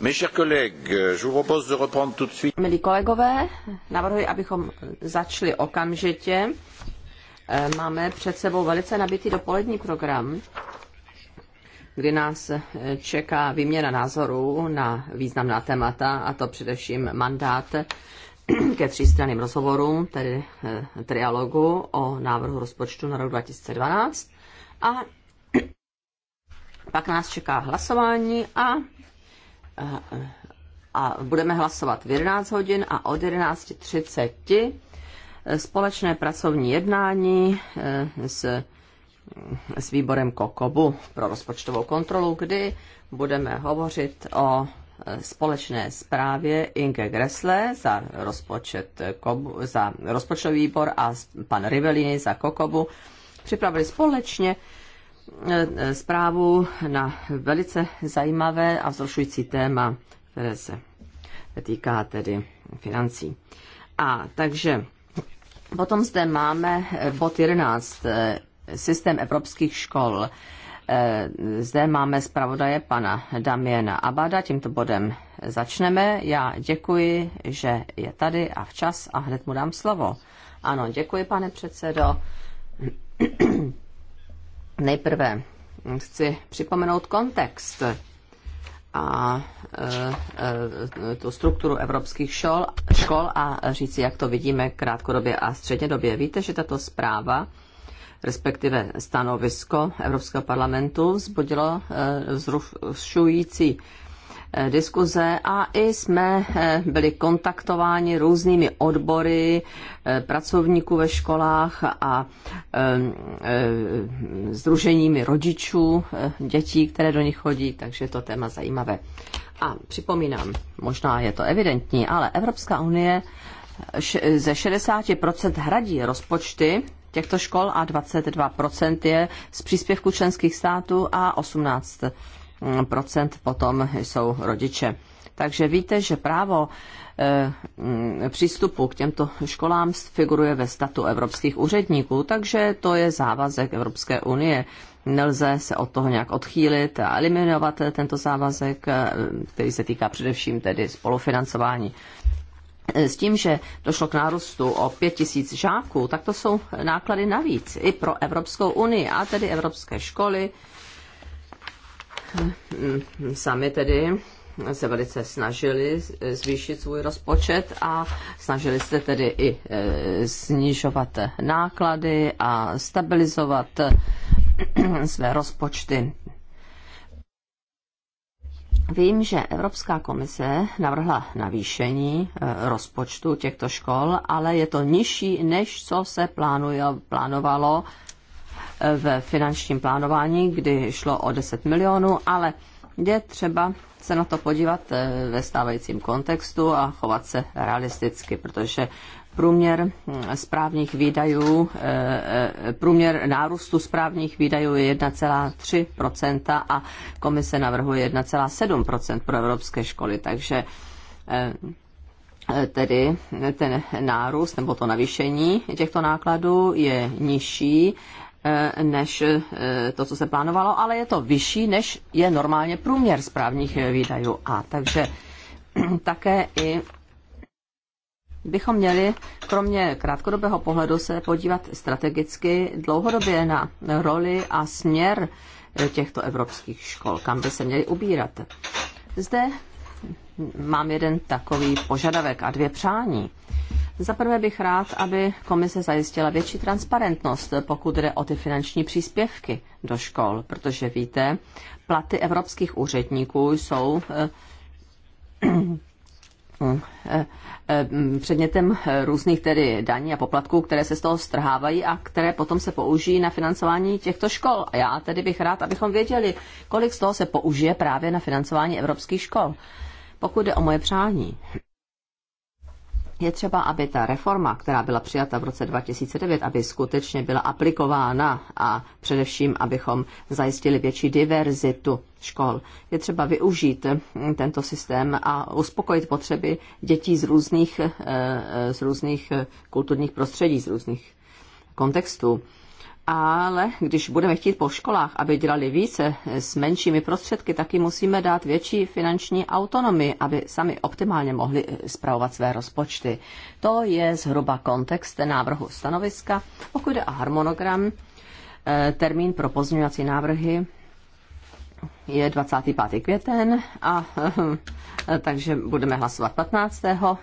Milí kolegové, navrhuji, abychom začali okamžitě. Eh, máme před sebou velice nabitý dopolední program, kdy nás eh, čeká výměna názorů na významná témata, a to především mandát ke třístranným rozhovorům, tedy eh, trialogu o návrhu rozpočtu na rok 2012. A pak nás čeká hlasování a a budeme hlasovat v 11 hodin a od 11.30 společné pracovní jednání eh, s, s výborem Kokobu pro rozpočtovou kontrolu, kdy budeme hovořit o eh, společné zprávě Inge Gressle za, rozpočet, za rozpočtový výbor a pan Rivellini za Kokobu připravili společně Eh, zprávu na velice zajímavé a vzrušující téma, které se týká tedy financí. A takže potom zde máme bod 11, eh, systém evropských škol. Eh, zde máme zpravodaje pana Damiena Abada, tímto bodem začneme. Já děkuji, že je tady a včas a hned mu dám slovo. Ano, děkuji, pane předsedo. Nejprve chci připomenout kontext a e, e, tu strukturu evropských škol, škol a říci, jak to vidíme krátkodobě a střednědobě. Víte, že tato zpráva respektive stanovisko Evropského parlamentu vzbudilo vzrušující e, Eh, diskuze a i jsme eh, byli kontaktováni různými odbory eh, pracovníků ve školách a združeními rodičů dětí, které do nich chodí, takže je to téma zajímavé. A připomínám, možná je to evidentní, ale Evropská unie ze 60% hradí rozpočty těchto škol a 22% je z příspěvku členských států a 18% Procent potom jsou rodiče. Takže víte, že právo eh, mm, přístupu k těmto školám figuruje ve statu evropských úředníků, takže to je závazek Evropské unie. Nelze se od toho nějak odchýlit a eliminovat tento závazek, eh, který se týká především tedy spolufinancování. Eh, s tím, že došlo k nárůstu o 5 tisíc žáků, tak to jsou náklady navíc i pro Evropskou unii a tedy evropské školy sami tedy se velice snažili zvýšit svůj rozpočet a snažili se tedy i e, snižovat náklady a stabilizovat své rozpočty. Vím, že Evropská komise navrhla navýšení e, rozpočtu těchto škol, ale je to nižší, než co se plánuje, plánovalo v finančním plánování, kdy šlo o 10 milionů, ale je třeba se na to podívat eh, ve stávajícím kontextu a chovat se realisticky, protože průměr hm, správních výdajů, eh, eh, průměr nárůstu správních výdajů je 1,3% a komise navrhuje 1,7% pro evropské školy, takže tedy ten nárůst nebo to navýšení těchto nákladů je nižší Eh, než eh, to, co se plánovalo, ale je to vyšší, než je normálně průměr správních eh, výdajů. A takže také i bychom měli kromě krátkodobého pohledu se podívat strategicky dlouhodobě na roli a směr těchto evropských škol, kam by se měly ubírat. Zde mám jeden takový požadavek a dvě přání. Za prvé bych rád, aby komise zajistila větší transparentnost, pokud jde o ty finanční příspěvky do škol, protože víte, platy evropských úředníků jsou eh, eh, eh, předmětem různých tedy daní a poplatků, které se z toho strhávají a které potom se použijí na financování těchto škol. A já tedy bych rád, abychom věděli, kolik z toho se použije právě na financování evropských škol. Pokud jde o moje přání, je třeba, aby ta reforma, která byla přijata v roce 2009, aby skutečně byla aplikována a především, abychom zajistili větší diverzitu škol. Je třeba využít mm, tento systém a uspokojit potřeby dětí z různých, eh, eh, z různých kulturních prostředí, z různých kontextů ale když budeme chtít po školách, aby dělali více s menšími prostředky, taky musíme dát větší finanční autonomii, aby sami optimálně mohli zpravovat eh, své rozpočty. To je zhruba kontext návrhu stanoviska. Pokud jde o harmonogram, eh, termín pro pozměňovací návrhy je 25. květen a eh, takže budeme hlasovat 15.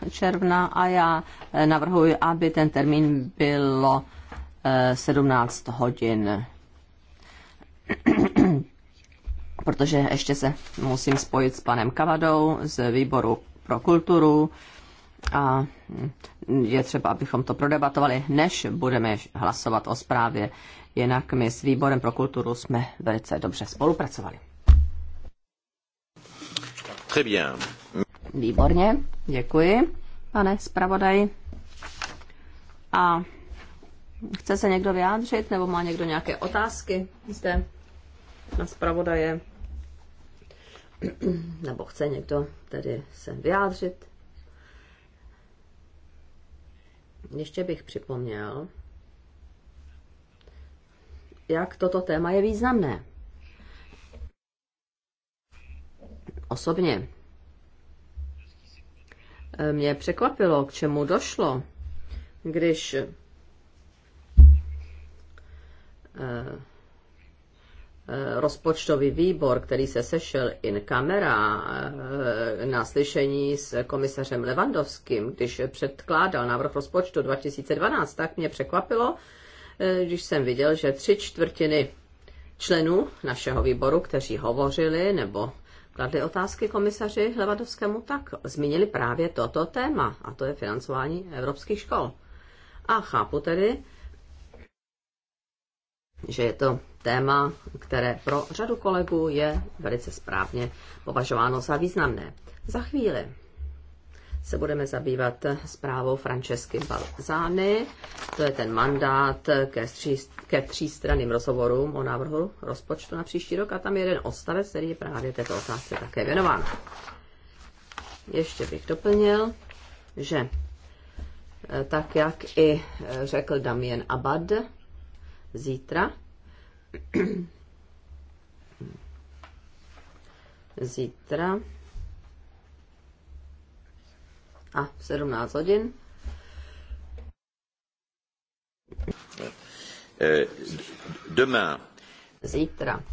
června a já navrhuji, aby ten termín bylo 17 hodin. Protože ještě se musím spojit s panem Kavadou z výboru pro kulturu a je třeba, abychom to prodebatovali, než budeme hlasovat o zprávě. Jinak my s výborem pro kulturu jsme velice dobře spolupracovali. Très bien. Výborně, děkuji, pane zpravodaj. A Chce se někdo vyjádřit nebo má někdo nějaké otázky zde na zpravodaje? nebo chce někdo tedy se vyjádřit? Ještě bych připomněl, jak toto téma je významné. Osobně mě překvapilo, k čemu došlo, když Eh, rozpočtový výbor, který se sešel in kamera eh, na slyšení s komisařem Levandovským, když předkládal návrh rozpočtu 2012, tak mě překvapilo, eh, když jsem viděl, že tři čtvrtiny členů našeho výboru, kteří hovořili nebo kladli otázky komisaři Levandovskému, tak zmínili právě toto téma, a to je financování evropských škol. A chápu tedy, že je to téma, které pro řadu kolegů je velice správně považováno za významné. Za chvíli se budeme zabývat zprávou Francesky Balzány. To je ten mandát ke, tří, ke třístranným rozhovorům o návrhu rozpočtu na příští rok a tam je jeden odstavec, který je právě této otázce také věnován. Ještě bych doplnil, že eh, tak jak i eh, řekl Damien Abad, zítra. zítra a v 17 hodin. Eh, demain. Zítra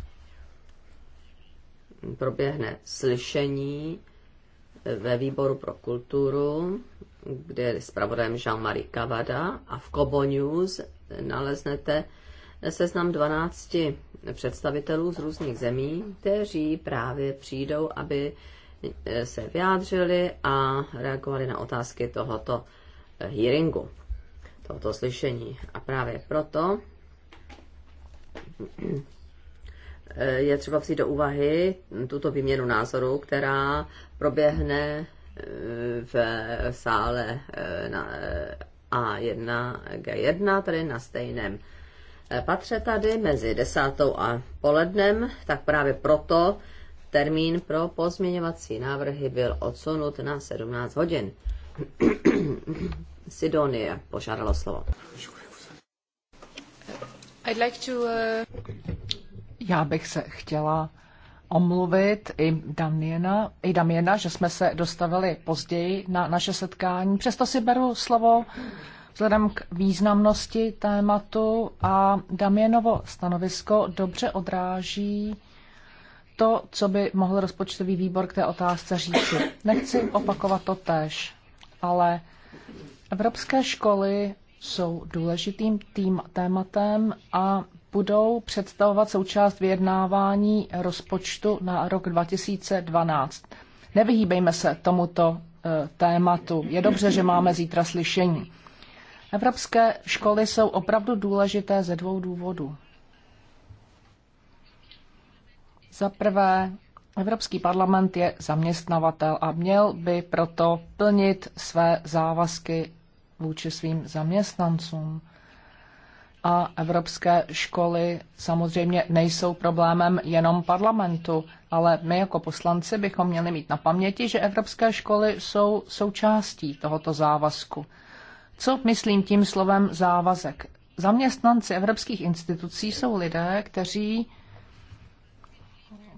proběhne slyšení eh, ve výboru pro kulturu, kde je zpravodajem Jean-Marie Cavada a v Kobo News naleznete seznam 12 představitelů z různých zemí, kteří právě přijdou, aby e, se vyjádřili a reagovali na otázky tohoto e, hearingu, tohoto slyšení. A právě proto e, je třeba vzít do úvahy tuto výměnu názoru, která proběhne v sále A1G1, tedy na stejném patře tady mezi desátou a polednem, tak právě proto termín pro pozměňovací návrhy byl odsunut na 17 hodin. Sidonie požádalo slovo. I'd like to, uh... Já bych se chtěla omluvit i Damiena, i Damiena, že jsme se dostavili později na naše setkání. Přesto si beru slovo vzhledem k významnosti tématu a Damienovo stanovisko dobře odráží to, co by mohl rozpočtový výbor k té otázce říci. Nechci opakovat to též, ale evropské školy jsou důležitým tým tématem a budou představovat součást vyjednávání rozpočtu na rok 2012. Nevyhýbejme se tomuto eh, tématu. Je dobře, že máme zítra slyšení. Evropské školy jsou opravdu důležité ze dvou důvodů. Za prvé, Evropský parlament je zaměstnavatel a měl by proto plnit své závazky vůči svým zaměstnancům. A evropské školy samozřejmě nejsou problémem jenom parlamentu, ale my jako poslanci bychom měli mít na paměti, že evropské školy jsou součástí tohoto závazku. Co myslím tím slovem závazek? Zaměstnanci evropských institucí jsou lidé, kteří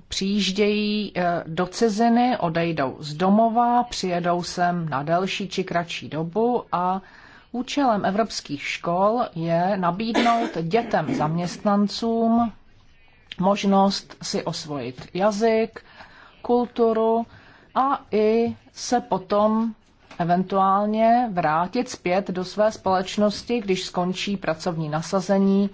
přijíždějí eh, do ciziny, odejdou z domova, přijedou sem na delší či kratší dobu a účelem evropských škol je nabídnout dětem zaměstnancům možnost si osvojit jazyk, kulturu a i se potom eventuálně vrátit zpět do své společnosti, když skončí pracovní nasazení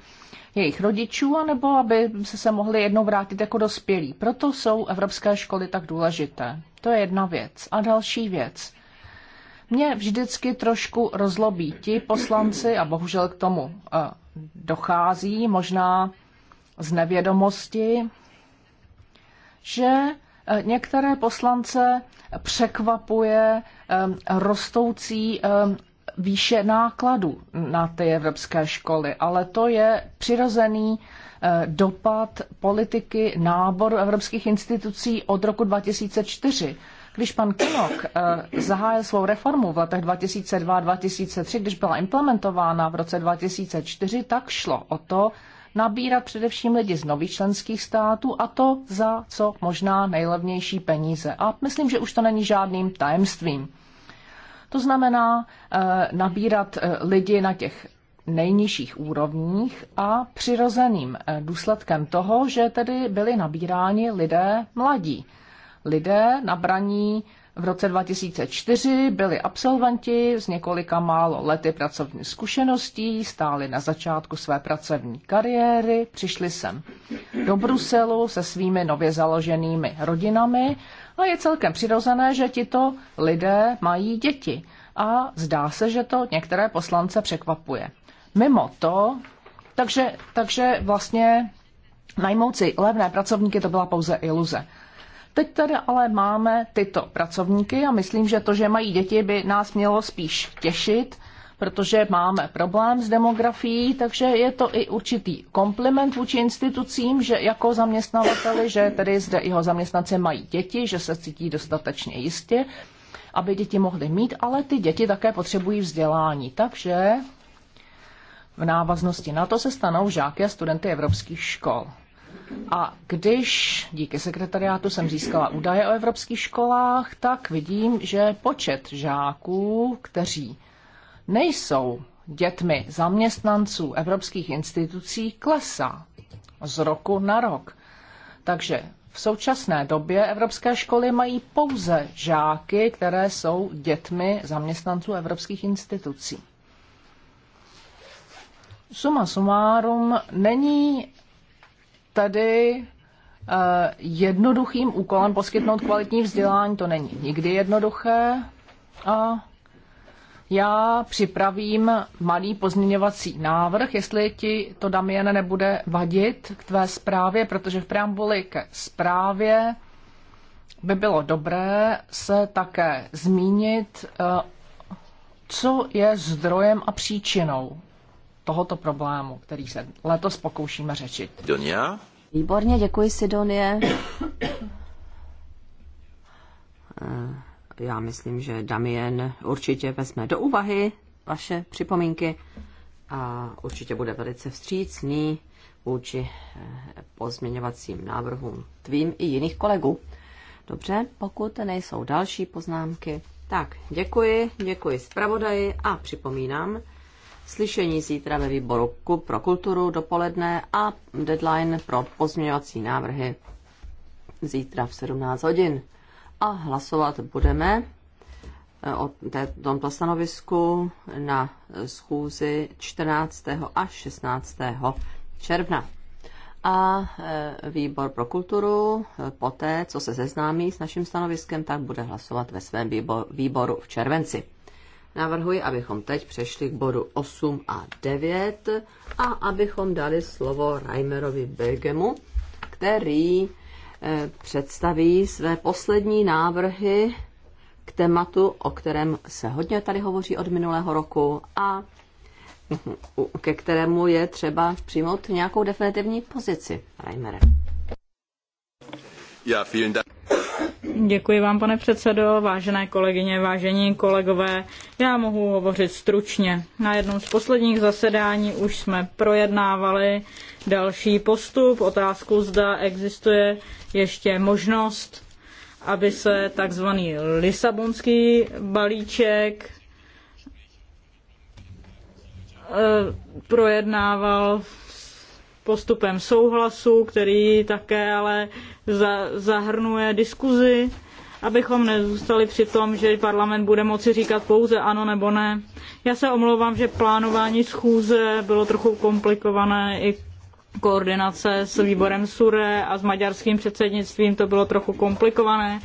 jejich rodičů, anebo aby se, se mohli jednou vrátit jako dospělí. Proto jsou evropské školy tak důležité. To je jedna věc. A další věc. Mě vždycky trošku rozlobí ti poslanci, a bohužel k tomu eh, dochází, možná z nevědomosti, že Eh, některé poslance překvapuje eh, rostoucí eh, výše nákladů na ty evropské školy, ale to je přirozený dopad politiky náboru evropských institucí od roku 2004. Když pan Kinok zahájil svou reformu v letech 2002-2003, když byla implementována v roce 2004, tak šlo o to, nabírat především lidi z nových členských států a to za co možná nejlevnější peníze. A myslím, že už to není žádným tajemstvím. To znamená eh, nabírat eh, lidi na těch nejnižších úrovních a přirozeným eh, důsledkem toho, že tedy byli nabíráni lidé mladí. Lidé nabraní eh, v roce 2004 byli absolventi s několika málo lety pracovní zkušeností, stáli na začátku své pracovní kariéry, přišli sem do Bruselu se svými nově založenými rodinami a je celkem přirozené, že tito lidé mají děti. A zdá se, že to některé poslance překvapuje. Mimo to, takže, takže vlastně najmout si levné pracovníky to byla pouze iluze. Teď tady ale máme tyto pracovníky a myslím, že to, že mají děti, by nás mělo spíš těšit, protože máme problém s demografií, takže je to i určitý kompliment vůči institucím, že jako zaměstnavateli, že tedy zde jeho zaměstnance mají děti, že se cítí dostatečně jistě, aby děti mohly mít, ale ty děti také potřebují vzdělání. Takže v návaznosti na to se stanou žáky a studenty evropských škol. A když díky sekretariátu jsem získala údaje o evropských školách, tak vidím, že počet žáků, kteří nejsou dětmi zaměstnanců evropských institucí, klesá z roku na rok. Takže v současné době evropské školy mají pouze žáky, které jsou dětmi zaměstnanců evropských institucí. Suma sumárum není tady eh, jednoduchým úkolem poskytnout kvalitní vzdělání. To není nikdy jednoduché. A já připravím malý pozměňovací návrh, jestli ti to, Damiene, nebude vadit k tvé zprávě, protože v preambuli ke zprávě by bylo dobré se také zmínit, eh, co je zdrojem a příčinou tohoto problému, který se letos pokoušíme řešit. Donia? Výborně, děkuji Donie. Eh, já myslím, že Damien určitě vezme do úvahy vaše připomínky a určitě bude velice vstřícný vůči eh, pozměňovacím návrhům tvým i jiných kolegů. Dobře, pokud nejsou další poznámky, tak děkuji, děkuji zpravodaji a připomínám, slyšení zítra ve výboru pro kulturu dopoledne a deadline pro pozměňovací návrhy zítra v 17 hodin. A hlasovat budeme eh, o tomto stanovisku na schůzi 14. a 16. června. A eh, výbor pro kulturu eh, poté, co se seznámí s naším stanoviskem, tak bude hlasovat ve svém výboru v červenci. Navrhuji, abychom teď přešli k bodu 8 a 9 a abychom dali slovo Reimerovi Bergemu, který eh, představí své poslední návrhy k tématu, o kterém se hodně tady hovoří od minulého roku a ke kterému je třeba přijmout nějakou definitivní pozici. Reimere. Ja, vielen Dank. Děkuji vám, pane předsedo, vážené kolegyně, vážení kolegové. Já mohu hovořit stručně. Na jednom z posledních zasedání už jsme projednávali další postup, otázku, zda existuje ještě možnost, aby se takzvaný Lisabonský balíček eh, projednával postupem souhlasu, který také ale za, zahrnuje diskuzi, abychom nezůstali při tom, že parlament bude moci říkat pouze ano nebo ne. Já se omlouvám, že plánování schůze bylo trochu komplikované i koordinace s výborem SURE a s maďarským předsednictvím to bylo trochu komplikované.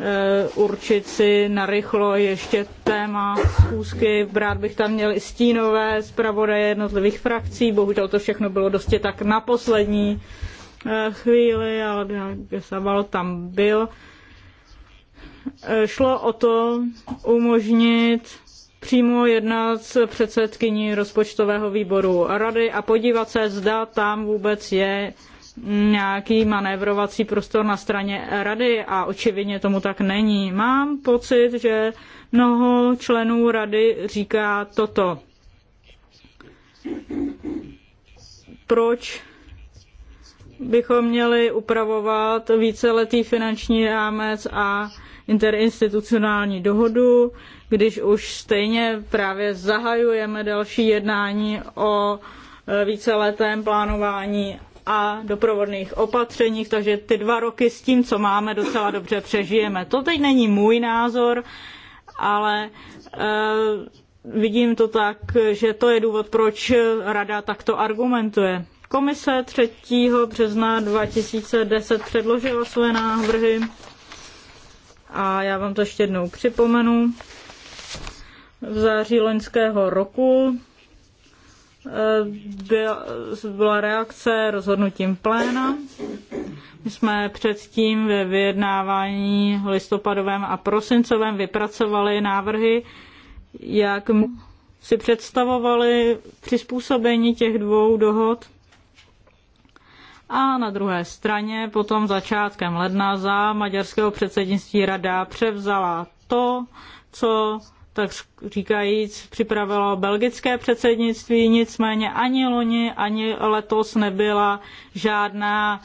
Eh, určit si narychlo ještě téma schůzky. Brát bych tam měl i stínové zpravodaje jednotlivých frakcí. Bohužel to všechno bylo dosti tak na poslední eh, chvíli, ale Gesabal tam byl. Eh, šlo o to umožnit přímo jednat s předsedkyní rozpočtového výboru a rady a podívat se, zda tam vůbec je nějaký manévrovací prostor na straně rady a očividně tomu tak není. Mám pocit, že mnoho členů rady říká toto. Proč bychom měli upravovat víceletý finanční rámec a interinstitucionální dohodu, když už stejně právě zahajujeme další jednání o víceletém plánování a doprovodných opatřeních, takže ty dva roky s tím, co máme, docela dobře přežijeme. To teď není můj názor, ale e, vidím to tak, že to je důvod, proč rada takto argumentuje. Komise 3. března 2010 předložila své návrhy a já vám to ještě jednou připomenu. V září loňského roku byla, byla reakce rozhodnutím pléna. My jsme předtím ve vyjednávání listopadovém a prosincovém vypracovali návrhy, jak si představovali přizpůsobení těch dvou dohod. A na druhé straně potom začátkem ledna za maďarského předsednictví rada převzala to, co tak říkajíc připravilo belgické předsednictví, nicméně ani loni, ani letos nebyla žádná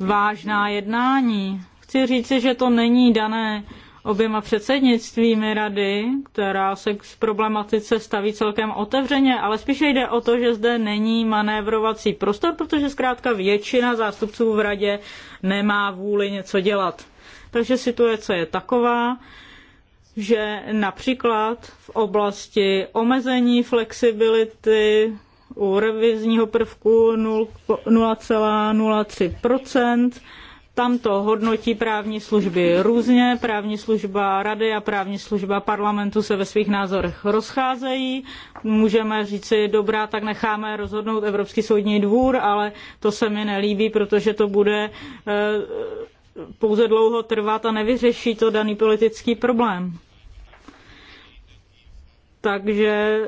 vážná jednání. Chci říci, že to není dané oběma předsednictvími rady, která se k problematice staví celkem otevřeně, ale spíše jde o to, že zde není manévrovací prostor, protože zkrátka většina zástupců v radě nemá vůli něco dělat. Takže situace je taková, že například v oblasti omezení flexibility u revizního prvku 0,03%, tam to hodnotí právní služby různě, právní služba rady a právní služba parlamentu se ve svých názorech rozcházejí. Můžeme říci, dobrá, tak necháme rozhodnout Evropský soudní dvůr, ale to se mi nelíbí, protože to bude eh, pouze dlouho trvat a nevyřeší to daný politický problém. Takže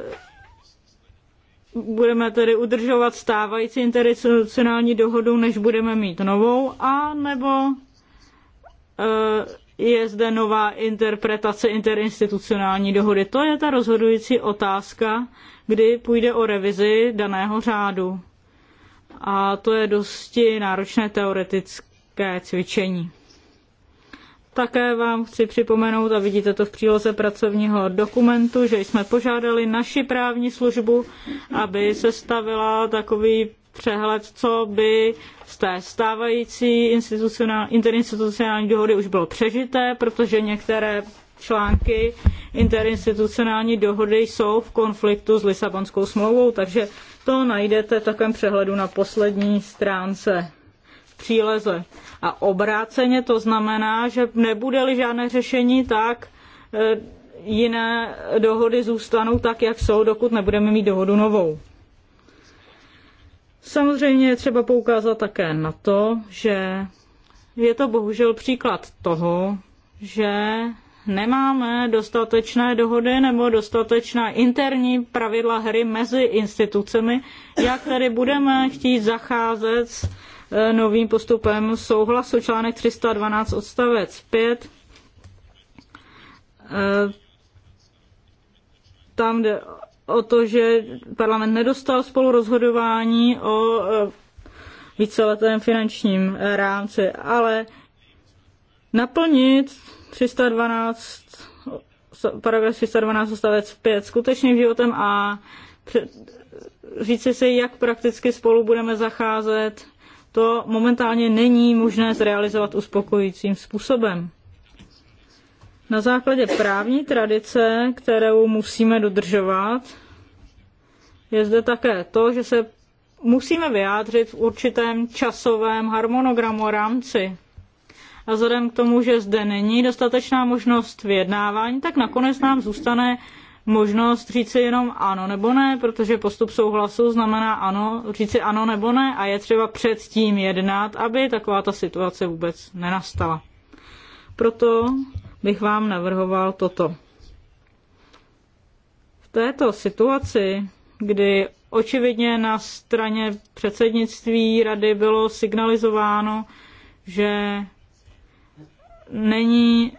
budeme tedy udržovat stávající interinstitucionální dohodu, než budeme mít novou, a nebo eh, je zde nová interpretace interinstitucionální dohody. To je ta rozhodující otázka, kdy půjde o revizi daného řádu. A to je dosti náročné teoretické cvičení. Také vám chci připomenout, a vidíte to v příloze pracovního dokumentu, že jsme požádali naši právní službu, aby sestavila takový přehled, co by z té stávající institucionál, interinstitucionální dohody už bylo přežité, protože některé články interinstitucionální dohody jsou v konfliktu s Lisabonskou smlouvou, takže to najdete v takovém přehledu na poslední stránce příleze. A obráceně to znamená, že nebude-li žádné řešení, tak e, jiné dohody zůstanou tak, jak jsou, dokud nebudeme mít dohodu novou. Samozřejmě je třeba poukázat také na to, že je to bohužel příklad toho, že nemáme dostatečné dohody nebo dostatečná interní pravidla hry mezi institucemi, jak tedy budeme chtít zacházet s Eh, novým postupem souhlasu, článek 312 odstavec 5. Eh, tam jde o to, že parlament nedostal spolu rozhodování o eh, víceletém finančním rámci, ale naplnit 312, paragraf 312 odstavec 5 skutečným životem a říci si, jak prakticky spolu budeme zacházet to momentálně není možné zrealizovat uspokojícím způsobem. Na základě právní tradice, kterou musíme dodržovat, je zde také to, že se musíme vyjádřit v určitém časovém harmonogramu a rámci. A vzhledem k tomu, že zde není dostatečná možnost vyjednávání, tak nakonec nám zůstane možnost říci jenom ano nebo ne, protože postup souhlasu znamená ano, říci ano nebo ne a je třeba předtím jednat, aby taková ta situace vůbec nenastala. Proto bych vám navrhoval toto. V této situaci, kdy očividně na straně předsednictví rady bylo signalizováno, že není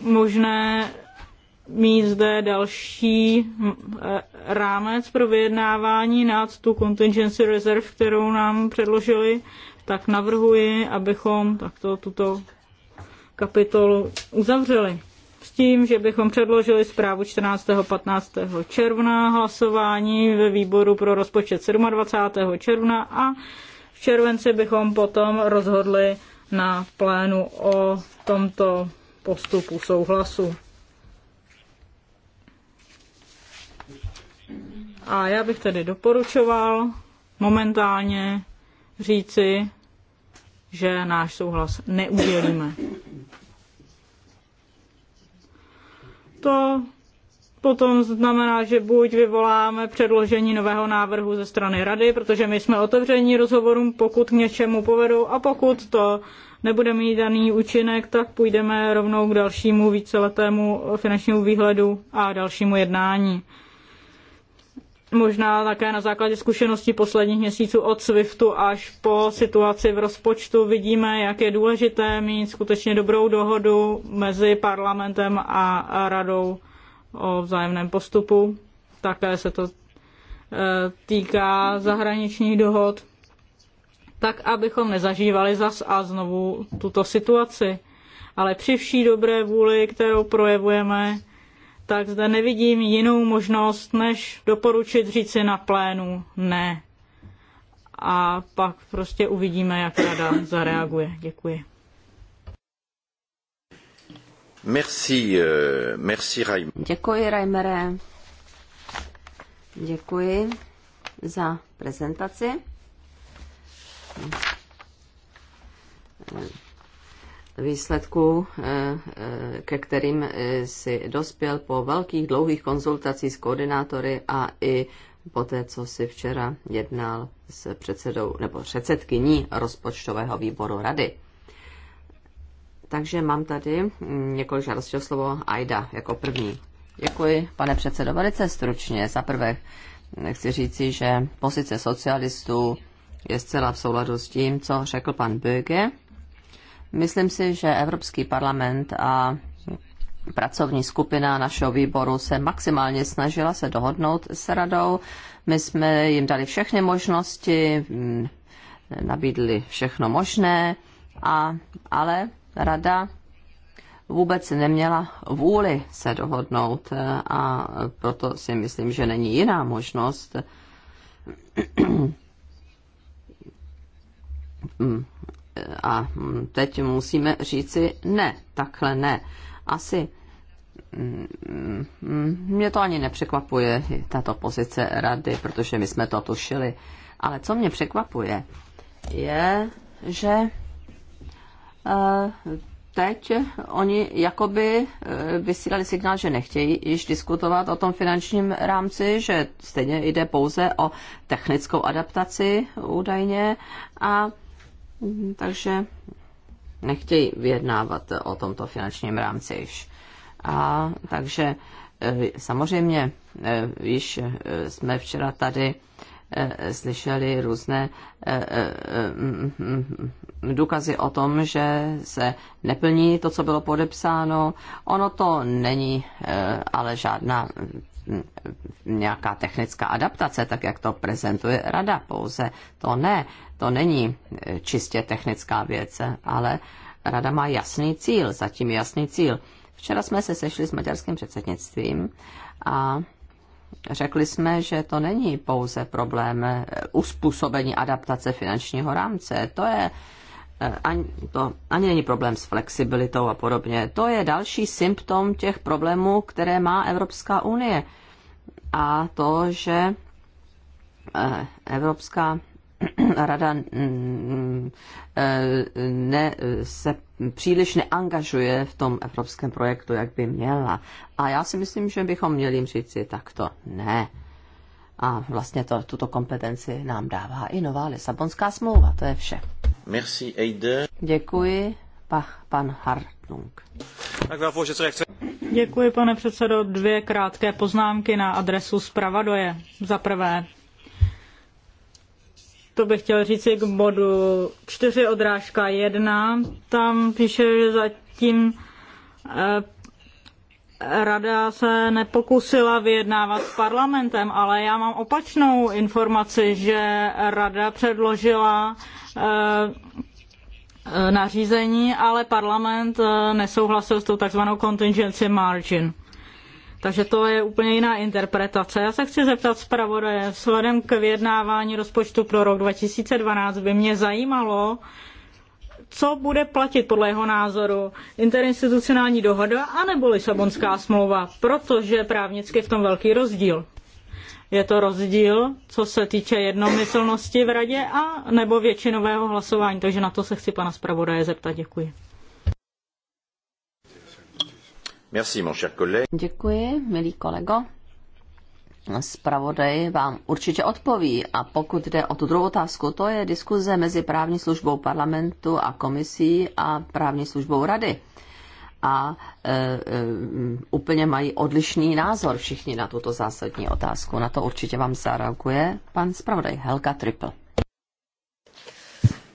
možné mít zde další e, rámec pro vyjednávání nad tu contingency reserve, kterou nám předložili, tak navrhuji, abychom takto tuto kapitolu uzavřeli. S tím, že bychom předložili zprávu 14. 15. června, hlasování ve výboru pro rozpočet 27. června a v červenci bychom potom rozhodli na plénu o tomto postupu souhlasu. A já bych tedy doporučoval momentálně říci, že náš souhlas neudělíme. To potom znamená, že buď vyvoláme předložení nového návrhu ze strany rady, protože my jsme otevření rozhovorům, pokud k něčemu povedou a pokud to nebude mít daný účinek, tak půjdeme rovnou k dalšímu víceletému finančnímu výhledu a dalšímu jednání možná také na základě zkušeností posledních měsíců od SWIFTu až po situaci v rozpočtu vidíme, jak je důležité mít skutečně dobrou dohodu mezi parlamentem a radou o vzájemném postupu. Také se to e, týká zahraničních dohod, tak abychom nezažívali zas a znovu tuto situaci. Ale při vší dobré vůli, kterou projevujeme, tak zde nevidím jinou možnost, než doporučit říci na plénu ne. A pak prostě uvidíme, jak rada zareaguje. Děkuji. Merci, uh, merci Reimer. Děkuji, Raimere. Děkuji za prezentaci výsledků, eh, eh, ke kterým eh, si dospěl po velkých dlouhých konzultacích s koordinátory a i po té, co si včera jednal s předsedou nebo předsedkyní rozpočtového výboru rady. Takže mám tady hm, několik žádostí o slovo Aida jako první. Děkuji, pane předsedo, velice stručně. Za prvé chci říci, že pozice socialistů je zcela v souladu s tím, co řekl pan Böge Myslím si, že Evropský parlament a pracovní skupina našeho výboru se maximálně snažila se dohodnout s radou. My jsme jim dali všechny možnosti, mm, nabídli všechno možné, a, ale rada vůbec neměla vůli se dohodnout a proto si myslím, že není jiná možnost mm, a hm, teď musíme říci ne, takhle ne. Asi hm, hm, mě to ani nepřekvapuje, tato pozice rady, protože my jsme to tušili. Ale co mě překvapuje, je, že eh, teď oni jakoby eh, vysílali signál, že nechtějí již diskutovat o tom finančním rámci, že stejně jde pouze o technickou adaptaci údajně a Mhm, takže nechtějí vyjednávat o tomto finančním rámci již. A takže e, samozřejmě e, již e, jsme včera tady slyšeli různé důkazy o tom, že se neplní to, co bylo podepsáno. Ono to není ale žádná nějaká technická adaptace, tak jak to prezentuje rada pouze. To ne, to není eh, čistě technická věc, ale rada má jasný cíl, zatím jasný cíl. Včera jsme se sešli s maďarským předsednictvím a Řekli jsme, že to není pouze problém eh, uspůsobení adaptace finančního rámce. To je ani, to ani není problém s flexibilitou a podobně. To je další symptom těch problémů, které má Evropská unie. A to, že eh, Evropská rada mm, mm, eh, ne, se příliš neangažuje v tom evropském projektu, jak by měla. A já si myslím, že bychom měli jim si takto ne. A vlastně to, tuto kompetenci nám dává i nová Lisabonská smlouva. To je vše. Merci, Eide. Děkuji, pa, pan Hartung. Děkuji, pane předsedo. Dvě krátké poznámky na adresu zpravodaje. Za prvé, to bych chtěl říct k bodu 4 odrážka 1. Tam píše, že zatím eh, rada se nepokusila vyjednávat s parlamentem, ale já mám opačnou informaci, že rada předložila eh, nařízení, ale parlament eh, nesouhlasil s tou takzvanou contingency margin. Takže to je úplně jiná interpretace. Já se chci zeptat zpravodaje, vzhledem k vyjednávání rozpočtu pro rok 2012 by mě zajímalo, co bude platit podle jeho názoru interinstitucionální dohoda anebo Lisabonská smlouva, protože právnicky v tom velký rozdíl. Je to rozdíl, co se týče jednomyslnosti v radě a nebo většinového hlasování, takže na to se chci pana zpravodaje zeptat. Děkuji. Merci, mon cher Děkuji, milý kolego zpravodaj vám určitě odpoví. A pokud jde o tu druhou otázku, to je diskuze mezi právní službou parlamentu a komisí a právní službou rady. A e, e, úplně mají odlišný názor všichni na tuto zásadní otázku. Na to určitě vám zareaguje pan zpravodaj Helka Triple.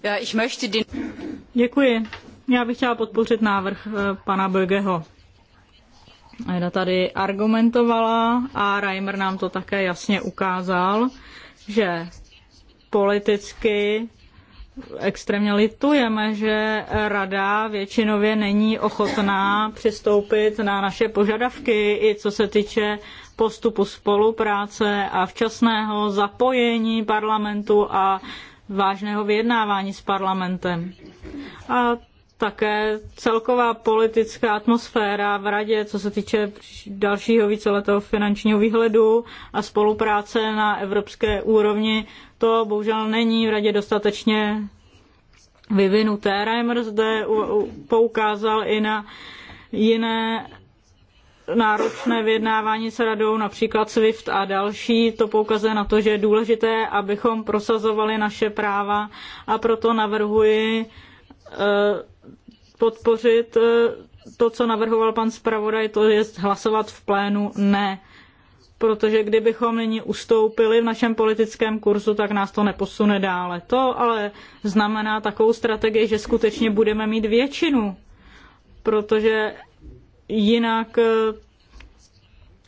Já, ich möchte den... Děkuji. Já bych chtěla podpořit návrh e, pana Bögeho. Eda tady argumentovala a Reimer nám to také jasně ukázal, že politicky extrémně litujeme, že rada většinově není ochotná přistoupit na naše požadavky, i co se týče postupu spolupráce a včasného zapojení parlamentu a vážného vyjednávání s parlamentem. A také celková politická atmosféra v radě, co se týče dalšího víceletého finančního výhledu a spolupráce na evropské úrovni, to bohužel není v radě dostatečně vyvinuté. Reimer zde poukázal i na jiné náročné vyjednávání s radou, například SWIFT a další, to poukazuje na to, že je důležité, abychom prosazovali naše práva a proto navrhuji eh, podpořit eh, to, co navrhoval pan zpravodaj, to je hlasovat v plénu ne. Protože kdybychom nyní ustoupili v našem politickém kurzu, tak nás to neposune dále. To ale znamená takovou strategii, že skutečně budeme mít většinu. Protože jinak eh,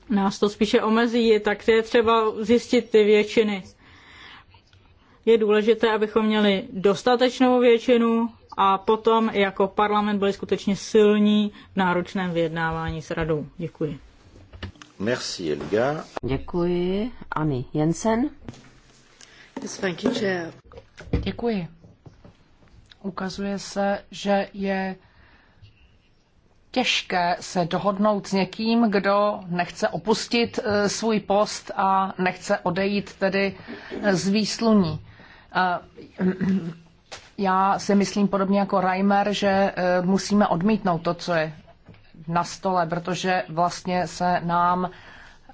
nás to spíše omezí, tak je třeba zjistit ty většiny. Je důležité, abychom měli dostatečnou většinu, a potom jako parlament byli skutečně silní v náročném vyjednávání s radou. Děkuji. Merci, Elga. Děkuji. Ani Jensen. Yes, thank you, chair. Děkuji. Ukazuje se, že je těžké se dohodnout s někým, kdo nechce opustit eh, svůj post a nechce odejít tedy eh, z výsluní eh, já si myslím podobně jako Reimer, že eh, musíme odmítnout to, co je na stole, protože vlastně se nám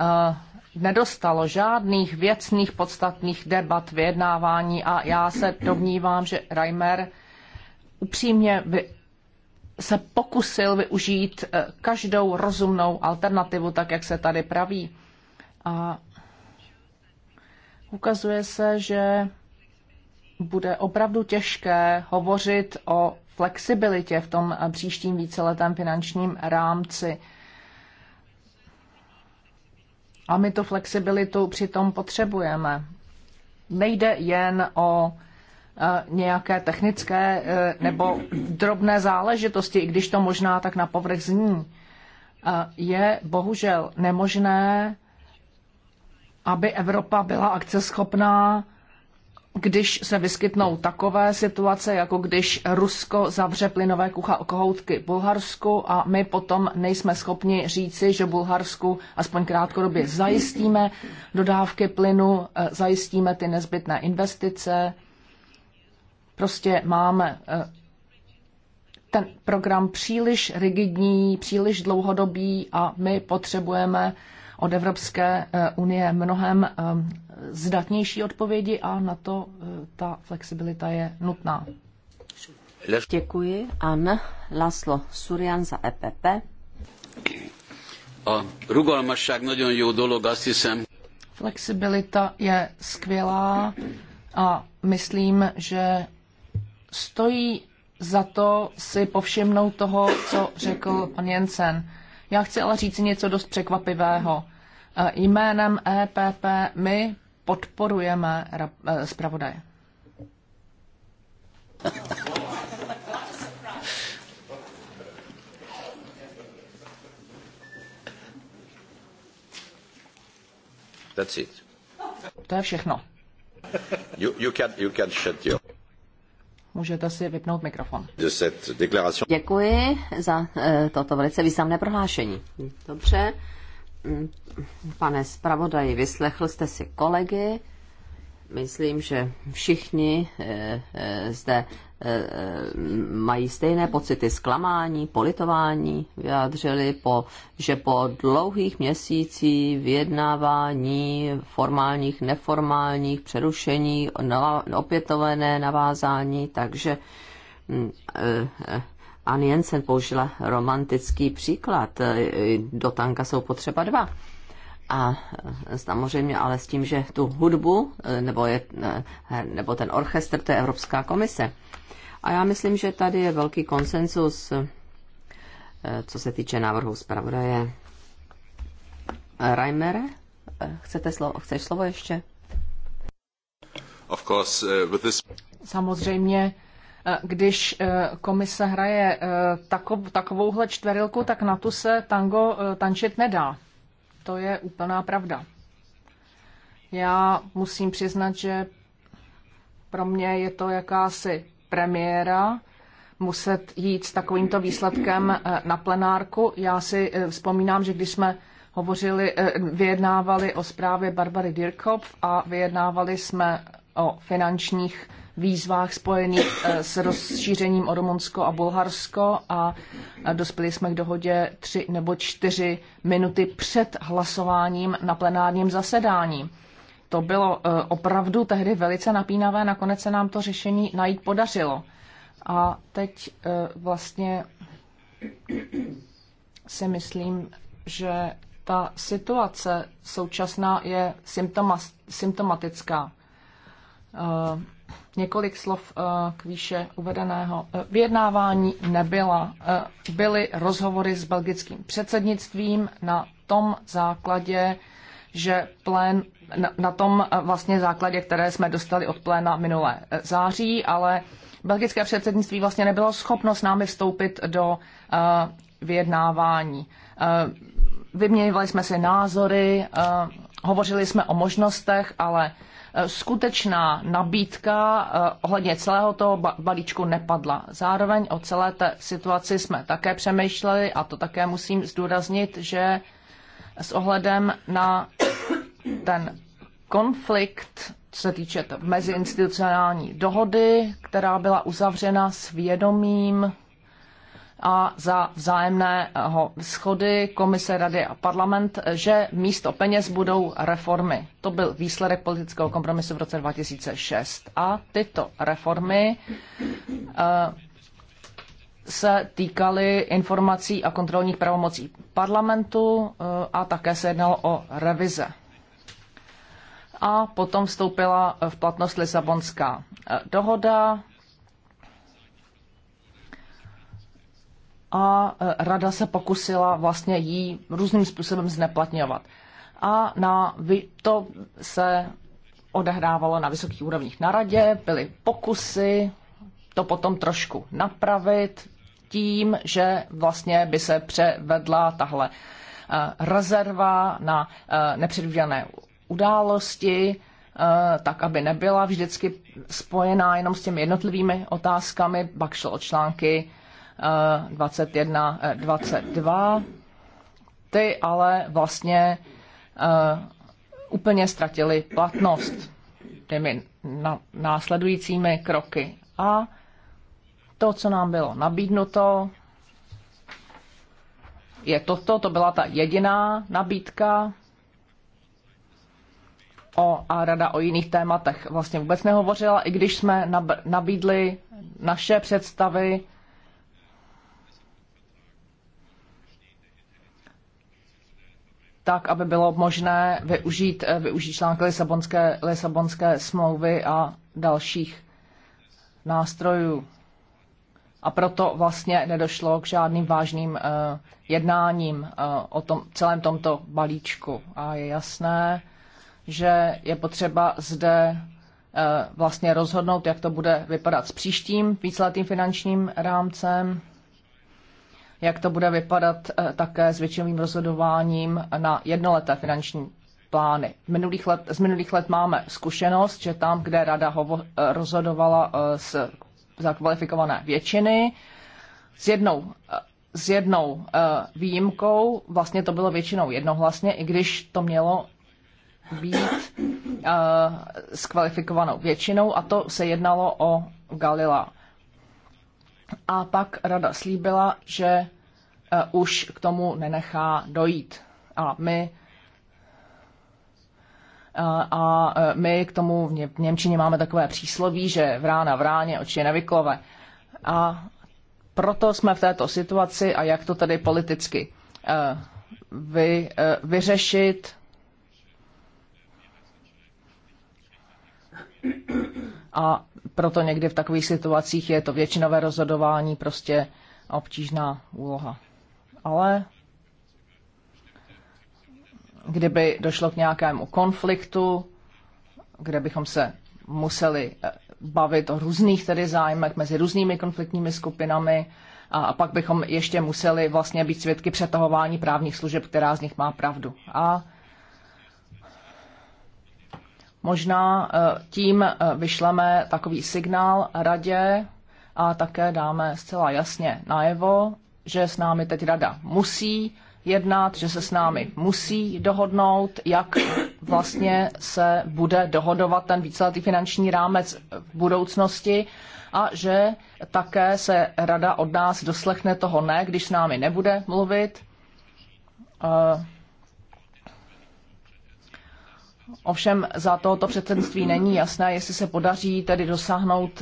eh, nedostalo žádných věcných podstatných debat, vyjednávání a já se domnívám, že Reimer upřímně vy, se pokusil využít eh, každou rozumnou alternativu, tak jak se tady praví. A ukazuje se, že bude opravdu těžké hovořit o flexibilitě v tom eh, příštím víceletém finančním rámci. A my tu flexibilitu přitom potřebujeme. Nejde jen o eh, nějaké technické eh, nebo drobné záležitosti, i když to možná tak na povrch zní. Je bohužel nemožné, aby Evropa byla akceschopná když se vyskytnou takové situace, jako když Rusko zavře plynové kucha kohoutky Bulharsku a my potom nejsme schopni říci, že Bulharsku aspoň krátkodobě zajistíme dodávky plynu, eh, zajistíme ty nezbytné investice. Prostě máme eh, ten program příliš rigidní, příliš dlouhodobý a my potřebujeme od Evropské eh, unie mnohem eh, zdatnější odpovědi a na to eh, ta flexibilita je nutná. Děkuji. An. Laszlo Surian za EPP. A rugalmasság nagyon jó dolog, azt hiszem. Flexibilita je skvělá a myslím, že stojí za to si povšimnout toho, co řekl pan Jensen. Já chci ale říct něco dost překvapivého. E, jménem EPP my podporujeme e, zpravodaje. That's it. To je všechno. You, you can, you can shut your... Můžete si vypnout mikrofon. Děkuji za e, toto velice významné prohlášení. Dobře. Mm, pane zpravodaji, vyslechl jste si kolegy myslím, že všichni eh, eh, zde eh, mají stejné pocity zklamání, politování, vyjádřili, po, že po dlouhých měsících vyjednávání formálních, neformálních přerušení, opětované navázání, takže mm, Ann Jensen použila romantický příklad. Do tanka jsou potřeba dva a e, samozřejmě ale s tím, že tu hudbu e, nebo, je, e, nebo ten orchestr, to je Evropská komise. A já myslím, že tady je velký konsensus, co se týče návrhu zpravodaje. Reimere, chcete slovo, chceš slovo ještě? Of course, uh, with this... Samozřejmě, když komise hraje takovouhle čtverilku, tak na tu se tango tančit nedá. To je úplná pravda. Já musím přiznat, že pro mě je to jakási premiéra muset jít s takovýmto výsledkem eh, na plenárku. Já si eh, vzpomínám, že když jsme hovořili, eh, vyjednávali o zprávě Barbary Dirkov a vyjednávali jsme o finančních výzvách spojených eh, s rozšířením o Rumunsko a Bulharsko a dospěli jsme k dohodě tři nebo čtyři minuty před hlasováním na plenárním zasedání. To bylo eh, opravdu tehdy velice napínavé, nakonec se nám to řešení najít podařilo. A teď eh, vlastně si myslím, že ta situace současná je symptomatická. Několik slov eh, k výše uvedeného. Eh, vyjednávání nebyla. Eh, byly rozhovory s belgickým předsednictvím na tom základě, že plén, na, tom vlastně základě, které jsme dostali od pléna minulé září, ale belgické předsednictví vlastně nebylo schopno s námi vstoupit do vyjednávání. vyměňovali jsme si názory, hovořili jsme o možnostech, ale skutečná nabídka eh, ohledně celého toho balíčku nepadla. Zároveň o celé té situaci jsme také přemýšleli a to také musím zdůraznit, že s ohledem na ten konflikt, co se týče meziinstitucionální dohody, která byla uzavřena s vědomím a za vzájemného schody Komise Rady a parlament, že místo peněz budou reformy. To byl výsledek politického kompromisu v roce 2006. A tyto reformy eh, se týkaly informací a kontrolních pravomocí parlamentu eh, a také se jednalo o revize. A potom vstoupila v platnost Lisabonská eh, dohoda, a e, rada se pokusila vlastně jí různým způsobem zneplatňovat. A na, to se odehrávalo na vysokých úrovních na radě, byly pokusy to potom trošku napravit tím, že vlastně by se převedla tahle e, rezerva na e, nepředvídané události, tak aby nebyla vždycky spojená jenom s těmi jednotlivými otázkami, pak šlo o články 21, 22. Ty ale vlastně eh, úplně ztratily platnost těmi následujícími kroky. A to, co nám bylo nabídnuto, je toto, to byla ta jediná nabídka, o, a rada o jiných tématech vlastně vůbec nehovořila, i když jsme nabídli naše představy tak, aby bylo možné využít, eh, využít články Lisabonské, Lisabonské smlouvy a dalších nástrojů. A proto vlastně nedošlo k žádným vážným eh, jednáním eh, o tom, celém tomto balíčku. A je jasné, že je potřeba zde vlastně rozhodnout, jak to bude vypadat s příštím víceletým finančním rámcem jak to bude vypadat eh, také s většinovým rozhodováním na jednoleté finanční plány. Minulých let, z minulých let máme zkušenost, že tam, kde rada hovo, eh, rozhodovala eh, s, za kvalifikované většiny, s jednou, s jednou výjimkou, vlastně to bylo většinou jednohlasně, i když to mělo být s kvalifikovanou většinou, a to se jednalo o Galila. A pak rada slíbila, že e, už k tomu nenechá dojít. A my e, a e, my k tomu v Němčině máme takové přísloví, že vrána v ráně, oči nevyklove. A proto jsme v této situaci a jak to tedy politicky vy, vyřešit. A proto někdy v takových situacích je to většinové rozhodování prostě obtížná úloha. Ale kdyby došlo k nějakému konfliktu, kde bychom se museli eh, bavit o různých tedy zájmech mezi různými konfliktními skupinami a pak bychom ještě museli vlastně být svědky přetahování právních služeb, která z nich má pravdu. A Možná eh, tím eh, vyšleme takový signál radě a také dáme zcela jasně najevo, že s námi teď rada musí jednat, že se s námi musí dohodnout, jak vlastně se bude dohodovat ten víceletý finanční rámec v budoucnosti a že také se rada od nás doslechne toho ne, když s námi nebude mluvit. Eh, Ovšem za tohoto předsednictví není jasné, jestli se podaří tedy dosáhnout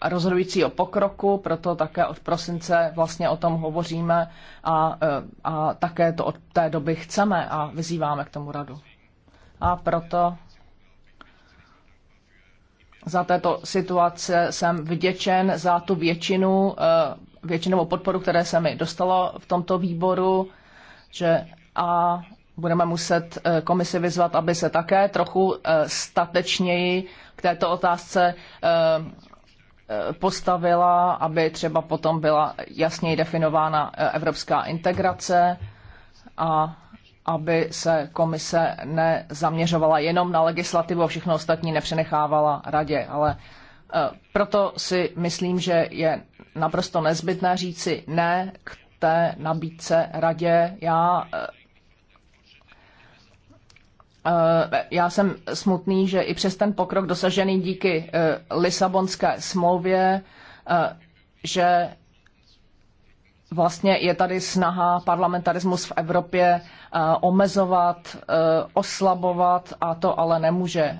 eh, rozhodujícího pokroku, proto také od prosince vlastně o tom hovoříme a, eh, a také to od té doby chceme a vyzýváme k tomu radu. A proto za této situace jsem vděčen za tu většinu, eh, většinovou podporu, které se mi dostalo v tomto výboru, že a budeme muset eh, komisi vyzvat, aby se také trochu eh, statečněji k této otázce eh, postavila, aby třeba potom byla jasněji definována evropská integrace a aby se komise nezaměřovala jenom na legislativu a všechno ostatní nepřenechávala radě. Ale proto si myslím, že je naprosto nezbytné říci ne k té nabídce radě. Já Eh, já jsem smutný, že i přes ten pokrok dosažený díky eh, Lisabonské smlouvě, eh, že vlastně je tady snaha parlamentarismus v Evropě omezovat, oslabovat a to ale nemůže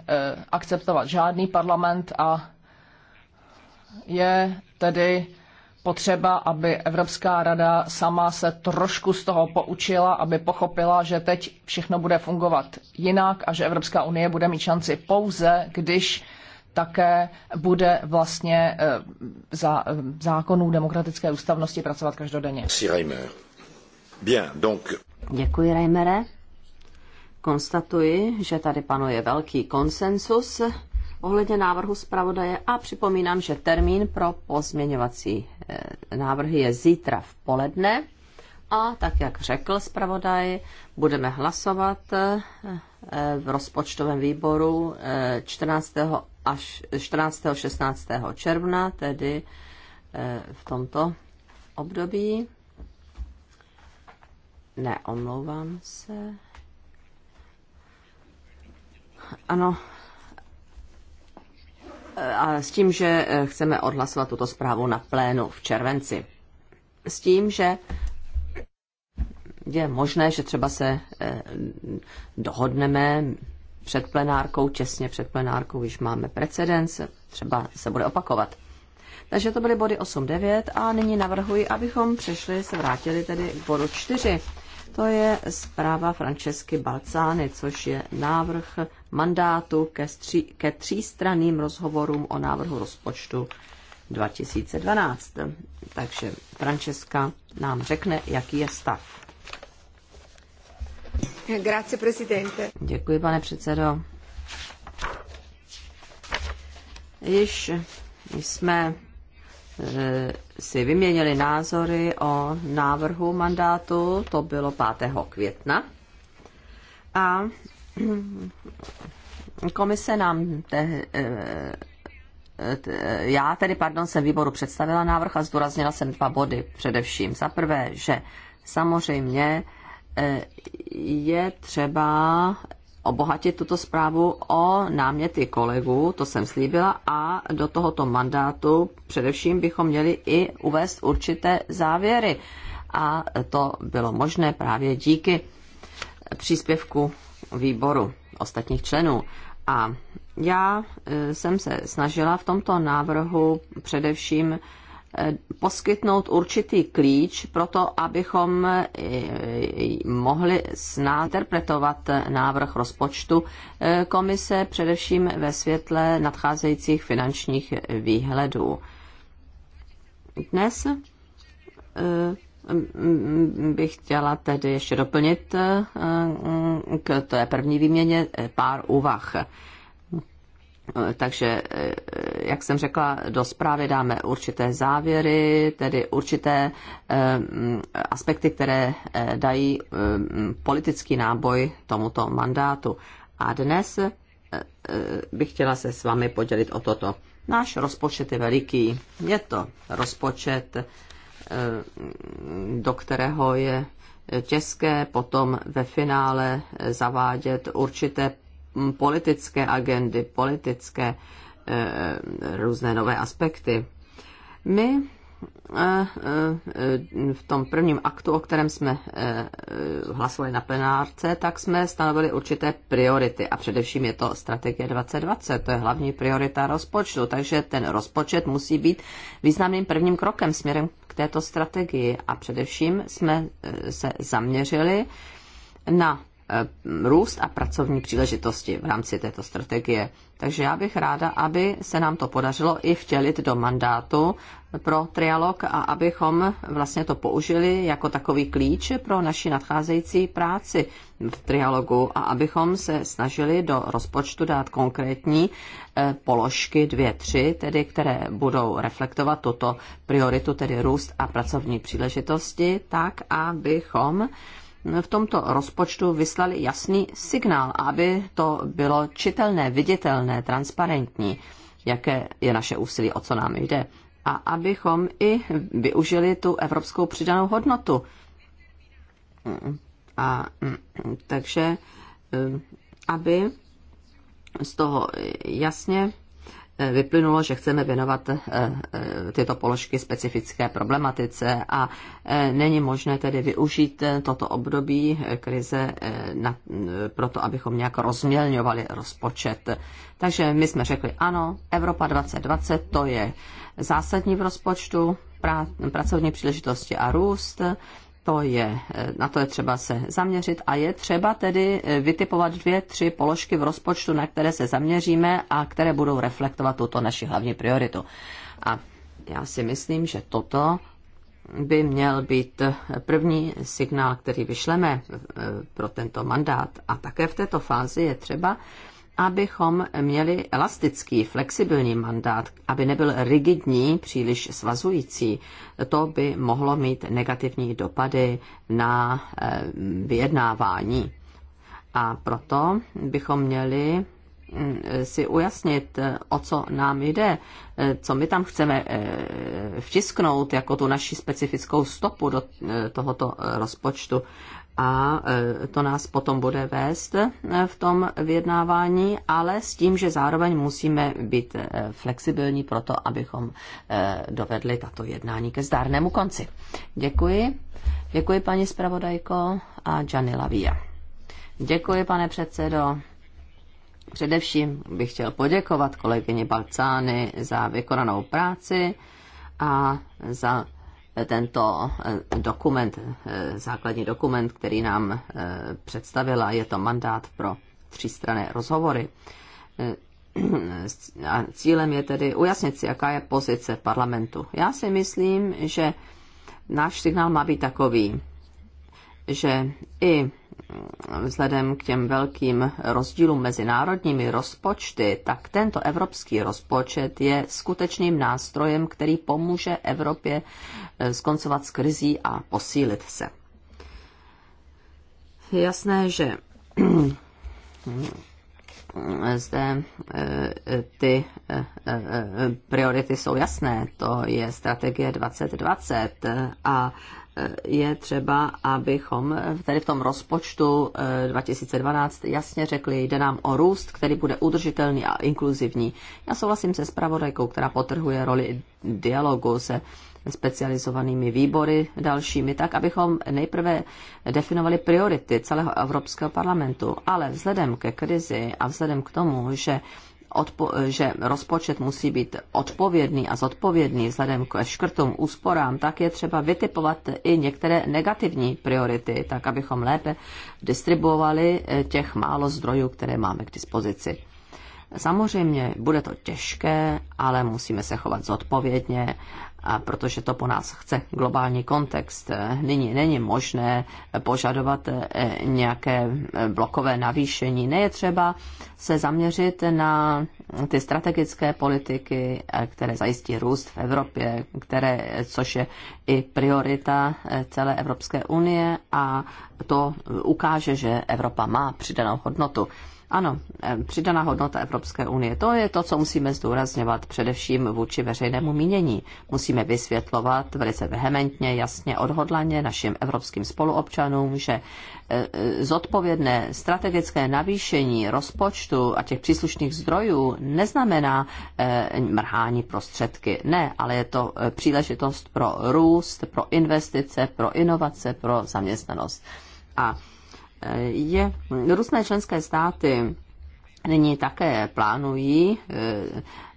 akceptovat žádný parlament a je tedy potřeba, aby Evropská rada sama se trošku z toho poučila, aby pochopila, že teď všechno bude fungovat jinak a že Evropská unie bude mít šanci pouze, když také bude vlastně eh, za eh, zákonů demokratické ústavnosti pracovat každodenně. Děkuji, Reimere. Konstatuji, že tady panuje velký konsensus ohledně návrhu zpravodaje a připomínám, že termín pro pozměňovací eh, návrhy je zítra v poledne a tak, jak řekl zpravodaj, budeme hlasovat eh, v rozpočtovém výboru 14. Eh, až 14. 16. června, tedy v tomto období. Ne, omlouvám se. Ano, a s tím, že eh, chceme odhlasovat tuto zprávu na plénu v červenci. S tím, že je možné, že třeba se eh, dohodneme před plenárkou, těsně před plenárkou, když máme precedens, třeba se bude opakovat. Takže to byly body 8, 9 a nyní navrhuji, abychom přešli, se vrátili tedy k bodu 4. To je zpráva Francesky Balcány, což je návrh mandátu ke, stři, ke třístranným rozhovorům o návrhu rozpočtu 2012. Takže Francesca nám řekne, jaký je stav. Grazie, presidente. Děkuji, pane předsedo. Již jsme e, si vyměnili názory o návrhu mandátu, to bylo 5. května. A Komise nám eh, te, já tedy, pardon, jsem výboru představila návrh a zdůraznila jsem dva body především. Za prvé, že samozřejmě eh, je třeba obohatit tuto zprávu o náměty kolegů, to jsem slíbila, a do tohoto mandátu především bychom měli i uvést určité závěry. A to bylo možné právě díky příspěvku výboru, ostatních členů. A já e, jsem se snažila v tomto návrhu především e, poskytnout určitý klíč pro to, abychom e, mohli interpretovat návrh rozpočtu komise především ve světle nadcházejících finančních výhledů. Dnes Ehm, bych chtěla tedy ještě doplnit ehm, k té první výměně eh, pár úvah. Eh, takže, eh, jak jsem řekla, do zprávy dáme určité závěry, tedy určité ehm, aspekty, které dají politický náboj tomuto mandátu. A dnes bych chtěla se s vámi podělit o toto. Náš rozpočet je veliký. Je to rozpočet Eh, do kterého je těžké potom ve finále zavádět určité politické agendy, politické eh, různé nové aspekty. My eh, v tom prvním aktu, o kterém jsme hlasovali na plenárce, tak jsme stanovili určité priority a především je to strategie 2020, to je hlavní priorita rozpočtu, takže ten rozpočet musí být významným prvním krokem směrem této strategii a především jsme eh, se zaměřili na Eh, růst a pracovní příležitosti v rámci této strategie. Takže já bych ráda, aby se nám to podařilo i vtělit do mandátu pro trialog a abychom vlastně to použili jako takový klíč pro naši nadcházející práci v trialogu a abychom se snažili do rozpočtu dát konkrétní eh, položky dvě, tři, tedy které budou reflektovat tuto prioritu, tedy růst a pracovní příležitosti, tak abychom v tomto rozpočtu vyslali jasný signál, aby to bylo čitelné, viditelné, transparentní, jaké je naše úsilí, o co nám jde. A abychom i využili tu evropskou přidanou hodnotu. A takže, eh, aby z toho jasně vyplynulo, že chceme věnovat eh, eh, tyto položky specifické problematice a eh, není možné tedy využít toto období krize na, proto, abychom nějak rozmělňovali rozpočet. Takže my jsme řekli ano, Evropa 2020 to je zásadní v rozpočtu, pra, pracovní příležitosti a růst to je, na to je třeba se zaměřit a je třeba tedy eh, vytipovat dvě, tři položky v rozpočtu, na které se zaměříme a které budou reflektovat tuto naši hlavní prioritu. A já si myslím, že toto by měl být eh, první signál, který vyšleme eh, pro tento mandát. A také v této fázi je třeba abychom měli elastický, flexibilní mandát, aby nebyl rigidní, příliš svazující. To by mohlo mít negativní dopady na eh, vyjednávání. A proto bychom měli mm, si ujasnit, eh, o co nám jde, eh, co my tam chceme vtisknout jako tu naši specifickou stopu do tohoto rozpočtu a e, to nás potom bude vést e, v tom vyjednávání, ale s tím, že zároveň musíme být e, flexibilní pro to, abychom dovedli tato jednání ke zdárnému konci. Děkuji. Děkuji, paní zpravodajko a Gianni Lavia. Děkuji, pane předsedo. Především bych chtěl poděkovat kolegyni Balcány za vykonanou práci a za tento eh, dokument, eh, základní dokument, který nám eh, představila. Je to mandát pro třístrané rozhovory. A cílem je tedy ujasnit si, jaká je pozice parlamentu. Já si myslím, že náš signál má být takový, že i vzhledem k těm velkým rozdílům mezi národními rozpočty, tak tento evropský rozpočet je skutečným nástrojem, který pomůže Evropě eh, skoncovat s krizí a posílit se. Je jasné, že zde eh, ty eh, priority jsou jasné. To je strategie 2020 a je třeba, abychom tady v tom rozpočtu 2012 eh, jasně řekli, jde nám o růst, který bude udržitelný a inkluzivní. Já souhlasím se zpravodajkou, která potrhuje roli dialogu se specializovanými výbory dalšími, tak abychom nejprve definovali priority celého Evropského parlamentu. Ale vzhledem ke krizi a vzhledem k tomu, že že rozpočet musí být odpovědný a zodpovědný vzhledem k škrtům, úsporám, tak je třeba vytipovat i některé negativní priority, tak abychom lépe distribuovali eh, těch málo zdrojů, které máme k dispozici. Samozřejmě bude to těžké, ale musíme se chovat zodpovědně a protože to po nás chce globální kontext. Eh, nyní není možné požadovat eh, nějaké eh, blokové navýšení. Ne je třeba se zaměřit na ty strategické politiky, které zajistí růst v Evropě, které, což je i priorita celé Evropské unie a to ukáže, že Evropa má přidanou hodnotu. Ano, eh, přidaná hodnota Evropské unie, to je to, co musíme zdůrazňovat především vůči veřejnému mínění. Musíme vysvětlovat velice vehementně, jasně, odhodlaně našim evropským spoluobčanům, že eh, eh, zodpovědné strategické navýšení rozpočtu a těch příslušných zdrojů neznamená mrhání prostředky. Ne, ale je to příležitost pro růst, pro investice, pro inovace, pro zaměstnanost. A je různé členské státy nyní také plánují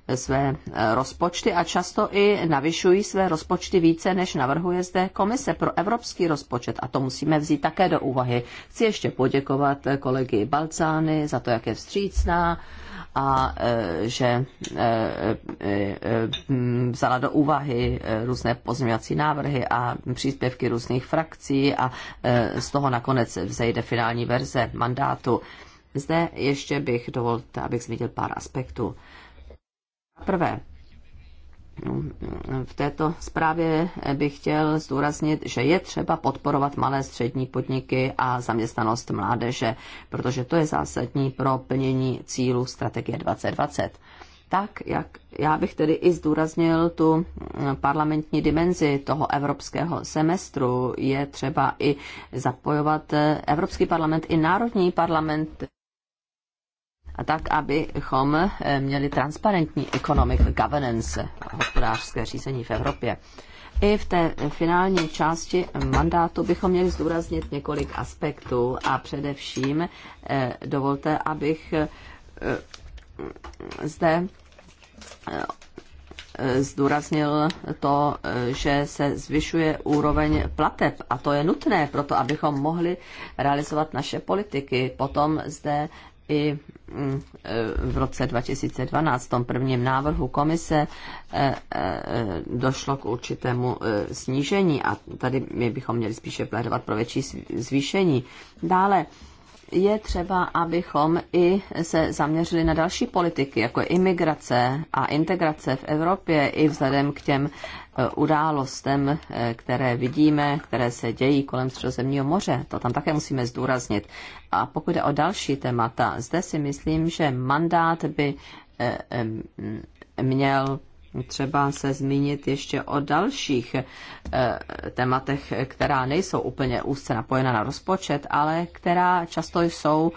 eh, své eh, rozpočty a často i navyšují své rozpočty více, než navrhuje zde Komise pro evropský rozpočet a to musíme vzít také do úvahy. Chci ještě poděkovat eh, kolegy Balcány za to, jak je vstřícná a e, že e, e, vzala do úvahy různé pozměňovací návrhy a příspěvky různých frakcí a z toho nakonec vzejde finální verze mandátu. Zde ještě bych dovolte, abych zmínil pár aspektů. Prvé, No, v této zprávě bych chtěl zdůraznit, že je třeba podporovat malé střední podniky a zaměstnanost mládeže, protože to je zásadní pro plnění cílů strategie 2020. Tak, jak já bych tedy i zdůraznil tu mm, parlamentní dimenzi toho evropského semestru, je třeba i zapojovat eh, Evropský parlament i Národní parlament a tak, abychom eh, měli transparentní economic governance, hospodářské řízení v Evropě. I v té finální části mandátu bychom měli zdůraznit několik aspektů a především eh, dovolte, abych eh, zde zdůraznil to, že se zvyšuje úroveň plateb a to je nutné proto, abychom mohli realizovat naše politiky. Potom zde i mm, e, v roce 2012, v tom prvním návrhu komise, e, e, došlo k určitému snížení a tady my bychom měli spíše plédovat pro větší zvýšení. Dále je třeba, abychom i se zaměřili na další politiky, jako imigrace a integrace v Evropě, i vzhledem k těm Eh, událostem, eh, které vidíme, které se dějí kolem Středozemního moře. To tam také musíme zdůraznit. A pokud jde o další témata, zde si myslím, že mandát by eh, měl třeba se zmínit ještě o dalších eh, tématech, která nejsou úplně úzce napojena na rozpočet, ale která často jsou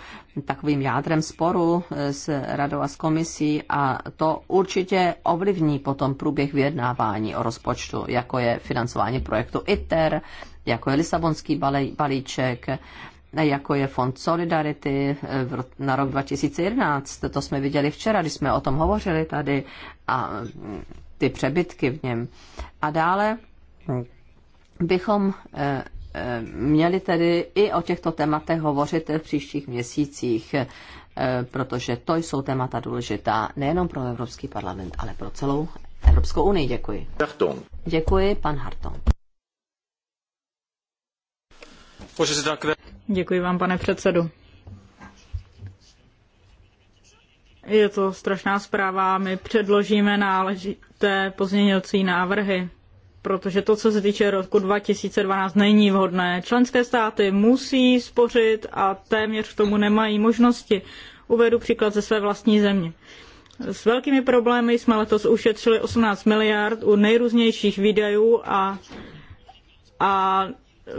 takovým jádrem sporu eh, s radou a s komisí a to určitě ovlivní potom průběh vyjednávání o rozpočtu, jako je financování projektu ITER, jako je Lisabonský balíček, jako je Fond Solidarity eh, na rok 2011. To jsme viděli včera, když jsme o tom hovořili tady a mm, ty přebytky v něm. A dále mm, bychom eh, eh, měli tedy i o těchto tématech hovořit v příštích měsících, protože to jsou témata důležitá nejenom pro Evropský parlament, ale pro celou Evropskou unii. Děkuji. Děkuji, pan Harton. Děkuji vám, pane předsedu. Je to strašná zpráva. My předložíme náležité pozměňovací návrhy, protože to, co se týče roku 2012, není vhodné. Členské státy musí spořit a téměř k tomu nemají možnosti. Uvedu příklad ze své vlastní země. S velkými problémy jsme letos ušetřili 18 miliard u nejrůznějších výdajů a, a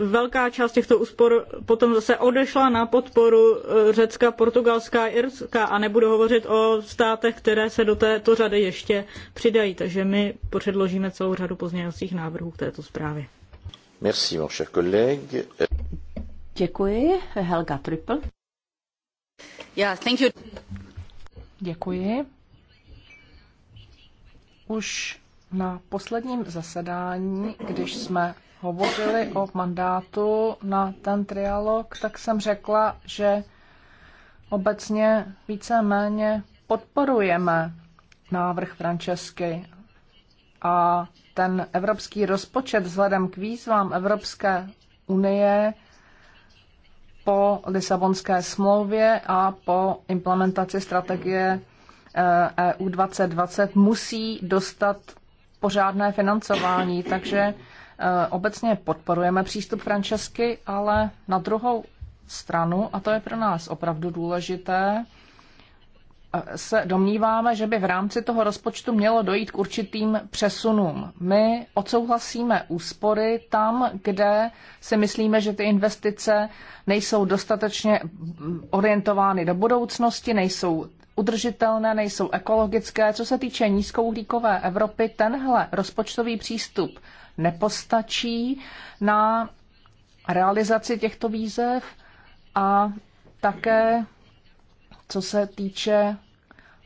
velká část těchto úspor potom zase odešla na podporu eh, Řecka, Portugalska a Irska a nebudu hovořit o státech, které se do této řady ještě přidají. Takže my předložíme celou řadu pozměňovacích návrhů k této zprávě. Merci, mon cher collègue. Děkuji. Helga Triple. Yeah, thank you. Děkuji. Už na posledním zasedání, když jsme hovořili o mandátu na ten trialog, tak jsem řekla, že obecně více-méně podporujeme návrh Francesky a ten evropský rozpočet vzhledem k výzvám Evropské unie po Lisabonské smlouvě a po implementaci strategie EU eh, e 2020 musí dostat pořádné financování, takže Eh, obecně podporujeme přístup Francesky, ale na druhou stranu, a to je pro nás opravdu důležité, eh, se domníváme, že by v rámci toho rozpočtu mělo dojít k určitým přesunům. My odsouhlasíme úspory tam, kde si myslíme, že ty investice nejsou dostatečně mm, orientovány do budoucnosti, nejsou udržitelné, nejsou ekologické. Co se týče nízkouhlíkové Evropy, tenhle rozpočtový přístup nepostačí na realizaci těchto výzev a také, co se týče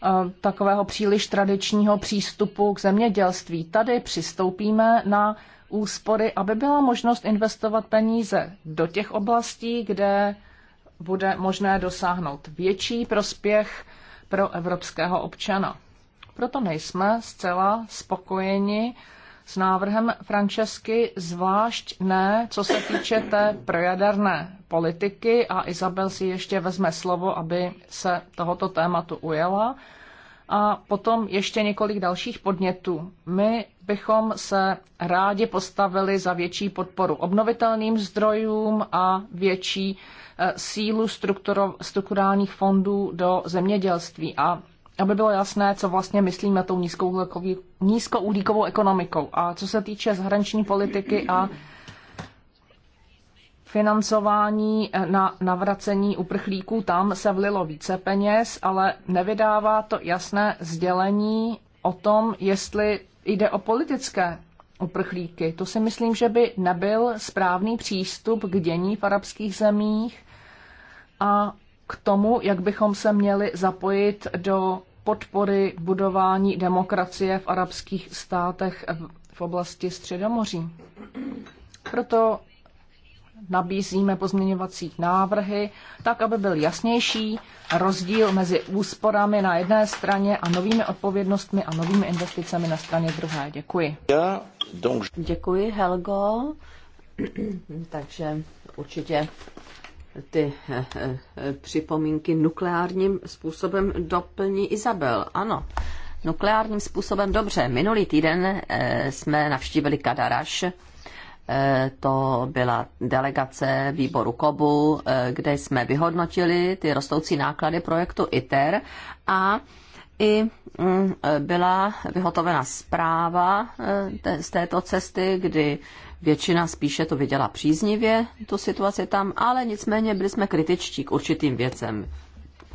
eh, takového příliš tradičního přístupu k zemědělství. Tady přistoupíme na úspory, aby byla možnost investovat peníze do těch oblastí, kde bude možné dosáhnout větší prospěch pro evropského občana. Proto nejsme zcela spokojeni s návrhem Francesky, zvlášť ne, co se týče té projaderné politiky a Izabel si ještě vezme slovo, aby se tohoto tématu ujela. A potom ještě několik dalších podnětů. My bychom se rádi postavili za větší podporu obnovitelným zdrojům a větší eh, sílu strukturálních fondů do zemědělství. A aby bylo jasné, co vlastně myslíme tou nízkouhlíkovou ekonomikou. A co se týče zahraniční politiky a financování eh, na navracení uprchlíků, tam se vlilo více peněz, ale nevydává to jasné sdělení o tom, jestli jde o politické uprchlíky. To si myslím, že by nebyl správný přístup k dění v arabských zemích a k tomu, jak bychom se měli zapojit do podpory budování demokracie v arabských státech v oblasti Středomoří. Proto nabízíme pozměňovací návrhy, tak aby byl jasnější rozdíl mezi úsporami na jedné straně a novými odpovědnostmi a novými investicemi na straně druhé. Děkuji. Děkuji, Helgo. Takže určitě ty eh, eh, připomínky nukleárním způsobem doplní Izabel. Ano, nukleárním způsobem dobře. Minulý týden eh, jsme navštívili Kadaraš, to byla delegace výboru KOBU, kde jsme vyhodnotili ty rostoucí náklady projektu ITER a i mm, byla vyhotovena zpráva z této cesty, kdy Většina spíše to viděla příznivě, tu situaci tam, ale nicméně byli jsme kritičtí k určitým věcem.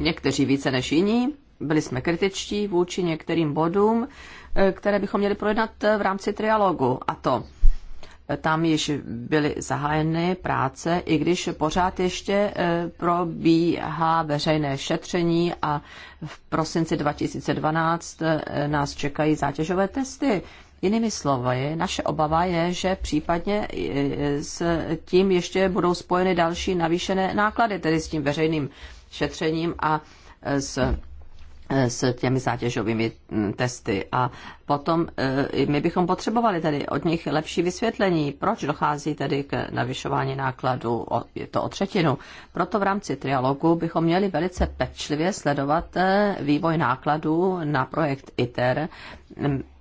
Někteří více než jiní, byli jsme kritičtí vůči některým bodům, eh, které bychom měli projednat eh, v rámci trialogu. A to eh, tam již byly zahájeny práce, i když pořád ještě probíhá veřejné šetření a v prosinci 2012 nás čekají zátěžové testy. Jinými slovy, naše obava je, že případně e, e, s tím ještě budou spojeny další navýšené náklady, tedy s tím veřejným šetřením a e, s s těmi zátěžovými testy. A potom my bychom potřebovali tedy od nich lepší vysvětlení, proč dochází tedy k navyšování nákladů, o, je to o třetinu. Proto v rámci trialogu bychom měli velice pečlivě sledovat vývoj nákladů na projekt ITER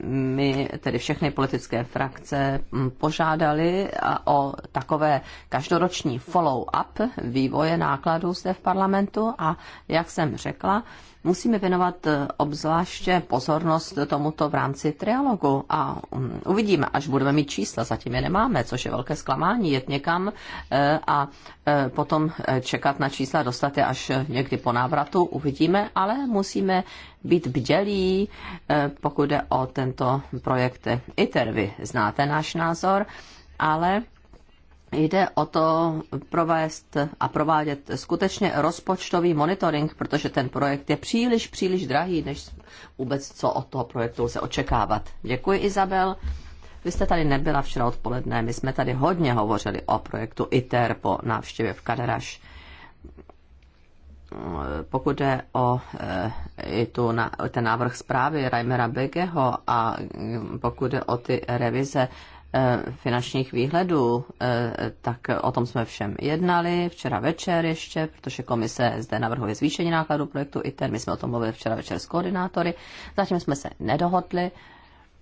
my, tedy všechny politické frakce, požádali o takové každoroční follow-up vývoje nákladů zde v parlamentu a jak jsem řekla, musíme věnovat eh, obzvláště pozornost tomuto v rámci trialogu a mm, uvidíme, až budeme mít čísla, zatím je nemáme, což je velké zklamání, jet někam eh, a eh, potom čekat na čísla, dostat je až někdy po návratu, uvidíme, ale musíme být bdělí, pokud jde o tento projekt ITER. Vy znáte náš názor, ale Jde o to provést a provádět skutečně rozpočtový monitoring, protože ten projekt je příliš, příliš drahý, než vůbec co od toho projektu se očekávat. Děkuji, Izabel. Vy jste tady nebyla včera odpoledne, my jsme tady hodně hovořili o projektu ITER po návštěvě v Kaderaš. Pokud jde o eh, i tu, ten návrh zprávy Reimera Begeho a mm, pokud jde o ty revize Eh, finančních výhledů, eh, tak o tom jsme všem jednali včera večer ještě, protože komise zde navrhuje zvýšení nákladů projektu ITER, my jsme o tom mluvili včera večer s koordinátory, zatím jsme se nedohodli,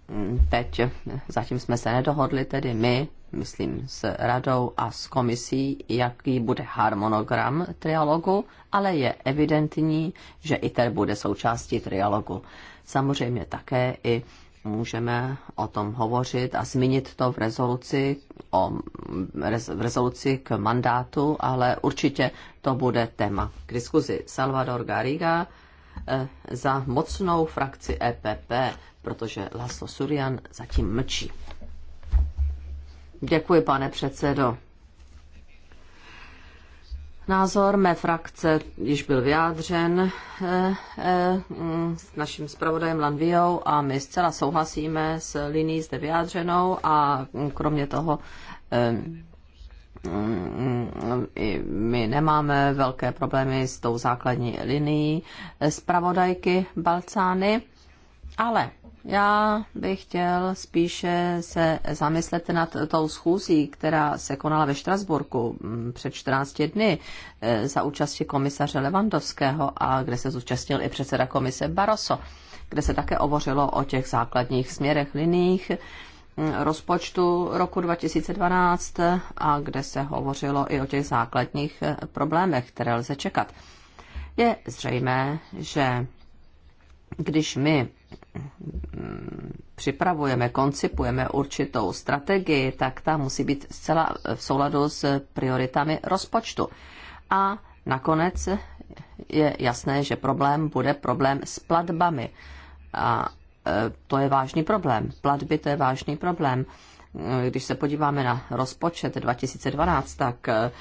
mm, teď zatím jsme se nedohodli, tedy my, myslím, s radou a s komisí, jaký bude harmonogram trialogu, ale je evidentní, že ITER bude součástí trialogu. Samozřejmě také i můžeme o tom hovořit a zmínit to v rezoluci, o, v rezoluci k mandátu, ale určitě to bude téma k diskuzi. Salvador Garriga eh, za mocnou frakci EPP, protože Laslo Surian zatím mlčí. Děkuji, pane předsedo. Názor mé frakce již byl vyjádřen eh, eh, s naším zpravodajem Lanviou a my zcela souhlasíme s linií zde vyjádřenou a kromě toho eh, my nemáme velké problémy s tou základní linií zpravodajky Balcány, ale já bych chtěl spíše se zamyslet nad tou schůzí, která se konala ve Štrasburku mm, před 14 dny e, za účasti komisaře Levandovského a kde se zúčastnil i předseda komise Barroso, kde se také ovořilo o těch základních směrech, liních mm, rozpočtu roku 2012 a kde se hovořilo i o těch základních e, problémech, které lze čekat. Je zřejmé, že když my připravujeme, koncipujeme určitou strategii, tak ta musí být zcela v souladu s prioritami rozpočtu. A nakonec je jasné, že problém bude problém s platbami. A e, to je vážný problém. Platby to je vážný problém. E, když se podíváme na rozpočet 2012, tak e,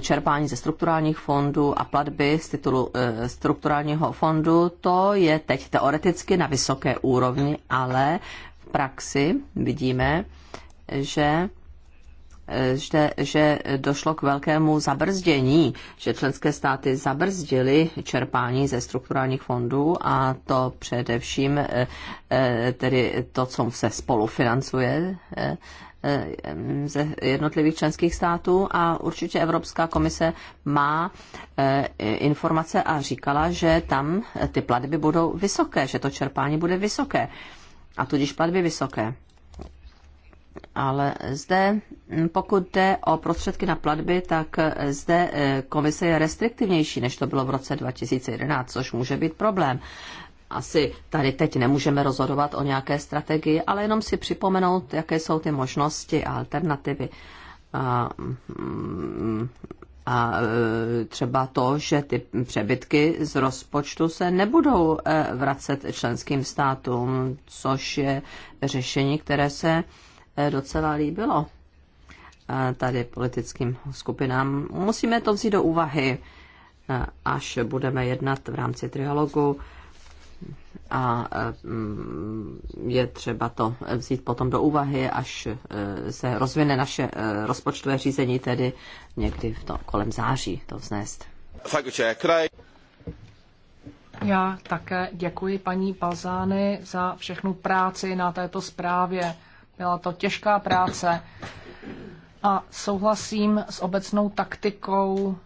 čerpání ze strukturálních fondů a platby z titulu eh, strukturálního fondu, to je teď teoreticky na vysoké úrovni, ale v praxi vidíme, že eh, že, že došlo k velkému zabrzdění, že členské státy zabrzdily čerpání ze strukturálních fondů a to především eh, tedy to, co se spolufinancuje, ze jednotlivých členských států a určitě Evropská komise má e, informace a říkala, že tam ty platby budou vysoké, že to čerpání bude vysoké a tudíž platby vysoké. Ale zde, pokud jde o prostředky na platby, tak e, zde e, komise je restriktivnější, než to bylo v roce 2011, což může být problém asi tady teď nemůžeme rozhodovat o nějaké strategii, ale jenom si připomenout, jaké jsou ty možnosti a alternativy. A, mm, a e, třeba to, že ty přebytky z rozpočtu se nebudou e, vracet členským státům, což je řešení, které se e, docela líbilo tady politickým skupinám. Musíme to vzít do úvahy, až budeme jednat v rámci trialogu a mm, je třeba to vzít potom do úvahy, až e, se rozvine naše e, rozpočtové řízení, tedy někdy v to, kolem září to vznést. Já také děkuji paní Balzány za všechnu práci na této zprávě. Byla to těžká práce a souhlasím s obecnou taktikou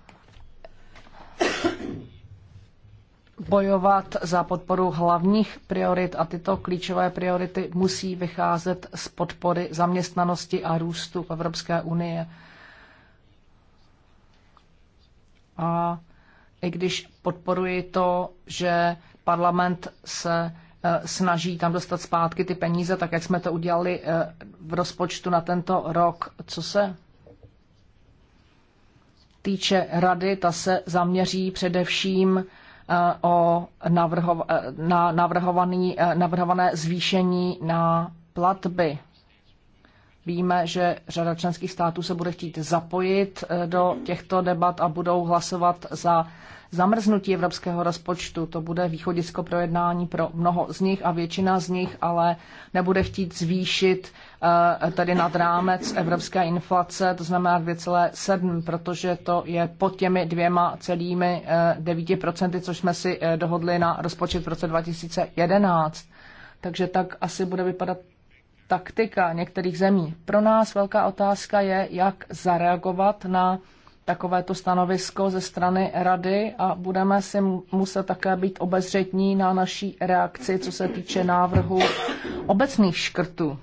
bojovat za podporu hlavních priorit a tyto klíčové priority musí vycházet z podpory zaměstnanosti a růstu v Evropské unie. A i když podporuji to, že parlament se eh, snaží tam dostat zpátky ty peníze, tak jak jsme to udělali eh, v rozpočtu na tento rok, co se týče rady, ta se zaměří především Eh, o eh, navrhovaný, eh, navrhované zvýšení na platby. Víme, že řada členských států se bude chtít zapojit eh, do těchto debat a budou hlasovat za zamrznutí evropského rozpočtu. To bude východisko pro jednání pro mnoho z nich a většina z nich ale nebude chtít zvýšit eh, tedy nad rámec evropské inflace, to znamená 2,7, protože to je pod těmi dvěma celými 9%, eh, což jsme si dohodli na rozpočet v roce 2011. Takže tak asi bude vypadat taktika některých zemí. Pro nás velká otázka je, jak zareagovat na takovéto stanovisko ze strany Rady a budeme si muset také být obezřetní na naší reakci, co se týče návrhu obecných škrtů,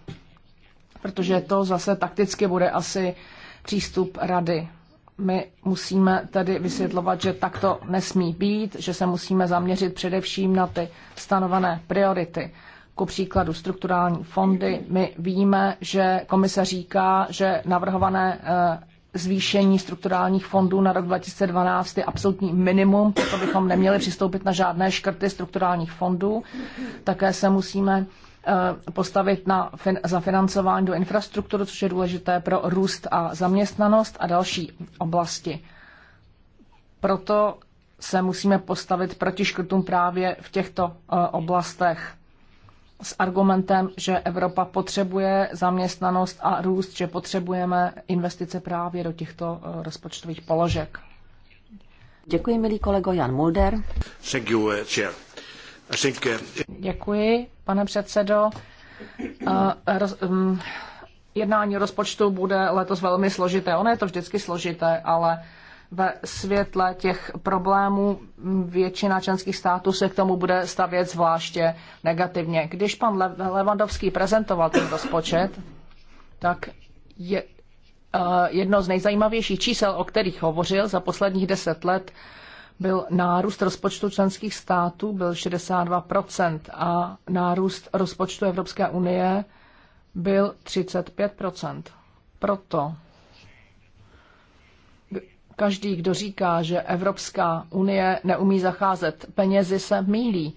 protože to zase takticky bude asi přístup Rady. My musíme tedy vysvětlovat, že takto nesmí být, že se musíme zaměřit především na ty stanovené priority ku příkladu strukturální fondy. My víme, že komise říká, že navrhované eh, zvýšení strukturálních fondů na rok 2012 je absolutní minimum, proto bychom neměli přistoupit na žádné škrty strukturálních fondů. Také se musíme eh, postavit na fin- zafinancování do infrastruktury, což je důležité pro růst a zaměstnanost a další oblasti. Proto se musíme postavit proti škrtům právě v těchto eh, oblastech s argumentem, že Evropa potřebuje zaměstnanost a růst, že potřebujeme investice právě do těchto eh, rozpočtových položek. Děkuji, milý kolego Jan Mulder. Thank you, eh, chair. I think, eh, Děkuji, pane předsedo. Mm, jednání rozpočtu bude letos velmi složité. Ono je to vždycky složité, ale ve světle těch problémů většina členských států se k tomu bude stavět zvláště negativně. Když pan Levandovský prezentoval ten rozpočet, tak je, eh, jedno z nejzajímavějších čísel, o kterých hovořil za posledních deset let, byl nárůst rozpočtu členských států, byl 62% a nárůst rozpočtu Evropské unie byl 35%. Proto Každý, kdo říká, že Evropská unie neumí zacházet penězi, se mílí.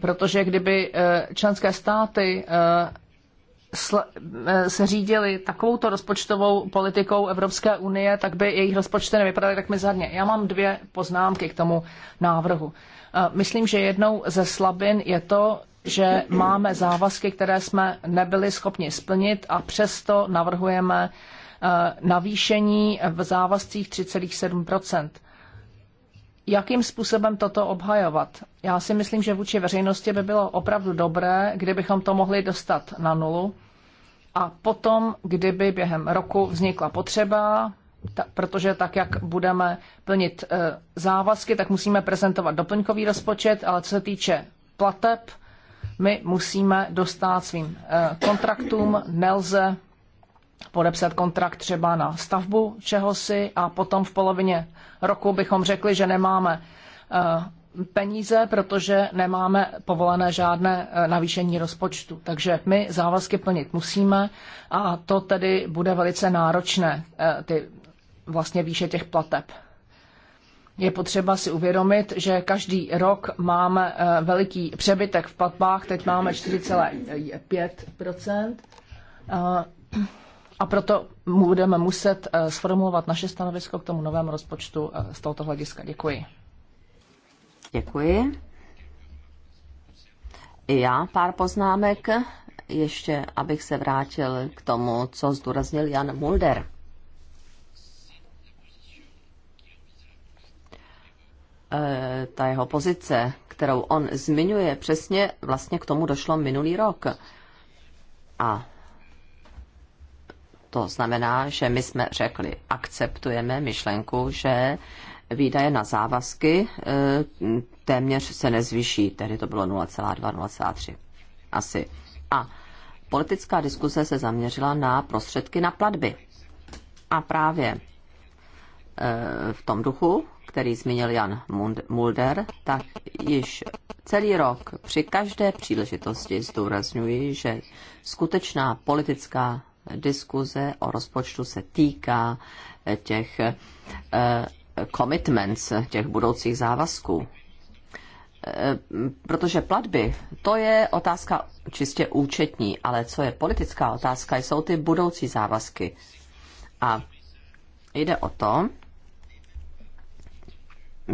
Protože kdyby eh, členské státy eh, eh, se řídili takovouto rozpočtovou politikou Evropské unie, tak by jejich rozpočty nevypadaly tak mizerně. Já mám dvě poznámky k tomu návrhu. Myslím, že jednou ze slabin je to, že máme závazky, které jsme nebyli schopni splnit a přesto navrhujeme uh, Eh, navýšení v závazcích 3,7 Jakým způsobem toto obhajovat? Já si myslím, že vůči veřejnosti by bylo opravdu dobré, kdybychom to mohli dostat na nulu. A potom, kdyby během roku vznikla potřeba, ta, protože tak, jak budeme plnit e, závazky, tak musíme prezentovat doplňkový rozpočet, ale co se týče plateb, my musíme dostat svým e, kontraktům, nelze podepsat kontrakt třeba na stavbu čehosi a potom v polovině roku bychom řekli, že nemáme eh, peníze, protože nemáme povolené žádné eh, navýšení rozpočtu. Takže my závazky plnit musíme a to tedy bude velice náročné, eh, ty vlastně výše těch plateb. Je potřeba si uvědomit, že každý rok máme veliký přebytek v platbách, teď máme 4,5 a proto budeme muset eh, sformulovat naše stanovisko k tomu novému rozpočtu eh, z tohoto hlediska. Děkuji. Děkuji. I já pár poznámek, ještě abych se vrátil k tomu, co zdůraznil Jan Mulder. E, ta jeho pozice, kterou on zmiňuje, přesně vlastně k tomu došlo minulý rok. A to znamená, že my jsme řekli, akceptujeme myšlenku, že výdaje na závazky e, téměř se nezvyší, tehdy to bylo 0,2-0,3 asi. A politická diskuse se zaměřila na prostředky na platby. A právě e, v tom duchu, který zmínil Jan Mulder, tak již celý rok při každé příležitosti zdůrazňuji, že skutečná politická diskuze o rozpočtu se týká eh, těch eh, commitments, těch budoucích závazků. Eh, protože platby, to je otázka čistě účetní, ale co je politická otázka, jsou ty budoucí závazky. A jde o to,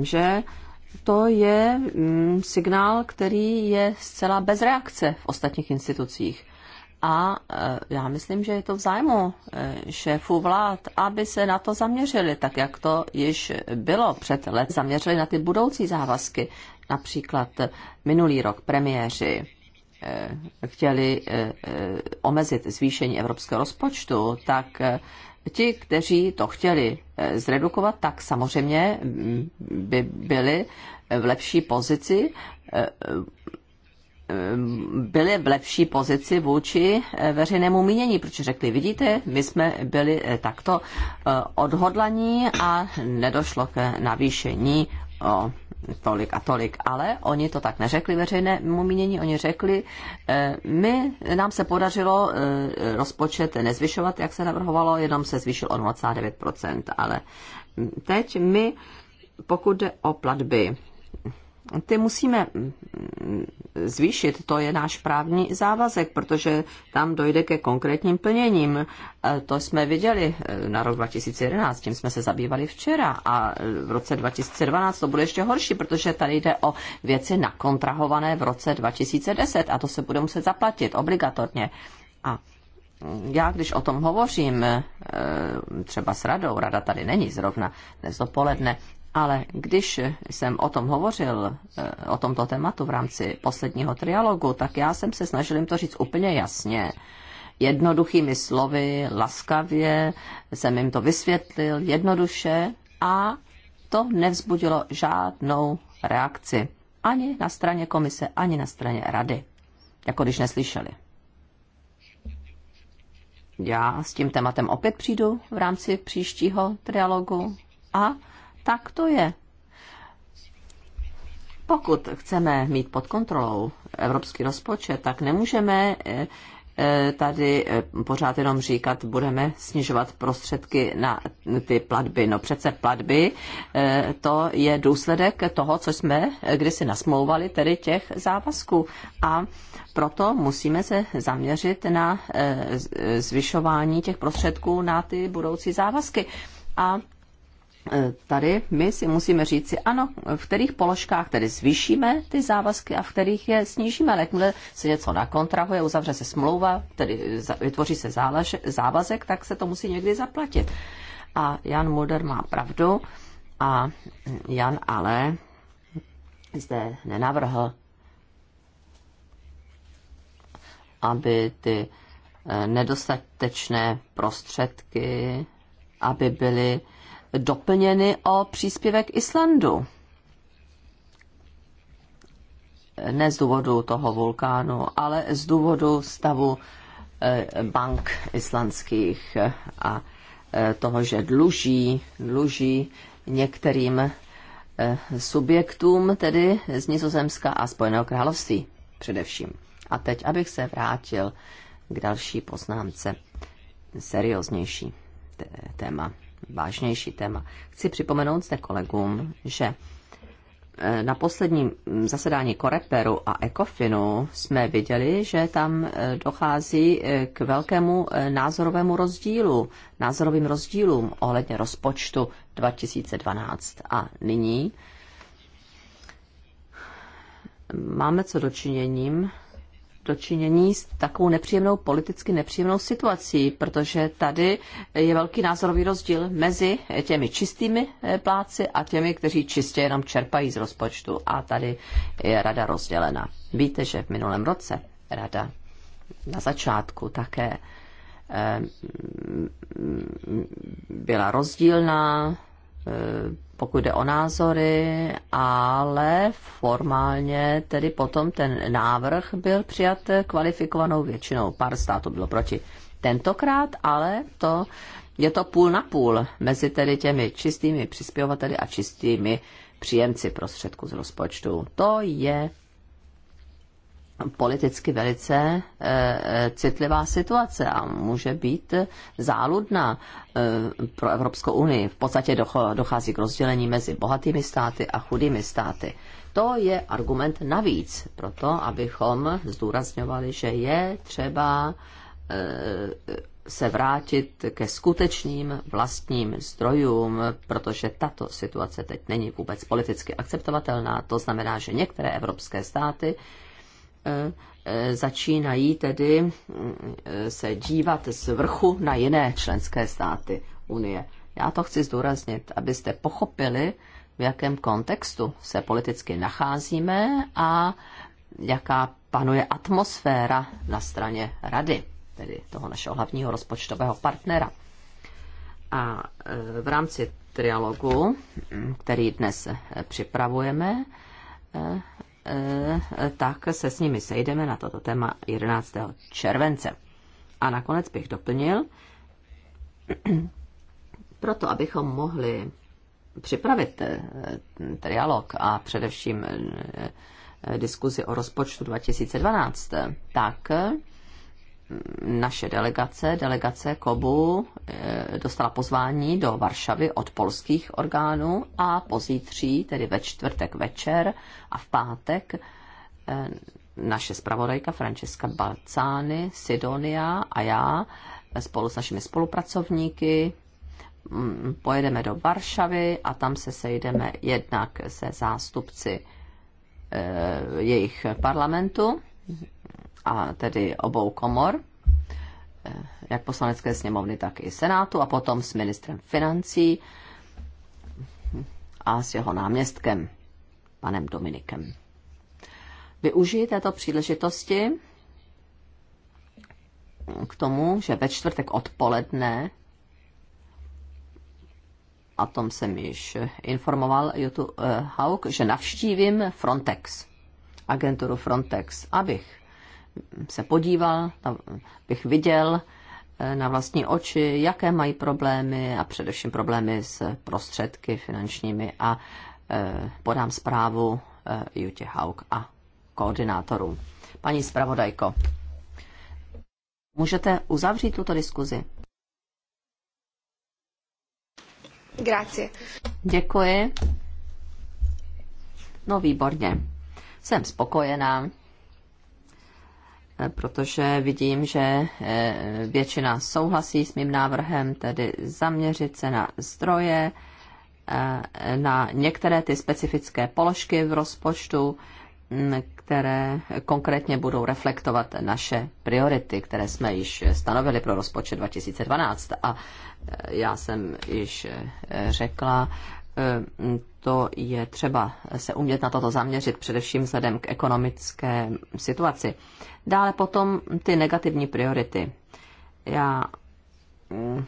že to je mm, signál, který je zcela bez reakce v ostatních institucích. A e, já myslím, že je to v zájmu e, šéfů vlád, aby se na to zaměřili, tak jak to již bylo před let. Zaměřili na ty budoucí závazky. Například minulý rok premiéři e, chtěli omezit zvýšení evropského rozpočtu, tak ti, kteří to chtěli zredukovat, tak samozřejmě by byli v lepší pozici Ehm, byli v lepší pozici vůči eh, veřejnému mínění, protože řekli, vidíte, my jsme byli eh, takto eh, odhodlaní a nedošlo k navýšení o tolik a tolik, ale oni to tak neřekli veřejnému mínění, oni řekli, my, nám se podařilo rozpočet nezvyšovat, jak se navrhovalo, jenom se zvýšil o 0,9%, ale teď my, pokud jde o platby, ty musíme mm, mm, zvýšit, to je náš právní závazek, protože tam dojde ke konkrétním plněním. E, to jsme viděli e, na rok 2011, tím jsme se zabývali včera a v roce 2012 to bude ještě horší, protože tady jde o věci nakontrahované v roce 2010 a to se bude muset zaplatit obligatorně. A já, když o tom hovořím e, třeba s radou, rada tady není zrovna dnes dopoledne, ale když jsem o tom hovořil, eh, o tomto tématu v rámci posledního trialogu, tak já jsem se snažil jim to říct úplně jasně. Jednoduchými slovy, laskavě jsem jim to vysvětlil, jednoduše a to nevzbudilo žádnou reakci. Ani na straně komise, ani na straně rady. Jako když neslyšeli. Já s tím tématem opět přijdu v rámci příštího trialogu a tak to je. Pokud chceme mít pod kontrolou evropský rozpočet, tak nemůžeme eh, eh, tady eh, pořád jenom říkat, budeme snižovat prostředky na ty platby. No přece platby, to je důsledek toho, co jsme kdysi nasmlouvali, tedy těch závazků. A proto musíme se zaměřit na zvyšování těch prostředků na ty budoucí závazky. A E, tady my si musíme říci, ano, v kterých položkách tedy zvýšíme ty závazky a v kterých je snížíme. Ale jakmile se něco nakontrahuje, uzavře se smlouva, tedy vytvoří se zálež, závazek, tak se to musí někdy zaplatit. A Jan Mulder má pravdu a Jan ale zde nenavrhl, aby ty e, nedostatečné prostředky, aby byly doplněny o příspěvek Islandu. Ne z důvodu toho vulkánu, ale z důvodu stavu eh, bank islandských eh, a eh, toho, že dluží, dluží některým subjektům, tedy z Nizozemska a Spojeného království především. A teď, abych se vrátil k další poznámce, serióznější téma vážnější téma. Chci připomenout zde kolegům, že e, na posledním zasedání Koreperu a Ekofinu jsme viděli, že tam e, dochází e, k velkému názorovému rozdílu, názorovým rozdílům ohledně rozpočtu 2012. A nyní máme co dočiněním dočinění s takovou nepříjemnou, politicky nepříjemnou situací, protože tady je velký názorový rozdíl mezi těmi čistými eh, pláci a těmi, kteří čistě jenom čerpají z rozpočtu. A tady je rada rozdělena. Víte, že v minulém roce rada na začátku také eh, byla rozdílná, Eh, pokud jde o názory, ale formálně tedy potom ten návrh byl přijat kvalifikovanou většinou. Pár států bylo proti. Tentokrát ale to, je to půl na půl mezi tedy těmi čistými přispěvateli a čistými příjemci prostředků z rozpočtu. To je politicky velice eh, eh, citlivá situace a může být záludná eh, pro Evropskou unii. V podstatě dochází k rozdělení mezi bohatými státy a chudými státy. To je argument navíc pro to, abychom zdůrazňovali, že je třeba se vrátit ke skutečným vlastním zdrojům, protože tato situace teď není vůbec politicky akceptovatelná. To znamená, že některé evropské státy začínají tedy mm, se dívat z vrchu na jiné členské státy Unie. Já to chci zdůraznit, abyste pochopili, v jakém kontextu se politicky nacházíme a jaká panuje atmosféra na straně rady, tedy toho našeho hlavního rozpočtového partnera. A e, v rámci trialogu, mm, který dnes e, připravujeme, e, Eh, tak se s nimi sejdeme na toto téma 11. července. A nakonec bych doplnil, proto abychom mohli připravit eh, trialog a především eh, diskuzi o rozpočtu 2012, tak naše delegace, delegace KOBU, eh, dostala pozvání do Varšavy od polských orgánů a pozítří, tedy ve čtvrtek večer a v pátek, eh, naše zpravodajka Francesca Balcány, Sidonia a já eh, spolu s našimi spolupracovníky mm, pojedeme do Varšavy a tam se sejdeme jednak se zástupci jejich parlamentu, a tedy obou komor, eh, jak poslanecké sněmovny, tak i senátu a potom s ministrem financí a s jeho náměstkem, panem Dominikem. Využiji této příležitosti k tomu, že ve čtvrtek odpoledne, a tom jsem již informoval uh, eh, Hauk, že navštívím Frontex, agenturu Frontex, abych se podíval, bych viděl eh, na vlastní oči, jaké mají problémy a především problémy s prostředky finančními a eh, podám zprávu eh, Jutě Hauk a koordinátorům. Paní zpravodajko, můžete uzavřít tuto diskuzi? Grazie. Děkuji. No výborně. Jsem spokojená. Eh, protože vidím, že eh, většina souhlasí s mým návrhem, tedy zaměřit se na zdroje, eh, na některé ty specifické položky v rozpočtu, mm, které konkrétně budou reflektovat naše priority, které jsme již stanovili pro rozpočet 2012. A já jsem již řekla to je třeba se umět na toto zaměřit, především vzhledem k ekonomické situaci. Dále potom ty negativní priority. Já mm,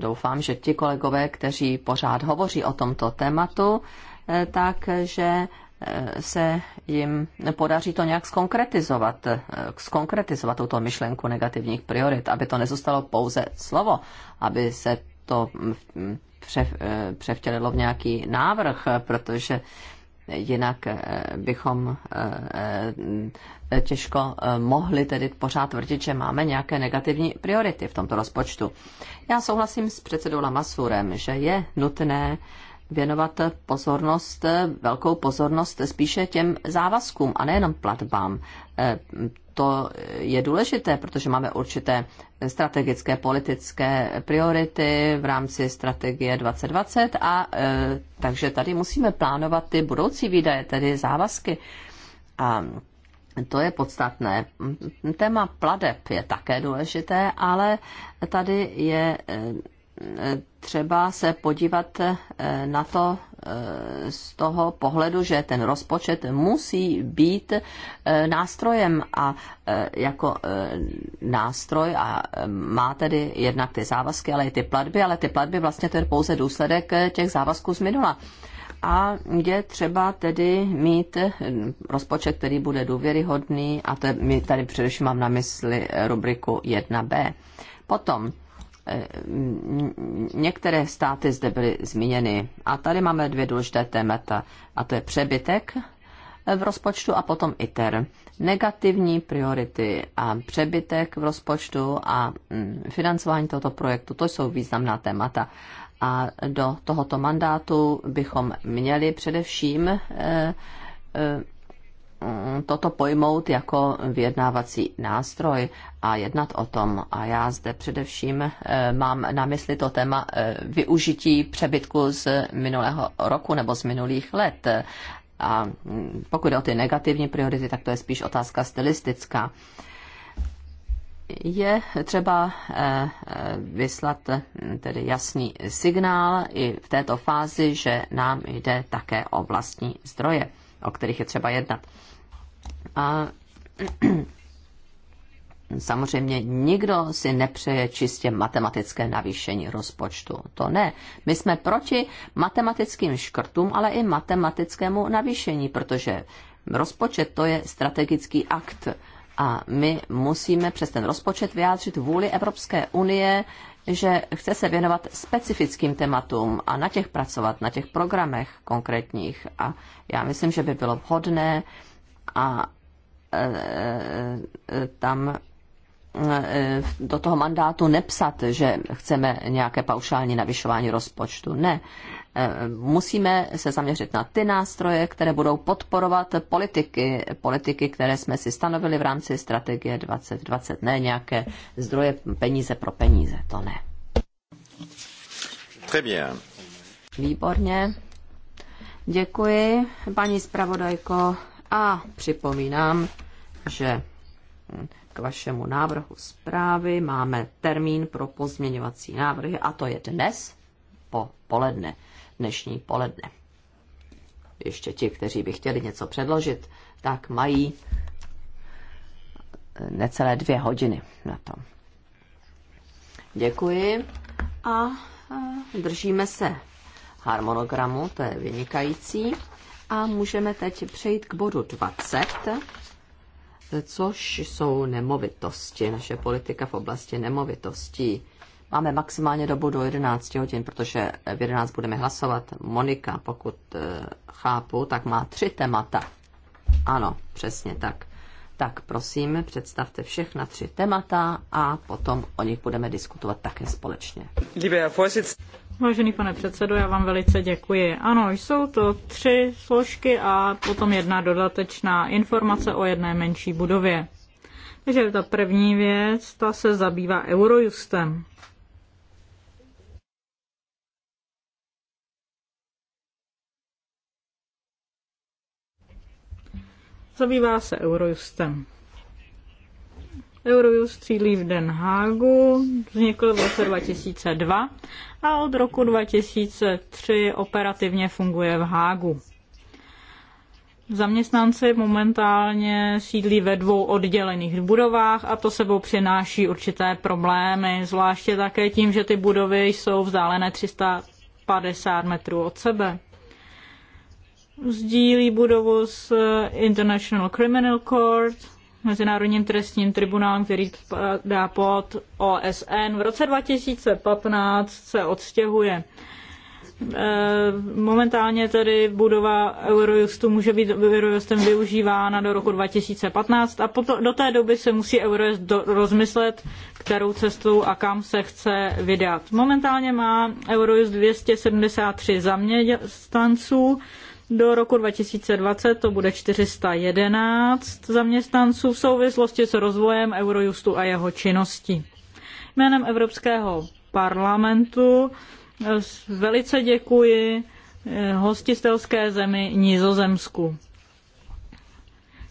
doufám, že ti kolegové, kteří pořád hovoří o tomto tématu, eh, takže eh, se jim podaří to nějak skonkretizovat, eh, skonkretizovat tuto myšlenku negativních priorit, aby to nezůstalo pouze slovo, aby se to převtělilo v nějaký návrh, protože jinak eh, bychom eh, těžko eh, mohli tedy pořád tvrdit, že máme nějaké negativní priority v tomto rozpočtu. Já souhlasím s předsedou Lamasurem, že je nutné věnovat pozornost, velkou pozornost spíše těm závazkům a nejenom platbám to je důležité, protože máme určité strategické politické priority v rámci strategie 2020 a e, takže tady musíme plánovat ty budoucí výdaje, tedy závazky. A to je podstatné. Téma pladeb je také důležité, ale tady je e, e, třeba se podívat na to, z toho pohledu, že ten rozpočet musí být e, nástrojem a e, jako e, nástroj a má tedy jednak ty závazky, ale i ty platby, ale ty platby vlastně to je pouze důsledek těch závazků z minula a je třeba tedy mít rozpočet, který bude důvěryhodný a to je, my tady především mám na mysli rubriku 1b. Potom Eh, některé státy zde byly zmíněny. A tady máme dvě důležité témata. A to je přebytek eh, v rozpočtu a potom ITER. Negativní priority a přebytek v rozpočtu a mm, financování tohoto projektu, to jsou významná témata. A do tohoto mandátu bychom měli především eh, toto pojmout jako vyjednávací nástroj a jednat o tom. A já zde především eh, mám na mysli to téma eh, využití přebytku z minulého roku nebo z minulých let. A mm, pokud jde o ty negativní priority, tak to je spíš otázka stylistická. Je třeba eh, vyslat mm, tedy jasný signál i v této fázi, že nám jde také o vlastní zdroje, o kterých je třeba jednat. A Samozřejmě nikdo si nepřeje čistě matematické navýšení rozpočtu. To ne. My jsme proti matematickým škrtům, ale i matematickému navýšení, protože rozpočet to je strategický akt. A my musíme přes ten rozpočet vyjádřit vůli Evropské unie, že chce se věnovat specifickým tématům a na těch pracovat, na těch programech konkrétních. A já myslím, že by bylo vhodné, a tam eh, do toho mandátu nepsat, že chceme nějaké paušální navyšování rozpočtu. Ne. Eh, musíme se zaměřit na ty nástroje, které budou podporovat politiky, politiky, které jsme si stanovili v rámci strategie 2020, ne nějaké zdroje peníze pro peníze, to ne. Très bien. Výborně. Děkuji, paní zpravodajko. A připomínám, že k vašemu návrhu zprávy máme termín pro pozměňovací návrhy a to je dnes po poledne, dnešní poledne. Ještě ti, kteří by chtěli něco předložit, tak mají necelé dvě hodiny na to. Děkuji a držíme se harmonogramu, to je vynikající. A můžeme teď přejít k bodu 20 což jsou nemovitosti, naše politika v oblasti nemovitostí. Máme maximálně dobu do 11 hodin, protože v 11 budeme hlasovat. Monika, pokud eh, chápu, tak má tři témata. Ano, přesně tak tak prosím, představte všechna tři témata a potom o nich budeme diskutovat také společně. Vážený pane předsedo, já vám velice děkuji. Ano, jsou to tři složky a potom jedna dodatečná informace o jedné menší budově. Takže ta první věc, ta se zabývá Eurojustem. zabývá se Eurojustem. Eurojust sídlí v Den Hágu, vznikl v roce 2002 a od roku 2003 operativně funguje v Hágu. Zaměstnanci momentálně sídlí ve dvou oddělených budovách a to sebou přináší určité problémy, zvláště také tím, že ty budovy jsou vzdálené 350 metrů od sebe sdílí budovu s eh, International Criminal Court, Mezinárodním trestním tribunálem, který dá pod OSN. V roce 2015 se odstěhuje. Eh, momentálně tedy budova Eurojustu může být Eurojustem využívána do roku 2015 a potom, do té doby se musí Eurojust do, rozmyslet, kterou cestou a kam se chce vydat. Momentálně má Eurojust 273 zaměstnanců, do roku 2020 to bude 411 zaměstnanců v souvislosti s rozvojem Eurojustu a jeho činnosti. Jménem Evropského parlamentu eh, velice děkuji eh, hostitelské zemi Nizozemsku.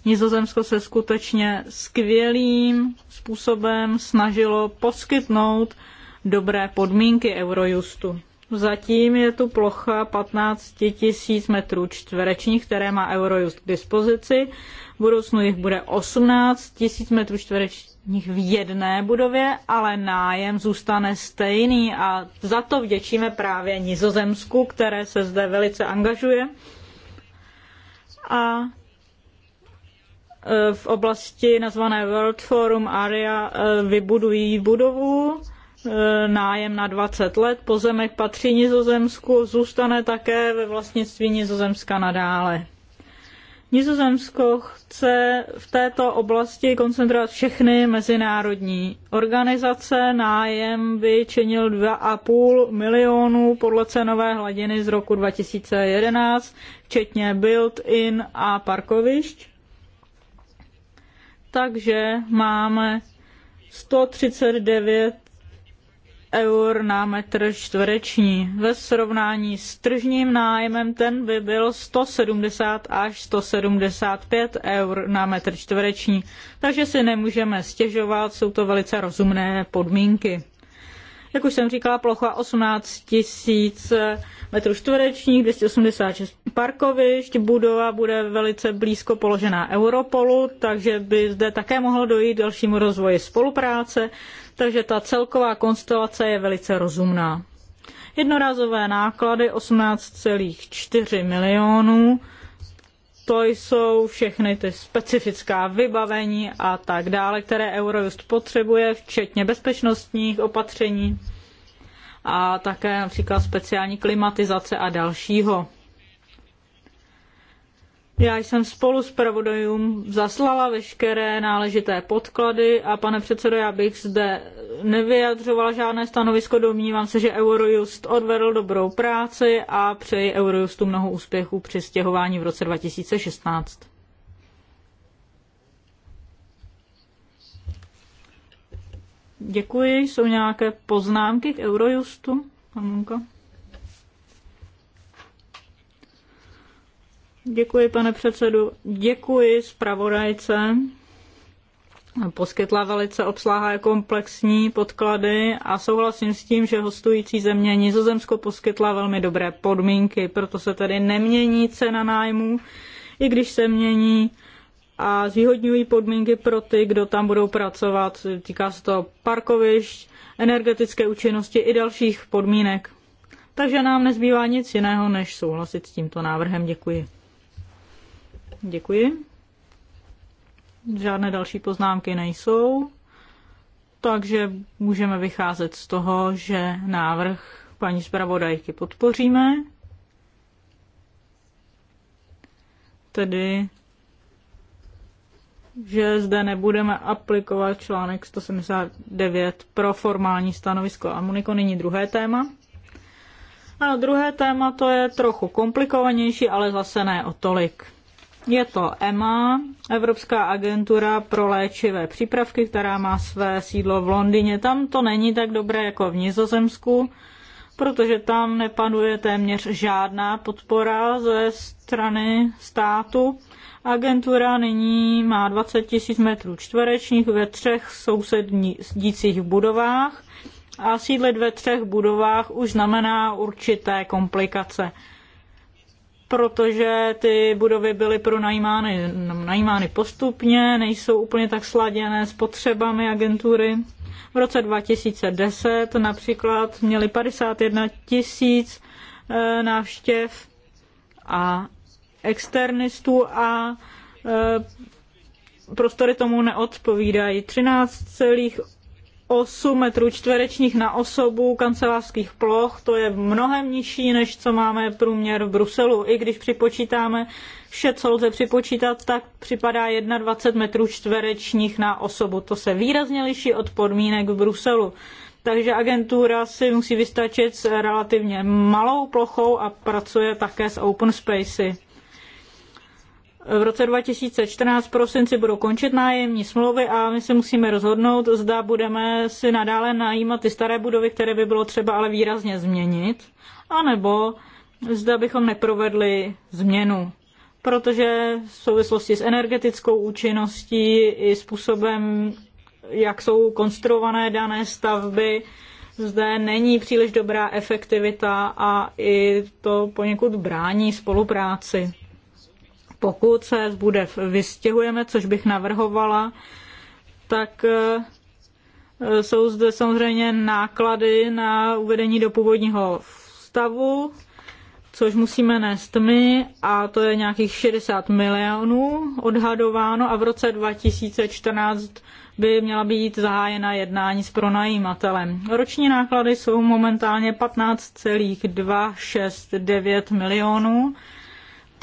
Nizozemsko se skutečně skvělým způsobem snažilo poskytnout dobré podmínky Eurojustu. Zatím je tu plocha 15 tisíc metrů čtverečních, které má Eurojust k dispozici. V budoucnu jich bude 18 tisíc metrů čtverečních v jedné budově, ale nájem zůstane stejný a za to vděčíme právě Nizozemsku, které se zde velice angažuje. A e, v oblasti nazvané World Forum Area e, vybudují budovu, E, nájem na 20 let, pozemek patří Nizozemsku, zůstane také ve vlastnictví Nizozemska nadále. Nizozemsko chce v této oblasti koncentrovat všechny mezinárodní organizace. Nájem by činil 2,5 milionů podle cenové hladiny z roku 2011, včetně built-in a parkovišť. Takže máme 139 eur na metr čtvereční. Ve srovnání s tržním nájmem ten by byl 170 až 175 eur na metr čtvereční, takže si nemůžeme stěžovat, jsou to velice rozumné podmínky. Jak už jsem říkala, plocha 18 000 metrů čtverečních, 286 parkovišť, budova bude velice blízko položená Europolu, takže by zde také mohlo dojít dalšímu rozvoji spolupráce takže ta celková konstelace je velice rozumná. Jednorázové náklady 18,4 milionů, to jsou všechny ty specifická vybavení a tak dále, které Eurojust potřebuje, včetně bezpečnostních opatření a také například speciální klimatizace a dalšího. Já jsem spolu s pravodajům zaslala veškeré náležité podklady a pane předsedo, já bych zde nevyjadřovala žádné stanovisko. Domnívám se, že Eurojust odvedl dobrou práci a přeji Eurojustu mnoho úspěchů při stěhování v roce 2016. Děkuji. Jsou nějaké poznámky k Eurojustu? Pan Munko? Děkuji, pane předsedu. Děkuji zpravodajce. Poskytla velice obsláhé komplexní podklady a souhlasím s tím, že hostující země Nizozemsko poskytla velmi dobré podmínky, proto se tedy nemění cena nájmu, i když se mění a zvýhodňují podmínky pro ty, kdo tam budou pracovat. Týká se to parkovišť, energetické účinnosti i dalších podmínek. Takže nám nezbývá nic jiného, než souhlasit s tímto návrhem. Děkuji. Děkuji. Žádné další poznámky nejsou, takže můžeme vycházet z toho, že návrh paní zpravodajky podpoříme. Tedy, že zde nebudeme aplikovat článek 179 pro formální stanovisko a Muniko nyní druhé téma. A druhé téma to je trochu komplikovanější, ale zase ne o tolik. Je to EMA, Evropská agentura pro léčivé přípravky, která má své sídlo v Londýně. Tam to není tak dobré jako v Nizozemsku, protože tam nepanuje téměř žádná podpora ze strany státu. Agentura nyní má 20 000 metrů čtverečních ve třech sousedních budovách a sídlit ve třech budovách už znamená určité komplikace protože ty budovy byly pronajímány najímány postupně, nejsou úplně tak sladěné s potřebami agentury. V roce 2010 například měli 51 tisíc eh, návštěv a externistů a eh, prostory tomu neodpovídají. 13,8 8 metrů čtverečních na osobu kancelářských ploch, to je mnohem nižší, než co máme průměr v Bruselu. I když připočítáme vše, co lze připočítat, tak připadá 21 metrů čtverečních na osobu. To se výrazně liší od podmínek v Bruselu. Takže agentura si musí vystačit s relativně malou plochou a pracuje také s open spacey v roce 2014 prosinci budou končit nájemní smlouvy a my se musíme rozhodnout, zda budeme si nadále najímat ty staré budovy, které by bylo třeba ale výrazně změnit, anebo zda bychom neprovedli změnu. Protože v souvislosti s energetickou účinností i způsobem, jak jsou konstruované dané stavby, zde není příliš dobrá efektivita a i to poněkud brání spolupráci pokud se bude, vystěhujeme, což bych navrhovala, tak e, e, jsou zde samozřejmě náklady na uvedení do původního stavu, což musíme nést my, a to je nějakých 60 milionů odhadováno a v roce 2014 by měla být zahájena jednání s pronajímatelem. Roční náklady jsou momentálně 15,269 milionů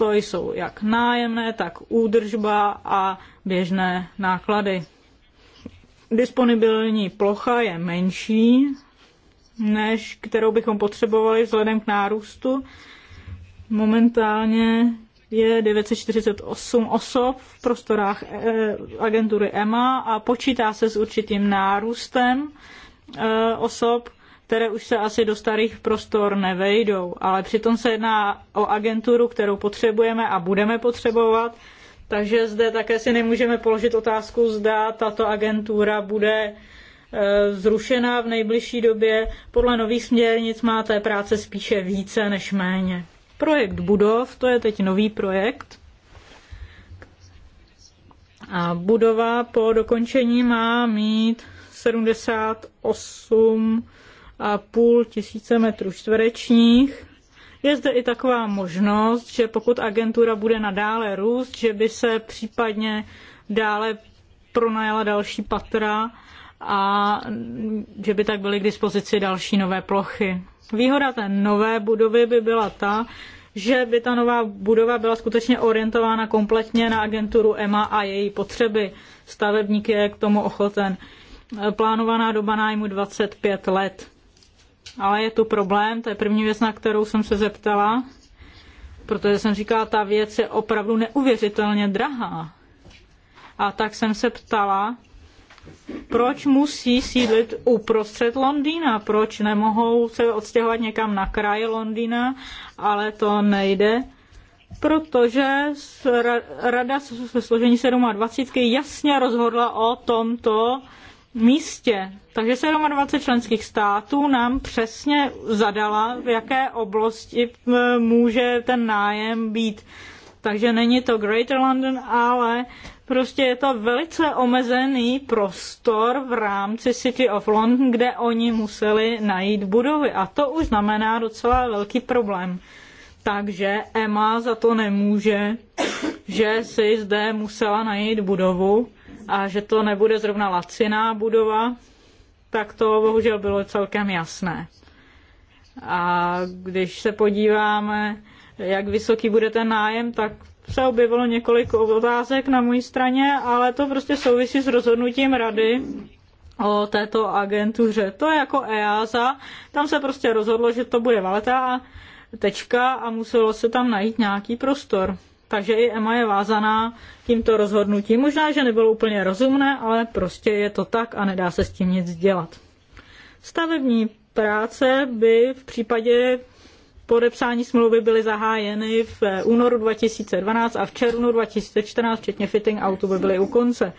to jsou jak nájemné, tak údržba a běžné náklady. Disponibilní plocha je menší, než kterou bychom potřebovali vzhledem k nárůstu. Momentálně je 948 osob v prostorách eh, agentury EMA a počítá se s určitým nárůstem eh, osob, které už se asi do starých prostor nevejdou, ale přitom se jedná o agenturu, kterou potřebujeme a budeme potřebovat, takže zde také si nemůžeme položit otázku, zda tato agentura bude e, zrušena v nejbližší době. Podle nových směrnic má té práce spíše více než méně. Projekt budov, to je teď nový projekt. A budova po dokončení má mít 78 a půl tisíce metrů čtverečních. Je zde i taková možnost, že pokud agentura bude nadále růst, že by se případně dále pronajala další patra a že by tak byly k dispozici další nové plochy. Výhoda té nové budovy by byla ta, že by ta nová budova byla skutečně orientována kompletně na agenturu EMA a její potřeby. Stavebník je k tomu ochoten. Plánovaná doba nájmu 25 let ale je tu problém, to je první věc, na kterou jsem se zeptala, protože jsem říkala, ta věc je opravdu neuvěřitelně drahá. A tak jsem se ptala, proč musí sídlit uprostřed Londýna, proč nemohou se odstěhovat někam na kraji Londýna, ale to nejde, protože rada se složení 27 jasně rozhodla o tomto místě. Takže 27 členských států nám přesně zadala, v jaké oblasti eh, může ten nájem být. Takže není to Greater London, ale prostě je to velice omezený prostor v rámci City of London, kde oni museli najít budovy. A to už znamená docela velký problém. Takže Emma za to nemůže, že si zde musela najít budovu a že to nebude zrovna laciná budova, tak to bohužel bylo celkem jasné. A když se podíváme, jak vysoký bude ten nájem, tak se objevilo několik otázek na mojí straně, ale to prostě souvisí s rozhodnutím rady o této agentuře. To je jako EASA, tam se prostě rozhodlo, že to bude valetá tečka a muselo se tam najít nějaký prostor takže i EMA je vázaná tímto rozhodnutím. Možná, že nebylo úplně rozumné, ale prostě je to tak a nedá se s tím nic dělat. Stavební práce by v případě podepsání smlouvy byly zahájeny v únoru 2012 a v červnu 2014, včetně fitting autu, by byly u konce.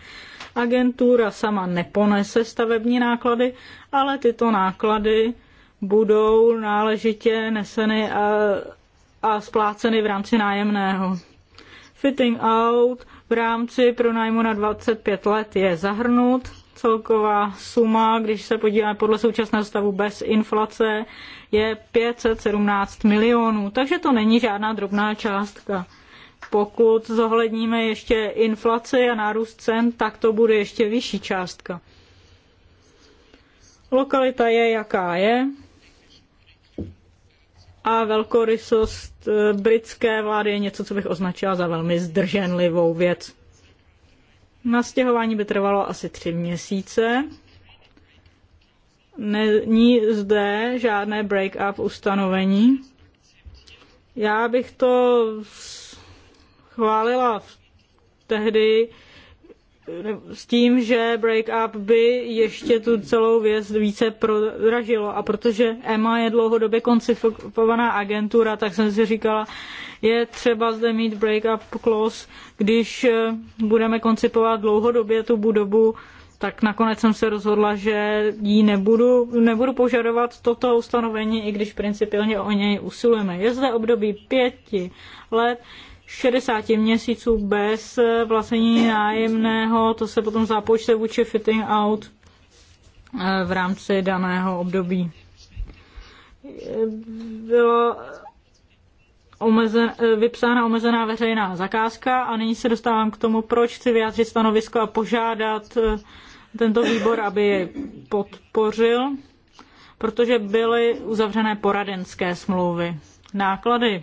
Agentura sama neponese stavební náklady, ale tyto náklady budou náležitě neseny a, a spláceny v rámci nájemného. Fitting out v rámci pronájmu na 25 let je zahrnut. Celková suma, když se podíváme podle současného stavu bez inflace, je 517 milionů. Takže to není žádná drobná částka. Pokud zohledníme ještě inflaci a nárůst cen, tak to bude ještě vyšší částka. Lokalita je, jaká je. A velkorysost E, britské vlády je něco, co bych označila za velmi zdrženlivou věc. Nastěhování by trvalo asi tři měsíce. Není zde žádné break-up ustanovení. Já bych to chválila tehdy, s tím, že break-up by ještě tu celou věc více prodražilo. A protože EMA je dlouhodobě koncipovaná agentura, tak jsem si říkala, je třeba zde mít break-up clause, když eh, budeme koncipovat dlouhodobě tu budovu, tak nakonec jsem se rozhodla, že jí nebudu, nebudu požadovat toto ustanovení, i když principiálně o něj usilujeme. Je zde období pěti let, 60 měsíců bez vlastnění nájemného, to se potom započte vůči fitting out eh, v rámci daného období. Bylo omezen, eh, vypsána omezená veřejná zakázka a nyní se dostávám k tomu, proč chci vyjádřit stanovisko a požádat eh, tento výbor, aby je podpořil, protože byly uzavřené poradenské smlouvy. Náklady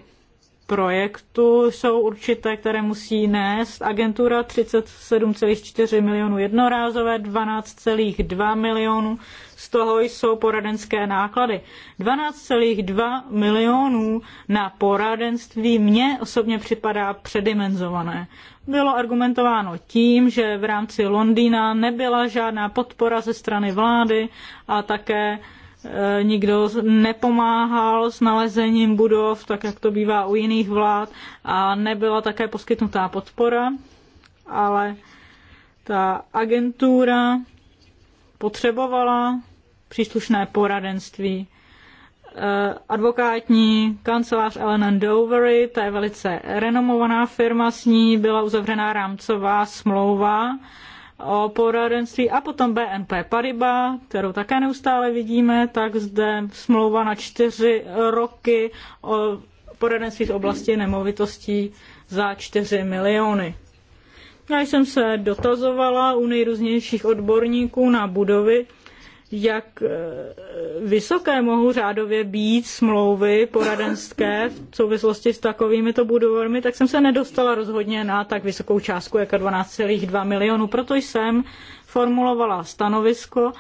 projektu jsou určité, které musí nést. Agentura 37,4 milionů jednorázové, 12,2 milionů, z toho jsou poradenské náklady. 12,2 milionů na poradenství mně osobně připadá předimenzované. Bylo argumentováno tím, že v rámci Londýna nebyla žádná podpora ze strany vlády a také Eh, nikdo nepomáhal s nalezením budov, tak jak to bývá u jiných vlád, a nebyla také poskytnutá podpora, ale ta agentura potřebovala příslušné poradenství. Eh, advokátní kancelář Ellen Dovery, ta je velice renomovaná firma, s ní byla uzavřená rámcová smlouva o poradenství a potom BNP Paribas, kterou také neustále vidíme, tak zde smlouva na čtyři roky o poradenství v oblasti nemovitostí za 4 miliony. Já jsem se dotazovala u nejrůznějších odborníků na budovy, jak eh, vysoké mohou řádově být smlouvy poradenské v souvislosti s takovými to budovami, tak jsem se nedostala rozhodně na tak vysokou částku jako 12,2 milionů. Proto jsem formulovala stanovisko,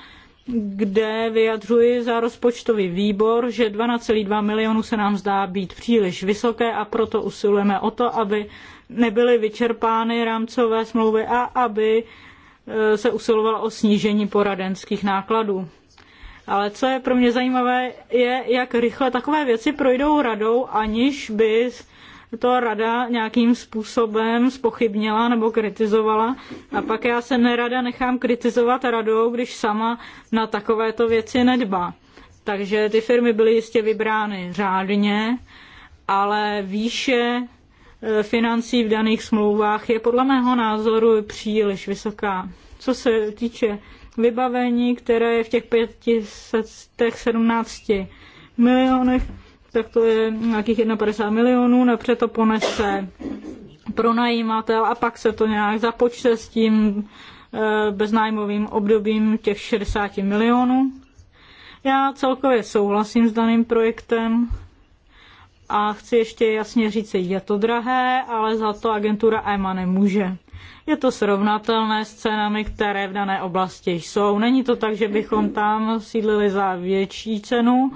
kde vyjadřuji za rozpočtový výbor, že 12,2 milionů se nám zdá být příliš vysoké a proto usilujeme o to, aby nebyly vyčerpány rámcové smlouvy a aby Eh, se usilovala o snížení poradenských nákladů. Ale co je pro mě zajímavé, je, jak rychle takové věci projdou radou, aniž by to rada nějakým způsobem spochybnila nebo kritizovala. A pak já se nerada nechám kritizovat radou, když sama na takovéto věci nedbá. Takže ty firmy byly jistě vybrány řádně, ale výše financí v daných smlouvách je podle mého názoru příliš vysoká. Co se týče vybavení, které je v těch 517 milionech, tak to je nějakých 51 milionů, napřed to ponese pronajímatel a pak se to nějak započte s tím eh, beznájmovým obdobím těch 60 milionů. Já celkově souhlasím s daným projektem a chci ještě jasně říct, je to drahé, ale za to agentura EMA nemůže. Je to srovnatelné s cenami, které v dané oblasti jsou. Není to tak, že bychom tam sídlili za větší cenu,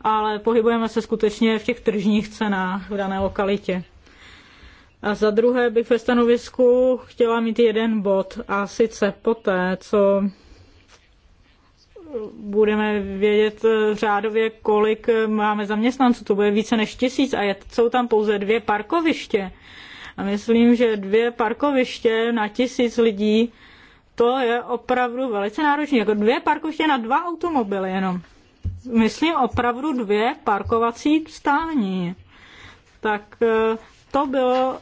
ale pohybujeme se skutečně v těch tržních cenách v dané lokalitě. A za druhé bych ve stanovisku chtěla mít jeden bod a sice poté, co budeme vědět eh, řádově, kolik eh, máme zaměstnanců. To bude více než tisíc a je, jsou tam pouze dvě parkoviště. A myslím, že dvě parkoviště na tisíc lidí, to je opravdu velice náročné. Jako dvě parkoviště na dva automobily jenom. Myslím opravdu dvě parkovací stání. Tak eh, to bylo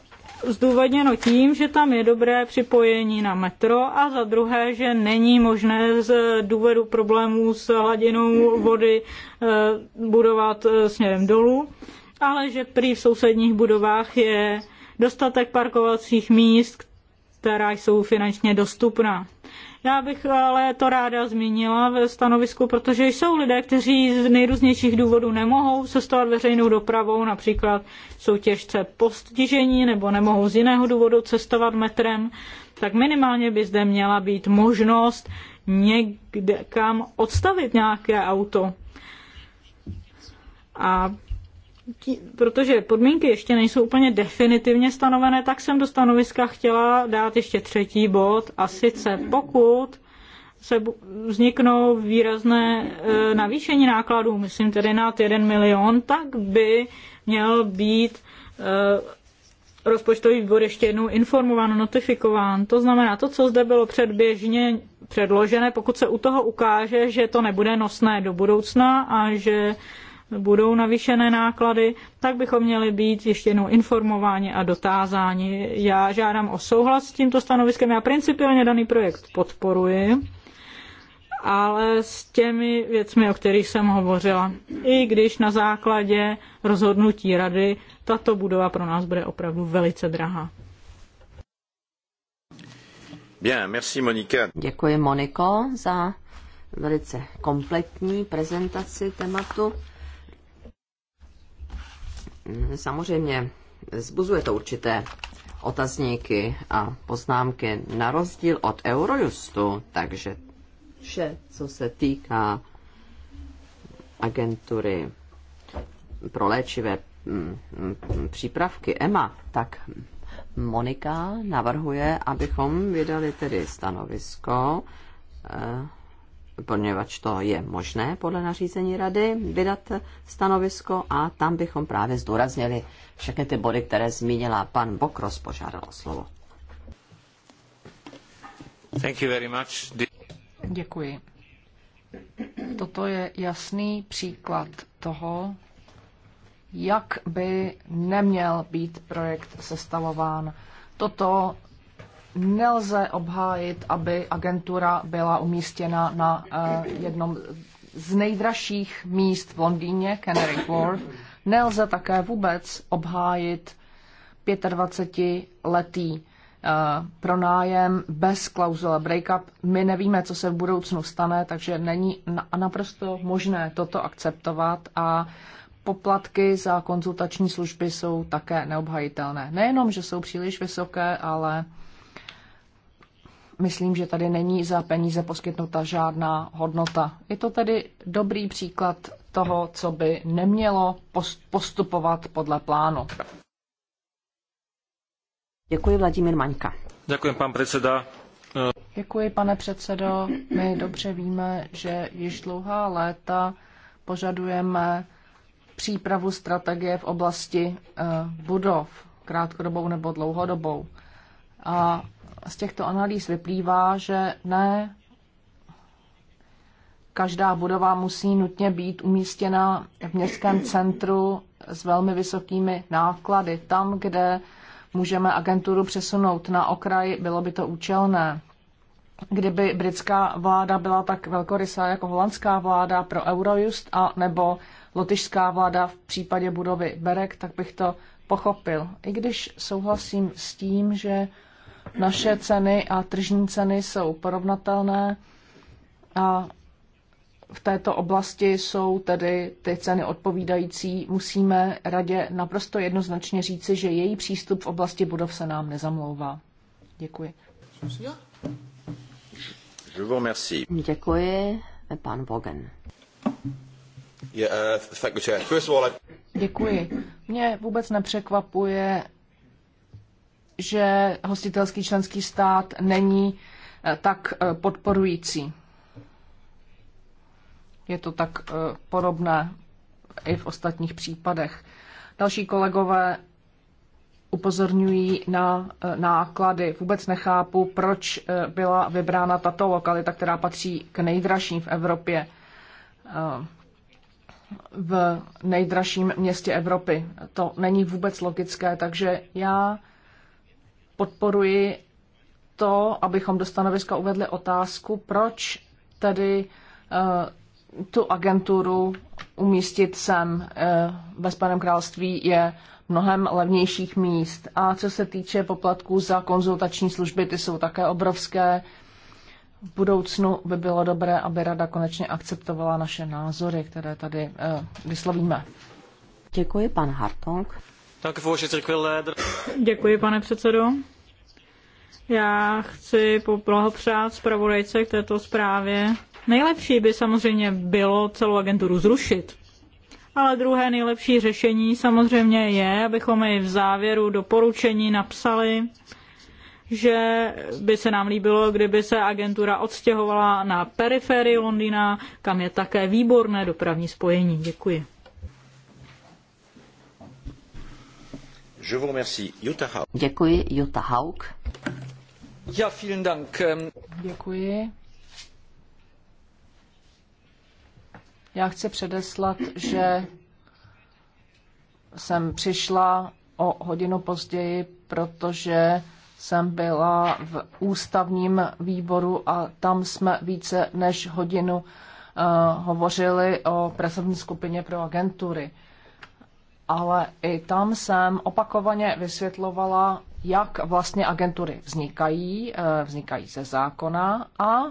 zdůvodněno tím, že tam je dobré připojení na metro a za druhé, že není možné z důvodu problémů s hladinou vody eh, budovat eh, směrem dolů, ale že prý v sousedních budovách je dostatek parkovacích míst, která jsou finančně dostupná. Já bych ale to ráda zmínila ve stanovisku, protože jsou lidé, kteří z nejrůznějších důvodů nemohou cestovat veřejnou dopravou, například jsou těžce postižení nebo nemohou z jiného důvodu cestovat metrem, tak minimálně by zde měla být možnost někde kam odstavit nějaké auto. A tí, protože podmínky ještě nejsou úplně definitivně stanovené, tak jsem do stanoviska chtěla dát ještě třetí bod a sice pokud se vzniknou výrazné e, navýšení nákladů, myslím tedy na 1 milion, tak by měl být e, rozpočtový výbor ještě jednou informován, notifikován. To znamená, to, co zde bylo předběžně předložené, pokud se u toho ukáže, že to nebude nosné do budoucna a že budou navýšené náklady, tak bychom měli být ještě jednou informováni a dotázáni. Já žádám o souhlas s tímto stanoviskem. Já principiálně daný projekt podporuji, ale s těmi věcmi, o kterých jsem hovořila, i když na základě rozhodnutí rady tato budova pro nás bude opravdu velice drahá. Bien, merci Monika. Děkuji Moniko za velice kompletní prezentaci tématu. Mhm, samozřejmě zbuzuje to určité otazníky a poznámky na rozdíl od Eurojustu, takže vše, co se týká agentury pro léčivé mm, přípravky EMA, tak Monika navrhuje, abychom vydali tedy stanovisko eh, poněvadž to je možné podle nařízení rady vydat stanovisko a tam bychom právě zdůraznili všechny ty body, které zmínila pan Bokros, požádal o slovo. Thank you very much. Děkuji. Toto je jasný příklad toho, jak by neměl být projekt sestavován. Toto nelze obhájit, aby agentura byla umístěna na eh, jednom z nejdražších míst v Londýně, Canary Wharf. Nelze také vůbec obhájit 25-letý eh, pronájem bez klauzule break-up. My nevíme, co se v budoucnu stane, takže není naprosto možné toto akceptovat a poplatky za konzultační služby jsou také neobhajitelné. Nejenom, že jsou příliš vysoké, ale myslím, že tady není za peníze poskytnuta žádná hodnota. Je to tedy dobrý příklad toho, co by nemělo postupovat podle plánu. Děkuji, Vladimír Maňka. Děkuji, pan předseda. Děkuji, pane předsedo. My dobře víme, že již dlouhá léta požadujeme přípravu strategie v oblasti eh, budov, krátkodobou nebo dlouhodobou. A z těchto analýz vyplývá, že ne každá budova musí nutně být umístěna v městském centru s velmi vysokými náklady. Tam, kde můžeme agenturu přesunout na okraj, bylo by to účelné. Kdyby britská vláda byla tak velkorysá jako holandská vláda pro Eurojust a nebo lotyšská vláda v případě budovy Berek, tak bych to pochopil. I když souhlasím s tím, že naše ceny a tržní ceny jsou porovnatelné a v této oblasti jsou tedy ty ceny odpovídající. Musíme radě naprosto jednoznačně říci, že její přístup v oblasti budov se nám nezamlouvá. Děkuji. Je vous remercie. Děkuji, pan Bogen. Uh, Děkuji. Mě vůbec nepřekvapuje, že hostitelský členský stát není eh, tak eh, podporující. Je to tak eh, podobné i v ostatních případech. Další kolegové upozorňují na náklady. Vůbec nechápu, proč byla vybrána tato lokalita, která patří k nejdražším v Evropě, v nejdražším městě Evropy. To není vůbec logické, takže já podporuji to, abychom do stanoviska uvedli otázku, proč tedy eh, tu agenturu umístit sem eh, ve Spojeném království je mnohem levnějších míst. A co se týče poplatků za konzultační služby, ty jsou také obrovské. V budoucnu by bylo dobré, aby Rada konečně akceptovala naše názory, které tady eh, vyslovíme. Děkuji, pan Hartong. Děkuji, pane předsedo. Já chci poblahopřát zpravodajce k této zprávě. Nejlepší by samozřejmě bylo celou agenturu zrušit. Ale druhé nejlepší řešení samozřejmě je, abychom i v závěru doporučení napsali, že by se nám líbilo, kdyby se agentura odstěhovala na periferii Londýna, kam je také výborné dopravní spojení. Děkuji. Je vous remercie. Jutta Haug. Děkuji, Jutta Haug. Ja, vielen Dank. Ähm, Děkuji. Já chci předeslat, že jsem přišla o hodinu později, protože jsem byla v ústavním výboru a tam jsme více než hodinu uh, hovořili o pracovní skupině pro agentury ale i tam jsem opakovaně vysvětlovala, jak vlastně agentury vznikají, eh, vznikají ze zákona a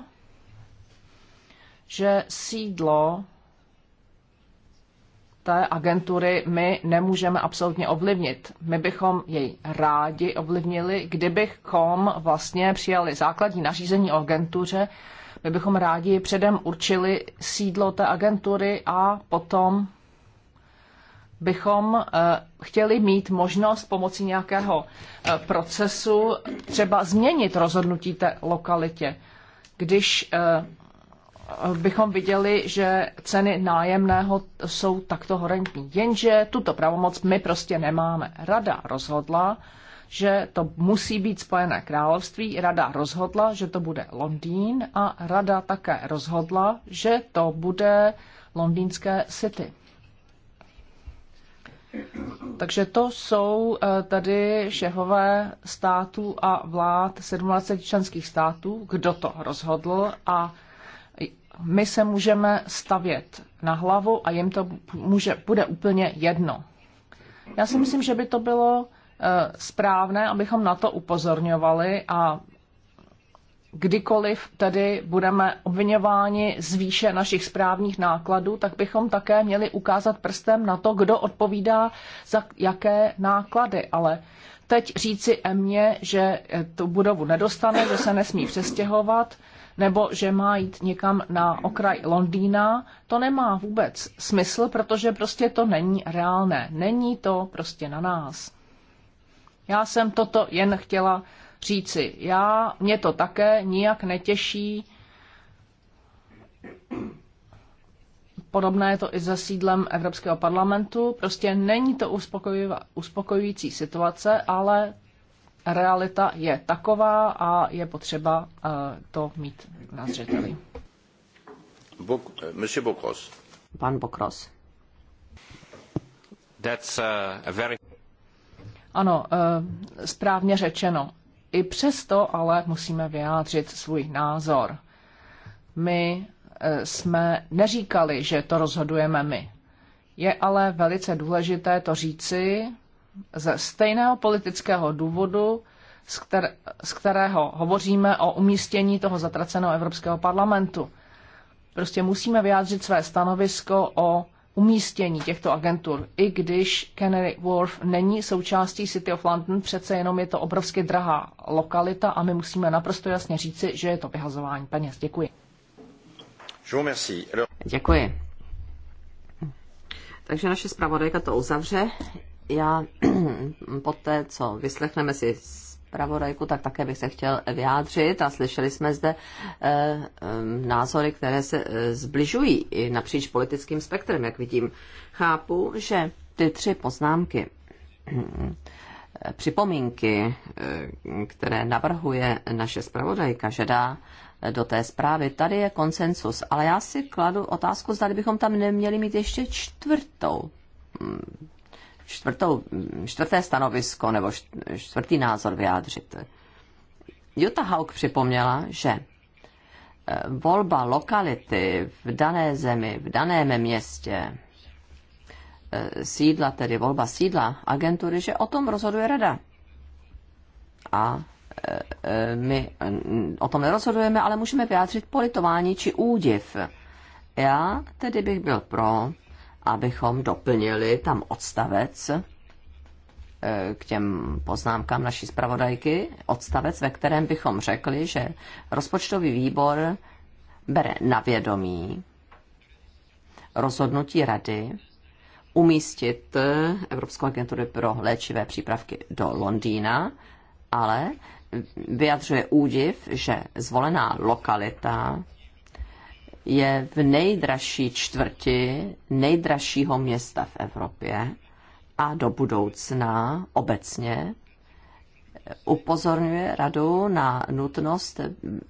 že sídlo té agentury my nemůžeme absolutně ovlivnit. My bychom jej rádi ovlivnili, kdybychom vlastně přijali základní nařízení o agentuře, my bychom rádi předem určili sídlo té agentury a potom bychom eh, chtěli mít možnost pomocí nějakého eh, procesu třeba změnit rozhodnutí té lokalitě. Když eh, bychom viděli, že ceny nájemného jsou takto horentní. Jenže tuto pravomoc my prostě nemáme. Rada rozhodla, že to musí být Spojené království, rada rozhodla, že to bude Londýn a rada také rozhodla, že to bude londýnské city. Takže to jsou eh, tady šéfové států a vlád 17 členských států, kdo to rozhodl a my se můžeme stavět na hlavu a jim to může, bude úplně jedno. Já si myslím, že by to bylo eh, správné, abychom na to upozorňovali a kdykoliv tedy budeme obvinováni z výše našich správních nákladů, tak bychom také měli ukázat prstem na to, kdo odpovídá za jaké náklady. Ale teď říci Emě, že eh, tu budovu nedostane, že se nesmí přestěhovat, nebo že má jít někam na okraj Londýna, to nemá vůbec smysl, protože prostě to není reálné. Není to prostě na nás. Já jsem toto jen chtěla říci, já, mě to také nijak netěší, Podobné je to i se sídlem Evropského parlamentu. Prostě není to uspokojující situace, ale realita je taková a je potřeba eh, to mít na zřeteli. Bok, eh, monsieur Bokros. Pan Bokros. That's eh, a very... Ano, správně řečeno. I přesto ale musíme vyjádřit svůj názor. My eh, jsme neříkali, že to rozhodujeme my. Je ale velice důležité to říci ze stejného politického důvodu, z, kterého hovoříme o umístění toho zatraceného Evropského parlamentu. Prostě musíme vyjádřit své stanovisko o umístění těchto agentur. I když Canary Wharf není součástí City of London, přece jenom je to obrovsky drahá lokalita a my musíme naprosto jasně říci, že je to vyhazování peněz. Děkuji. Děkuji. Takže naše zpravodajka to uzavře. Já poté, co vyslechneme si zpravodajku, tak také bych se chtěl vyjádřit a slyšeli jsme zde eh, eh, názory, které se eh, zbližují i napříč politickým spektrem, jak vidím. Chápu, že ty tři poznámky, připomínky, které navrhuje naše zpravodajka, že dá do té zprávy. Tady je konsensus, ale já si kladu otázku, zda bychom tam neměli mít ještě čtvrtou hm, čtvrtou, čtvrté stanovisko nebo čtvrtý názor vyjádřit. Jutta Haug připomněla, že e, volba lokality v dané zemi, v daném městě, e, sídla, tedy volba sídla agentury, že o tom rozhoduje rada. A e, my o tom nerozhodujeme, ale můžeme vyjádřit politování či údiv. Já tedy bych byl pro, abychom doplnili tam odstavec e, k těm poznámkám naší zpravodajky, odstavec, ve kterém bychom řekli, že rozpočtový výbor bere na vědomí rozhodnutí rady umístit Evropskou agenturu pro léčivé přípravky do Londýna, ale vyjadřuje údiv, že zvolená lokalita je v nejdražší čtvrti nejdražšího města v Evropě a do budoucna obecně upozorňuje radu na nutnost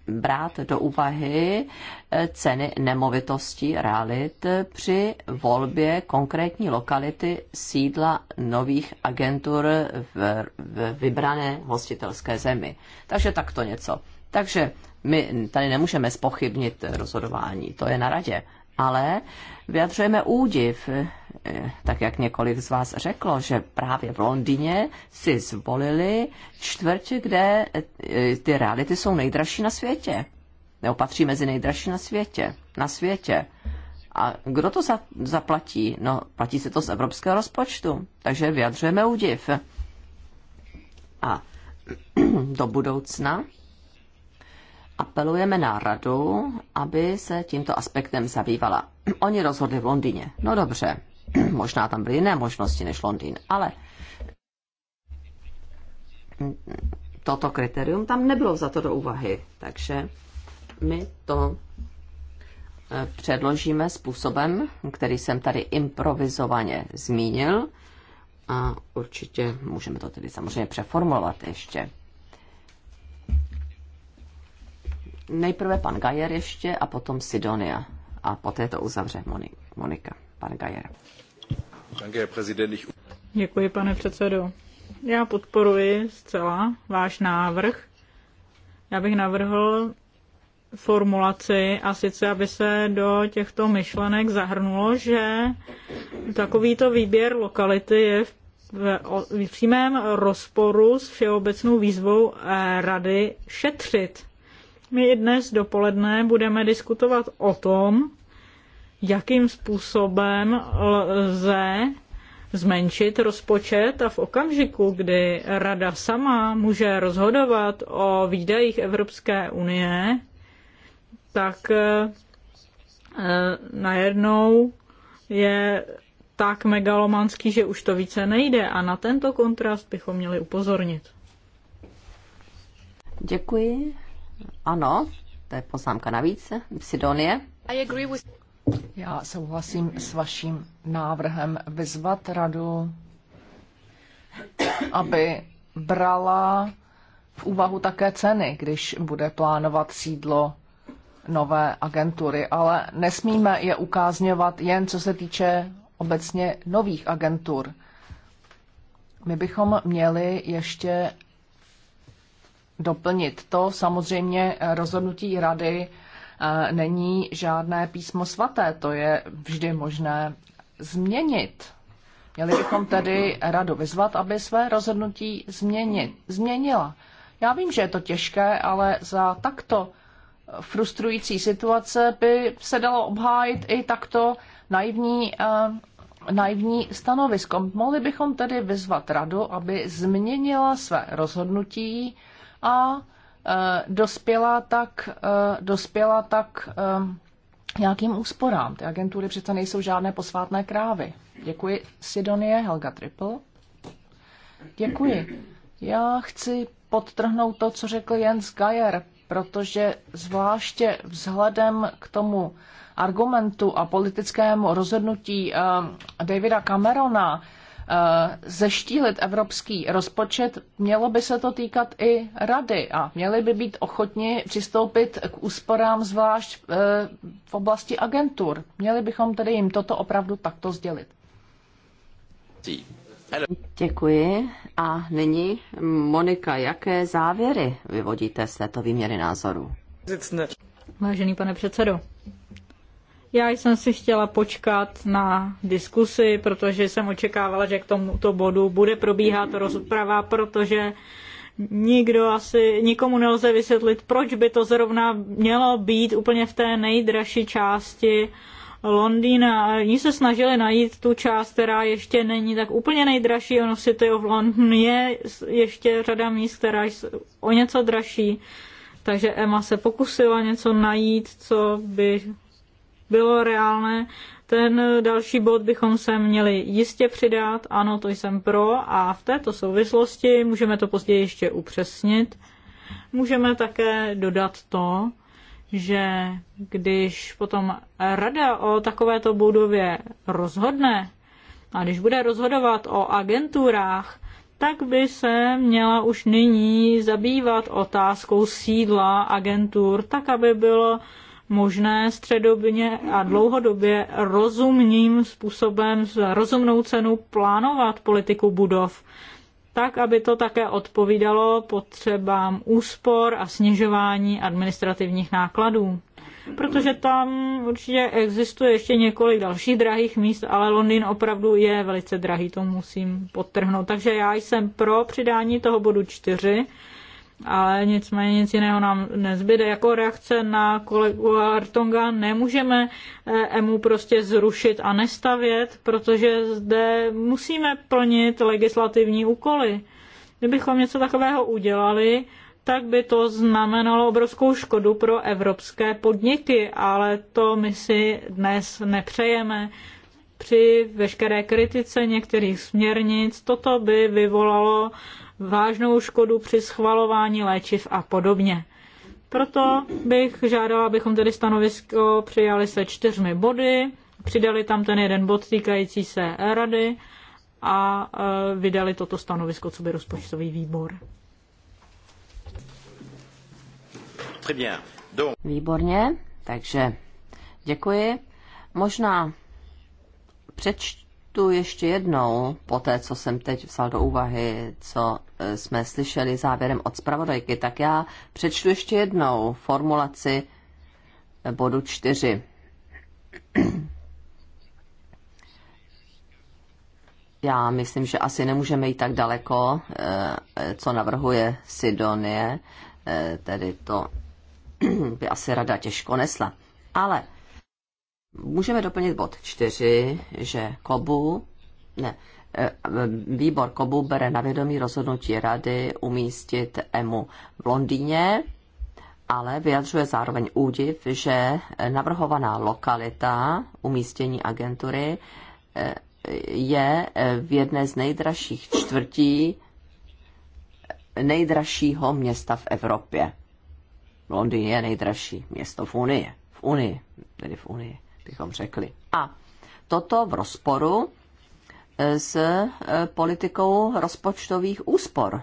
brát do úvahy eh, ceny nemovitostí realit při volbě konkrétní lokality sídla nových agentur v, v vybrané hostitelské zemi. Takže takto něco. Takže my tady nemůžeme spochybnit rozhodování, to je na radě. Ale vyjadřujeme údiv, tak jak několik z vás řeklo, že právě v Londýně si zvolili čtvrť, kde eh, ty reality jsou nejdražší na světě. Neopatří mezi nejdražší na světě. Na světě. A kdo to za, zaplatí? No, platí se to z evropského rozpočtu. Takže vyjadřujeme údiv. A do budoucna apelujeme na radu, aby se tímto aspektem zabývala. Oni rozhodli v Londýně. No dobře, možná tam byly jiné možnosti než Londýn, ale toto kritérium tam nebylo za to do úvahy, takže my to e, předložíme způsobem, který jsem tady improvizovaně zmínil a určitě můžeme to tedy samozřejmě přeformulovat ještě. Nejprve pan Gajer ještě a potom Sidonia. A poté to uzavře Monika. Pan Gajer. Děkuji, pane předsedo. Já podporuji zcela váš návrh. Já bych navrhl formulaci a sice, aby se do těchto myšlenek zahrnulo, že takovýto výběr lokality je v v, v přímém rozporu s všeobecnou výzvou eh, rady šetřit. My dnes dopoledne budeme diskutovat o tom, jakým způsobem lze zmenšit rozpočet a v okamžiku, kdy Rada sama může rozhodovat o výdajích Evropské unie, tak eh, najednou je tak megalomanský, že už to více nejde a na tento kontrast bychom měli upozornit. Děkuji. Ano, to je poznámka navíc. Sidonie. Já souhlasím s vaším návrhem vyzvat radu, aby brala v úvahu také ceny, když bude plánovat sídlo nové agentury, ale nesmíme je ukázňovat jen co se týče obecně nových agentur. My bychom měli ještě doplnit. To samozřejmě rozhodnutí rady eh, není žádné písmo svaté, to je vždy možné změnit. Měli bychom tedy radu vyzvat, aby své rozhodnutí změnit, změnila. Já vím, že je to těžké, ale za takto frustrující situace by se dalo obhájit i takto naivní, uh, naivní stanovisko. Mohli bychom tedy vyzvat radu, aby změnila své rozhodnutí a e, dospěla tak, e, dospěla tak e, nějakým úsporám. Ty agentury přece nejsou žádné posvátné krávy. Děkuji Sidonie Helga Triple. Děkuji. Já chci podtrhnout to, co řekl Jens Geier, protože zvláště vzhledem k tomu argumentu a politickému rozhodnutí Davida Camerona Eh, zeštílit evropský rozpočet, mělo by se to týkat i rady a měli by být ochotni přistoupit k úsporám zvlášť eh, v oblasti agentur. Měli bychom tedy jim toto opravdu takto sdělit. Děkuji. A nyní, Monika, jaké závěry vyvodíte z této výměny názorů? Vážený pane předsedo, já jsem si chtěla počkat na diskusi, protože jsem očekávala, že k tomuto bodu bude probíhat rozprava, protože nikdo asi, nikomu nelze vysvětlit, proč by to zrovna mělo být úplně v té nejdražší části Londýna. Oni se snažili najít tu část, která ještě není tak úplně nejdražší. Ono si City of London je ještě řada míst, která jsou o něco dražší. Takže Emma se pokusila něco najít, co by bylo reálné. Ten další bod bychom se měli jistě přidat, ano, to jsem pro a v této souvislosti můžeme to později ještě upřesnit. Můžeme také dodat to, že když potom rada o takovéto budově rozhodne, a když bude rozhodovat o agenturách, tak by se měla už nyní zabývat otázkou sídla agentur, tak aby bylo možné středobně a dlouhodobě rozumným způsobem s rozumnou cenu plánovat politiku budov, tak, aby to také odpovídalo potřebám úspor a snižování administrativních nákladů. Protože tam určitě existuje ještě několik dalších drahých míst, ale Londýn opravdu je velice drahý, to musím podtrhnout. Takže já jsem pro přidání toho bodu 4 ale nicméně nic jiného nám nezbyde. Jako reakce na kolegu Artonga nemůžeme eh, EMU prostě zrušit a nestavět, protože zde musíme plnit legislativní úkoly. Kdybychom něco takového udělali, tak by to znamenalo obrovskou škodu pro evropské podniky, ale to my si dnes nepřejeme. Při veškeré kritice některých směrnic toto by vyvolalo vážnou škodu při schvalování léčiv a podobně. Proto bych žádala, abychom tedy stanovisko přijali se čtyřmi body, přidali tam ten jeden bod týkající se rady a e, vydali toto stanovisko, co by rozpočtový výbor. Výborně, takže děkuji. Možná přeč, tu ještě jednou, po té, co jsem teď vzal do úvahy, co e, jsme slyšeli závěrem od zpravodajky, tak já přečtu ještě jednou formulaci e, bodu čtyři. Já myslím, že asi nemůžeme jít tak daleko, e, co navrhuje Sidonie, tedy to by asi rada těžko nesla. Ale Můžeme doplnit bod 4, že Kobu, ne, eh, výbor Kobu bere na vědomí rozhodnutí rady umístit EMU v Londýně, ale vyjadřuje zároveň údiv, že navrhovaná lokalita umístění agentury eh, je eh, v jedné z nejdražších čtvrtí nejdražšího města v Evropě. Londýn je nejdražší město v Unii. V Unii, tedy v Unii bychom řekli. A toto v rozporu e, s e, politikou rozpočtových úspor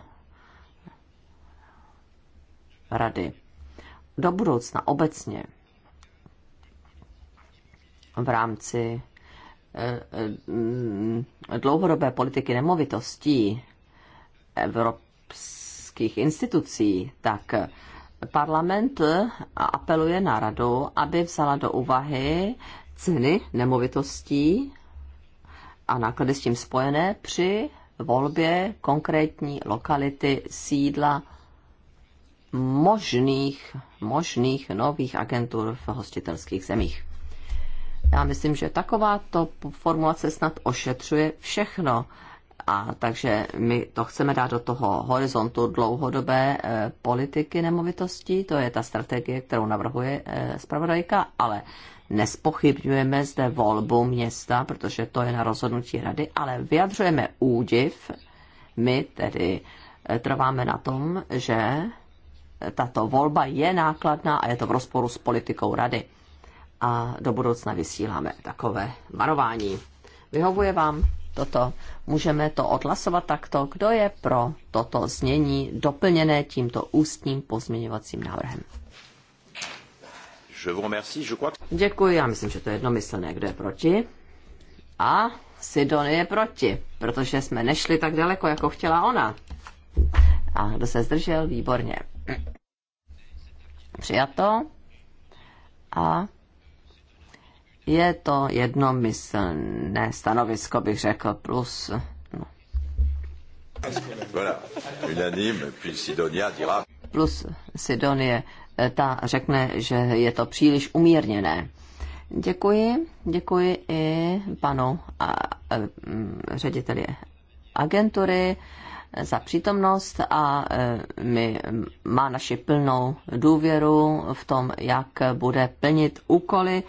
rady do budoucna obecně v rámci e, dlouhodobé politiky nemovitostí evropských institucí, tak parlament eh, apeluje na radu, aby vzala do úvahy ceny nemovitostí a náklady s tím spojené při volbě konkrétní lokality sídla možných, možných nových agentur v hostitelských zemích. Já myslím, že takováto formulace snad ošetřuje všechno. A takže my to chceme dát do toho horizontu dlouhodobé eh, politiky nemovitostí, to je ta strategie, kterou navrhuje eh, zpravodajka, ale nespochybňujeme zde volbu města, protože to je na rozhodnutí rady, ale vyjadřujeme údiv, my tedy eh, trváme na tom, že tato volba je nákladná a je to v rozporu s politikou rady. A do budoucna vysíláme takové varování. Vyhovuje vám? toto. Můžeme to odhlasovat takto. Kdo je pro toto znění doplněné tímto ústním pozměňovacím návrhem? Děkuji, já myslím, že to je jednomyslné. Kdo je proti? A Sidon je proti, protože jsme nešli tak daleko, jako chtěla ona. A kdo se zdržel? Výborně. Přijato. A je to jednomyslné stanovisko, bych řekl, plus. No. Plus Sidonie eh, ta řekne, že je to příliš umírněné. Děkuji, děkuji i panu a, a, eh, mm, řediteli agentury eh, za přítomnost a my, mm, má naši plnou důvěru v tom, jak bude plnit úkoly,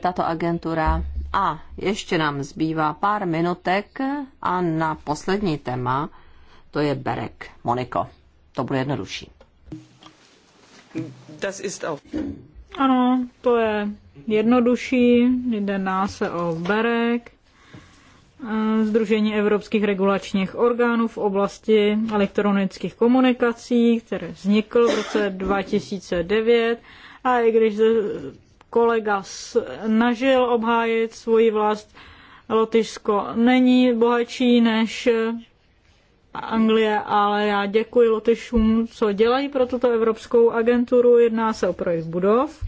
tato agentura. A ještě nám zbývá pár minutek a na poslední téma, to je Berek. Moniko, to bude jednodušší. Das ist auch. Ano, to je jednodušší, nás se o Berek. Eh, Združení evropských regulačních orgánů v oblasti elektronických komunikací, které vznikl v roce 2009. A i když kolega snažil obhájit svoji vlast. Lotyšsko není bohatší než eh, Anglie, ale já děkuji Lotyšům, co dělají pro tuto evropskou agenturu. Jedná se o projekt budov.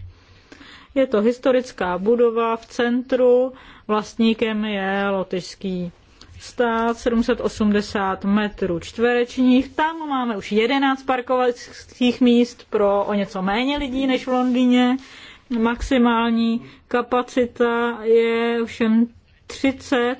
Je to historická budova v centru, vlastníkem je lotyšský stát 780 metrů čtverečních. Tam máme už 11 parkovacích míst pro o něco méně lidí než v Londýně. Maximální kapacita je všem 30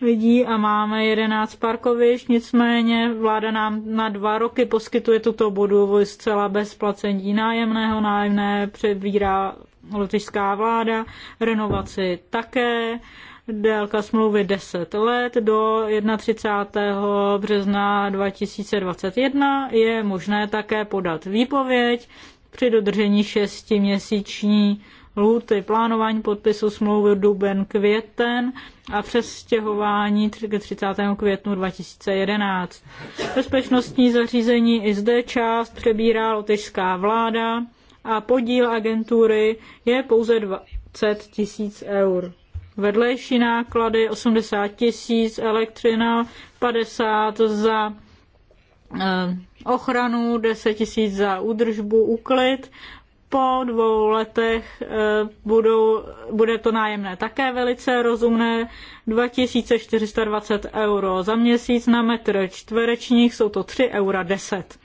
lidí a máme 11 parkovišť, nicméně vláda nám na dva roky poskytuje tuto budovu zcela bez placení nájemného, nájemné přebírá lotyšská vláda, renovaci také, délka smlouvy 10 let do 31. března 2021 je možné také podat výpověď, při dodržení šestiměsíční lůty plánování podpisu smlouvy duben květen a přestěhování k 30. květnu 2011. Bezpečnostní zařízení i zde část přebírá lotyšská vláda a podíl agentury je pouze 20 tisíc eur. Vedlejší náklady 80 tisíc, elektřina 50 za eh, ochranu, 10 tisíc za údržbu, uklid. Po dvou letech eh, budou, bude to nájemné také velice rozumné, 2420 euro za měsíc na metr čtverečních, jsou to 3 eura 10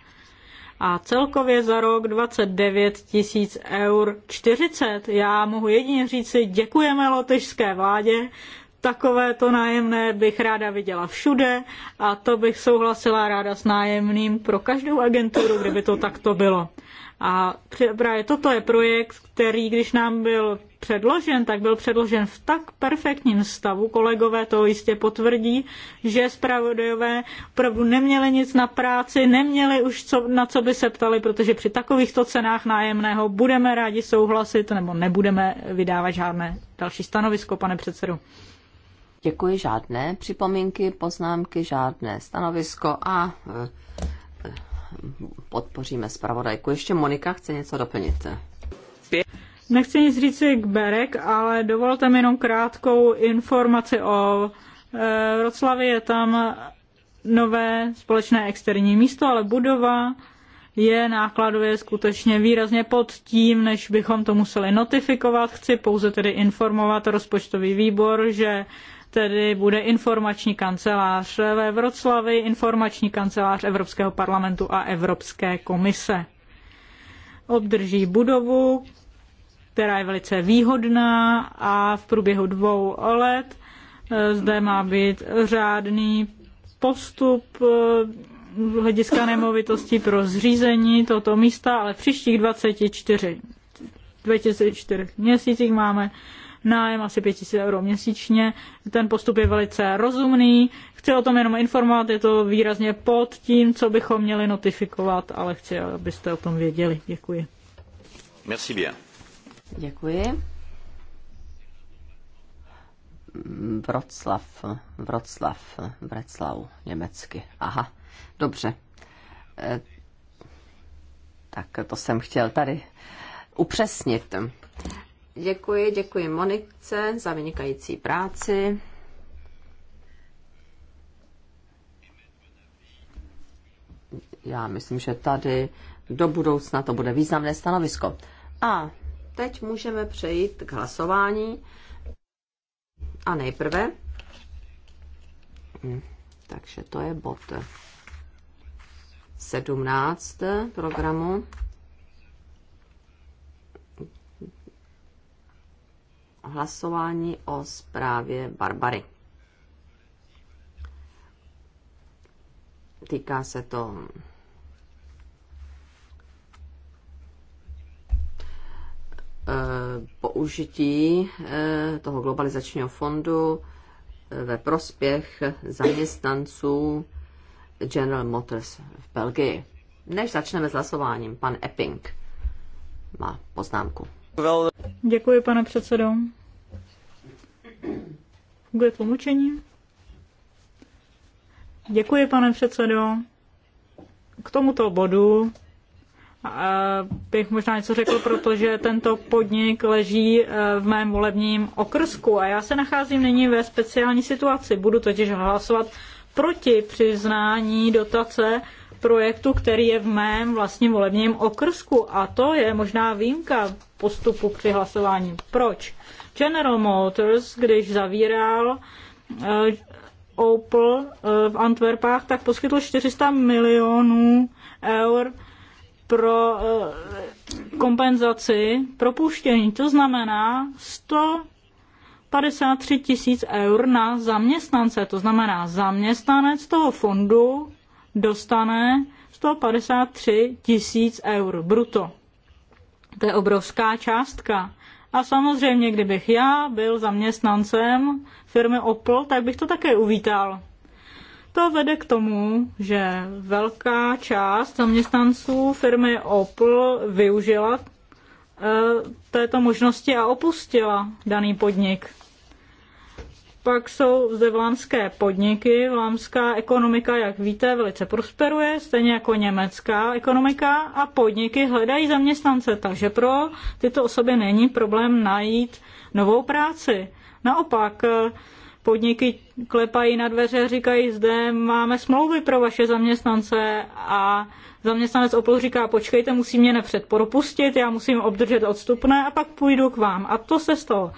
a celkově za rok 29 tisíc eur 40. Já mohu jedině říci, děkujeme lotyšské vládě Takové to nájemné bych ráda viděla všude a to bych souhlasila ráda s nájemným pro každou agenturu, kdyby to takto bylo. A právě toto je projekt, který, když nám byl předložen, tak byl předložen v tak perfektním stavu, kolegové to jistě potvrdí, že zpravodajové opravdu neměli nic na práci, neměli už co, na co by se ptali, protože při takovýchto cenách nájemného budeme rádi souhlasit nebo nebudeme vydávat žádné další stanovisko, pane předsedu. Děkuji, žádné připomínky, poznámky, žádné stanovisko a e, e, podpoříme zpravodajku. Ještě Monika chce něco doplnit. Nechci nic říct k Berek, ale dovolte mi jenom krátkou informaci o e, Vroclavě. Je tam nové společné externí místo, ale budova je nákladově skutečně výrazně pod tím, než bychom to museli notifikovat. Chci pouze tedy informovat rozpočtový výbor, že tedy bude informační kancelář ve Vroclavi, informační kancelář Evropského parlamentu a Evropské komise. Obdrží budovu, která je velice výhodná a v průběhu dvou let eh, zde má být řádný postup eh, hlediska nemovitostí pro zřízení tohoto místa, ale v příštích 24, 24 měsících máme nájem asi 5000 euro měsíčně. Ten postup je velice rozumný. Chci o tom jenom informovat, je to výrazně pod tím, co bychom měli notifikovat, ale chci, abyste o tom věděli. Děkuji. Merci bien. Děkuji. Vroclav, Vroclav, Breclau, německy. Aha, dobře. E, tak to jsem chtěl tady upřesnit. Děkuji, děkuji Monice za vynikající práci. Já myslím, že tady do budoucna to bude významné stanovisko. A teď můžeme přejít k hlasování. A nejprve. Hm, takže to je bod 17 programu. hlasování o zprávě Barbary. Týká se to eh, použití eh, toho globalizačního fondu eh, ve prospěch zaměstnanců General Motors v Belgii. Než začneme s hlasováním, pan Epping má poznámku. Well, Děkuji, pane předsedo. Funguje tlumočení? Děkuji, pane předsedo. K tomuto bodu bych možná něco řekl, protože tento podnik leží e, v mém volebním okrsku a já se nacházím nyní ve speciální situaci. Budu totiž hlasovat proti přiznání dotace projektu, který je v mém vlastním volebním okrsku a to je možná výjimka postupu při hlasování. Proč? General Motors, když zavíral eh, Opel eh, v Antwerpách, tak poskytl 400 milionů eur pro eh, kompenzaci propuštění. To znamená 153 tisíc eur na zaměstnance. To znamená, zaměstnanec toho fondu dostane 153 tisíc eur bruto. To je obrovská částka. A samozřejmě, kdybych já byl zaměstnancem firmy Opel, tak bych to také uvítal. To vede k tomu, že velká část zaměstnanců firmy Opel využila eh, této možnosti a opustila daný podnik. Pak jsou zde vlámské podniky. Vlámská ekonomika, jak víte, velice prosperuje, stejně jako německá ekonomika a podniky hledají zaměstnance, takže pro tyto osoby není problém najít novou práci. Naopak, eh, podniky klepají na dveře a říkají, zde máme smlouvy pro vaše zaměstnance a zaměstnanec Opel říká, počkejte, musí mě nepřed propustit, já musím obdržet odstupné a pak půjdu k vám. A to se stalo.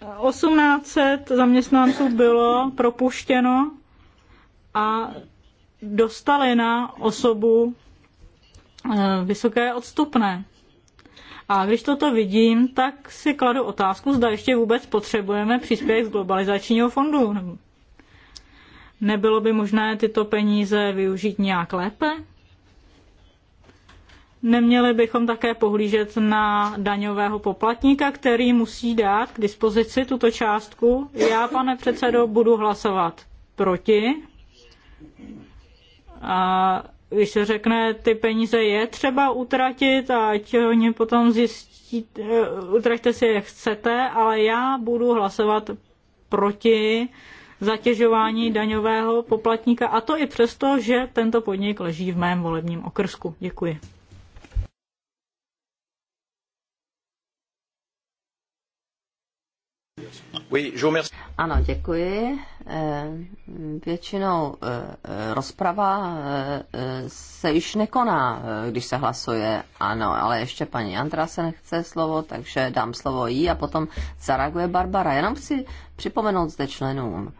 1800 zaměstnanců bylo propuštěno a dostali na osobu eh, vysoké odstupné. A když toto vidím, tak si kladu otázku, zda ještě vůbec potřebujeme příspěvek z globalizačního fondu. Nebylo by možné tyto peníze využít nějak lépe? Neměli bychom také pohlížet na daňového poplatníka, který musí dát k dispozici tuto částku. Já, pane předsedo, budu hlasovat proti. A když se řekne, ty peníze je třeba utratit a ať oni potom zjistí, eh, utraťte si je chcete, ale já budu hlasovat proti zatěžování daňového poplatníka a to i přesto, že tento podnik leží v mém volebním okrsku. Děkuji. Ano, děkuji. Eh, většinou eh, rozprava eh, se již nekoná, když se hlasuje. Ano, ale ještě paní Andra se nechce slovo, takže dám slovo jí a potom zareaguje Barbara. Jenom chci připomenout zde členům,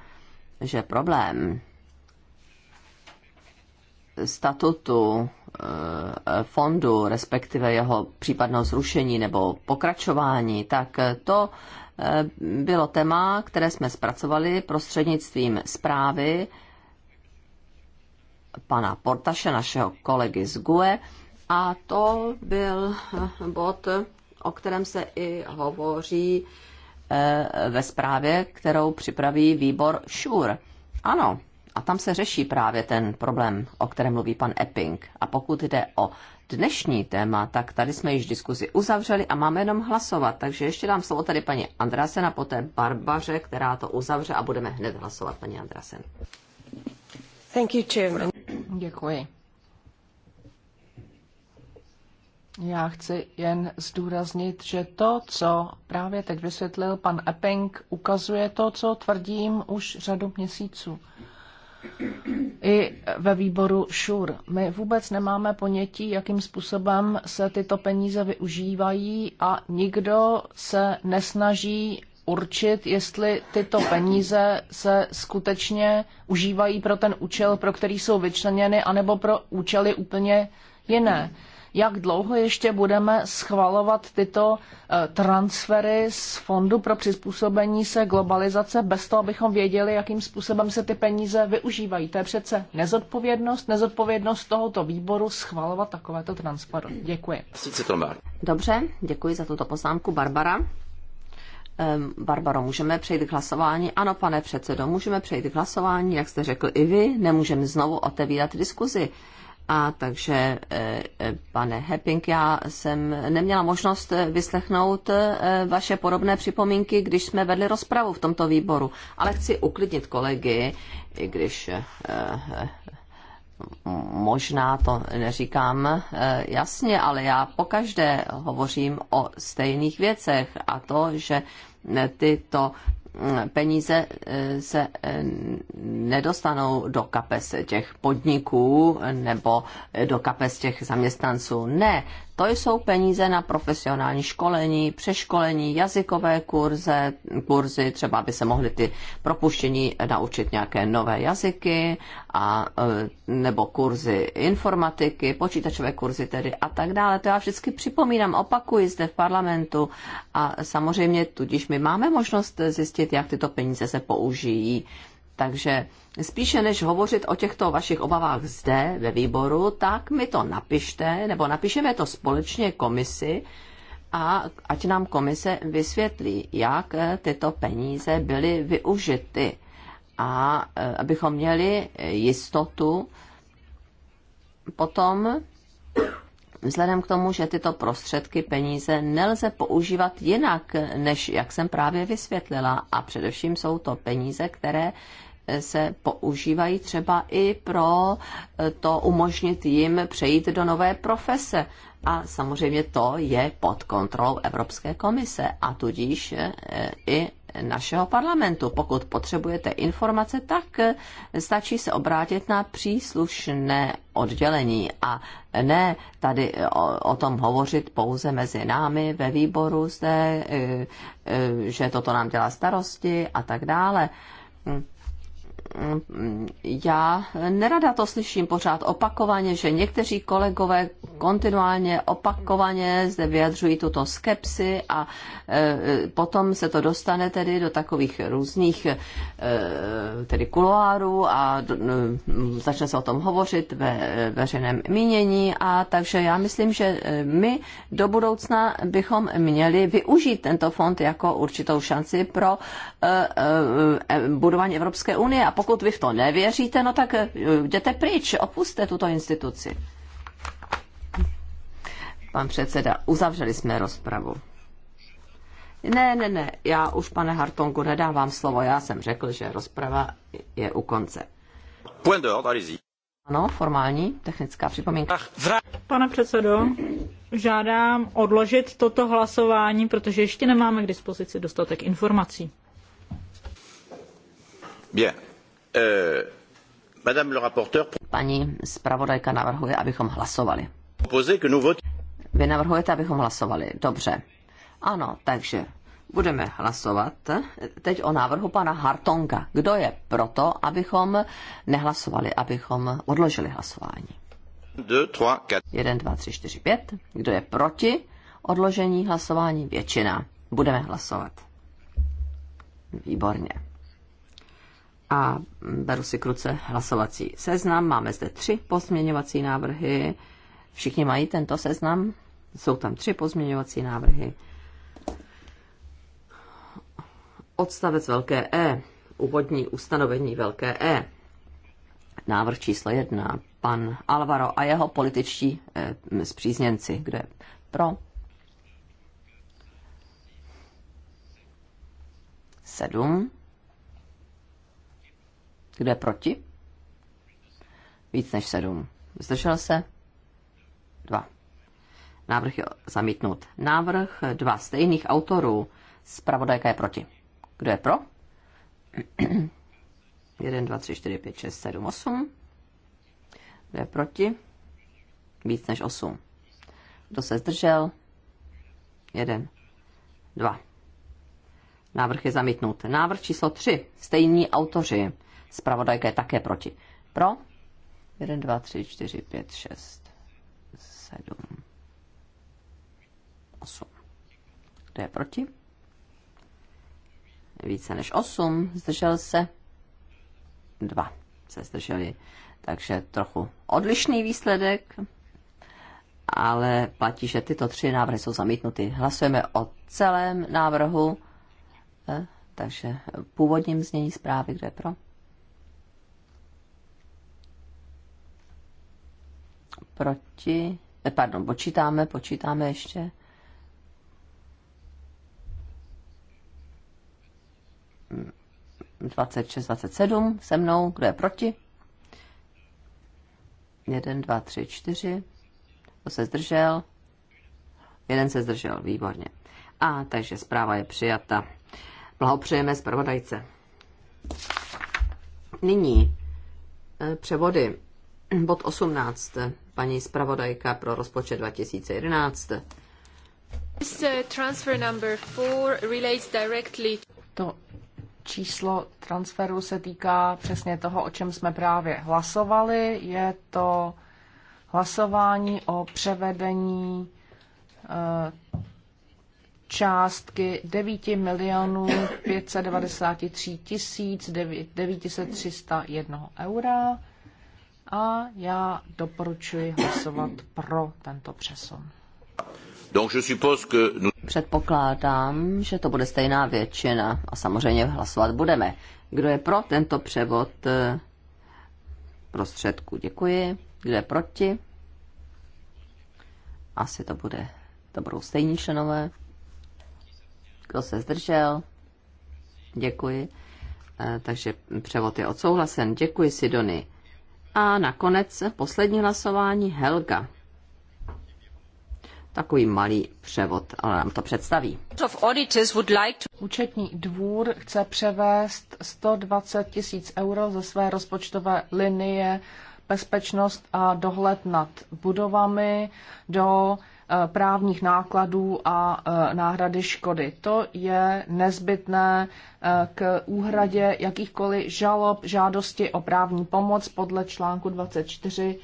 že problém statutu fondu, respektive jeho případného zrušení nebo pokračování, tak to Eh, bylo téma, které jsme zpracovali prostřednictvím zprávy pana Portaše, našeho kolegy z GUE, a to byl eh, bod, o kterém se i hovoří eh, ve zprávě, kterou připraví výbor ŠUR. Ano, a tam se řeší právě ten problém, o kterém mluví pan Epping. A pokud jde o dnešní téma, tak tady jsme již diskuzi uzavřeli a máme jenom hlasovat. Takže ještě dám slovo tady paní Andrasen a poté Barbaře, která to uzavře a budeme hned hlasovat, paní Andrasen. Thank you, Chairman. Děkuji. Já chci jen zdůraznit, že to, co právě teď vysvětlil pan Epping, ukazuje to, co tvrdím už řadu měsíců i ve výboru ŠUR. My vůbec nemáme ponětí, jakým způsobem se tyto peníze využívají a nikdo se nesnaží určit, jestli tyto peníze se skutečně užívají pro ten účel, pro který jsou vyčleněny, anebo pro účely úplně jiné jak dlouho ještě budeme schvalovat tyto eh, transfery z Fondu pro přizpůsobení se globalizace bez toho, abychom věděli, jakým způsobem se ty peníze využívají. To je přece nezodpovědnost, nezodpovědnost tohoto výboru schvalovat takovéto transfery. Děkuji. Dobře, děkuji za tuto poznámku, Barbara. Ehm, Barbaro, můžeme přejít k hlasování? Ano, pane předsedo, můžeme přejít k hlasování, jak jste řekl i vy, nemůžeme znovu otevírat diskuzi. A takže, e, e, pane Hepping, já jsem neměla možnost vyslechnout e, vaše podobné připomínky, když jsme vedli rozpravu v tomto výboru. Ale chci uklidnit kolegy, i když možná to neříkám jasně, ale já pokaždé hovořím o stejných věcech a to, že tyto peníze eh, se eh, nedostanou do kapes těch podniků nebo do kapes těch zaměstnanců. Ne, to jsou peníze na profesionální školení, přeškolení, jazykové kurze, kurzy, třeba aby se mohli ty propuštění naučit nějaké nové jazyky, a, e, nebo kurzy informatiky, počítačové kurzy tedy a tak dále. To já vždycky připomínám, opakuji zde v parlamentu a samozřejmě tudíž my máme možnost zjistit, jak tyto peníze se použijí takže spíše než hovořit o těchto vašich obavách zde ve výboru, tak mi to napište, nebo napíšeme to společně komisi, a ať nám komise vysvětlí, jak eh, tyto peníze byly využity a eh, abychom měli jistotu potom, vzhledem k tomu, že tyto prostředky, peníze nelze používat jinak, než jak jsem právě vysvětlila. A především jsou to peníze, které se používají třeba i pro eh, to umožnit jim přejít do nové profese. A samozřejmě to je pod kontrolou Evropské komise a tudíž eh, i našeho parlamentu. Pokud potřebujete informace, tak eh, stačí se obrátit na příslušné oddělení a ne tady o, o tom hovořit pouze mezi námi ve výboru zde, že toto nám dělá starosti a tak dále. Hm já nerada to slyším pořád opakovaně, že někteří kolegové kontinuálně opakovaně zde vyjadřují tuto skepsi a e, potom se to dostane tedy do takových různých e, tedy kuloárů a e, začne se o tom hovořit ve veřejném mínění a takže já myslím, že my do budoucna bychom měli využít tento fond jako určitou šanci pro budování Evropské unie a pokud vy v to nevěříte, no tak eh, jděte pryč, opuste tuto instituci. Pan předseda, uzavřeli jsme rozpravu. Ne, ne, ne, já už, pane Hartongu, nedávám slovo. Já jsem řekl, že rozprava je u konce. Point Ano, formální technická připomínka. Ah, pane předsedo, žádám odložit toto hlasování, protože ještě nemáme k dispozici dostatek informací. Bien. Euh, Paní zpravodajka navrhuje, abychom hlasovali. Vy navrhujete, abychom hlasovali. Dobře. Ano, takže budeme hlasovat teď o návrhu pana Hartonga. Kdo je proto, abychom nehlasovali, abychom odložili hlasování? 1, 2, 3, 4, 5. Kdo je proti odložení hlasování? Většina. Budeme hlasovat. Výborně a beru si k ruce hlasovací seznam. Máme zde tři pozměňovací návrhy. Všichni mají tento seznam. Jsou tam tři pozměňovací návrhy. Odstavec velké E. Úvodní ustanovení velké E. Návrh číslo jedna. Pan Alvaro a jeho političtí eh, zpřízněnci. Kdo je pro? Sedm. Kdo je proti? Víc než sedm. Zdržel se? Dva. Návrh je zamítnut. Návrh dva stejných autorů. Zpravodajka je proti. Kdo je pro? 1, 2, 3, 4, 5, 6, 7, 8. Kdo je proti? Víc než 8. Kdo se zdržel? 1, 2. Návrh je zamítnut. Návrh číslo 3. Stejní autoři. Spravodajka je také proti. Pro? 1, 2, 3, 4, 5, 6, 7, 8. Kdo je proti? Více než 8. Zdržel se 2. Se zdrželi. Takže trochu odlišný výsledek, ale platí, že tyto tři návrhy jsou zamítnuty. Hlasujeme o celém návrhu, eh, takže původním znění zprávy, kde je pro. proti, Eh, pardon, počítáme, počítáme ještě. Hmm. 26, 27 se mnou, kdo je proti. 1, 2, 3, 4. Kdo se zdržel? Jeden se zdržel, výborně. A takže zpráva je přijata. Blahopřejeme zpravodajce. Nyní eh, převody. Bod 18. Paní zpravodajka pro rozpočet 2011. Uh, to číslo transferu se týká přesně toho, o čem jsme právě hlasovali. Je to hlasování o převedení eh, částky 9 milionů 593 tisíc 9301 eura a já doporučuji hlasovat pro tento přesun. Předpokládám, že to bude stejná většina a samozřejmě hlasovat budeme. Kdo je pro tento převod eh, prostředku? Děkuji. Kdo je proti? Asi to bude, to budou stejní členové. Kdo se zdržel? Děkuji. Eh, takže převod je odsouhlasen. Děkuji Sidony. A nakonec poslední hlasování Helga. Takový malý převod, ale nám to představí. Účetní dvůr chce převést 120 tisíc euro ze své rozpočtové linie bezpečnost a dohled nad budovami do Eh, právních nákladů a eh, náhrady škody. To je nezbytné eh, k úhradě jakýchkoliv žalob, žádosti o právní pomoc podle článku 24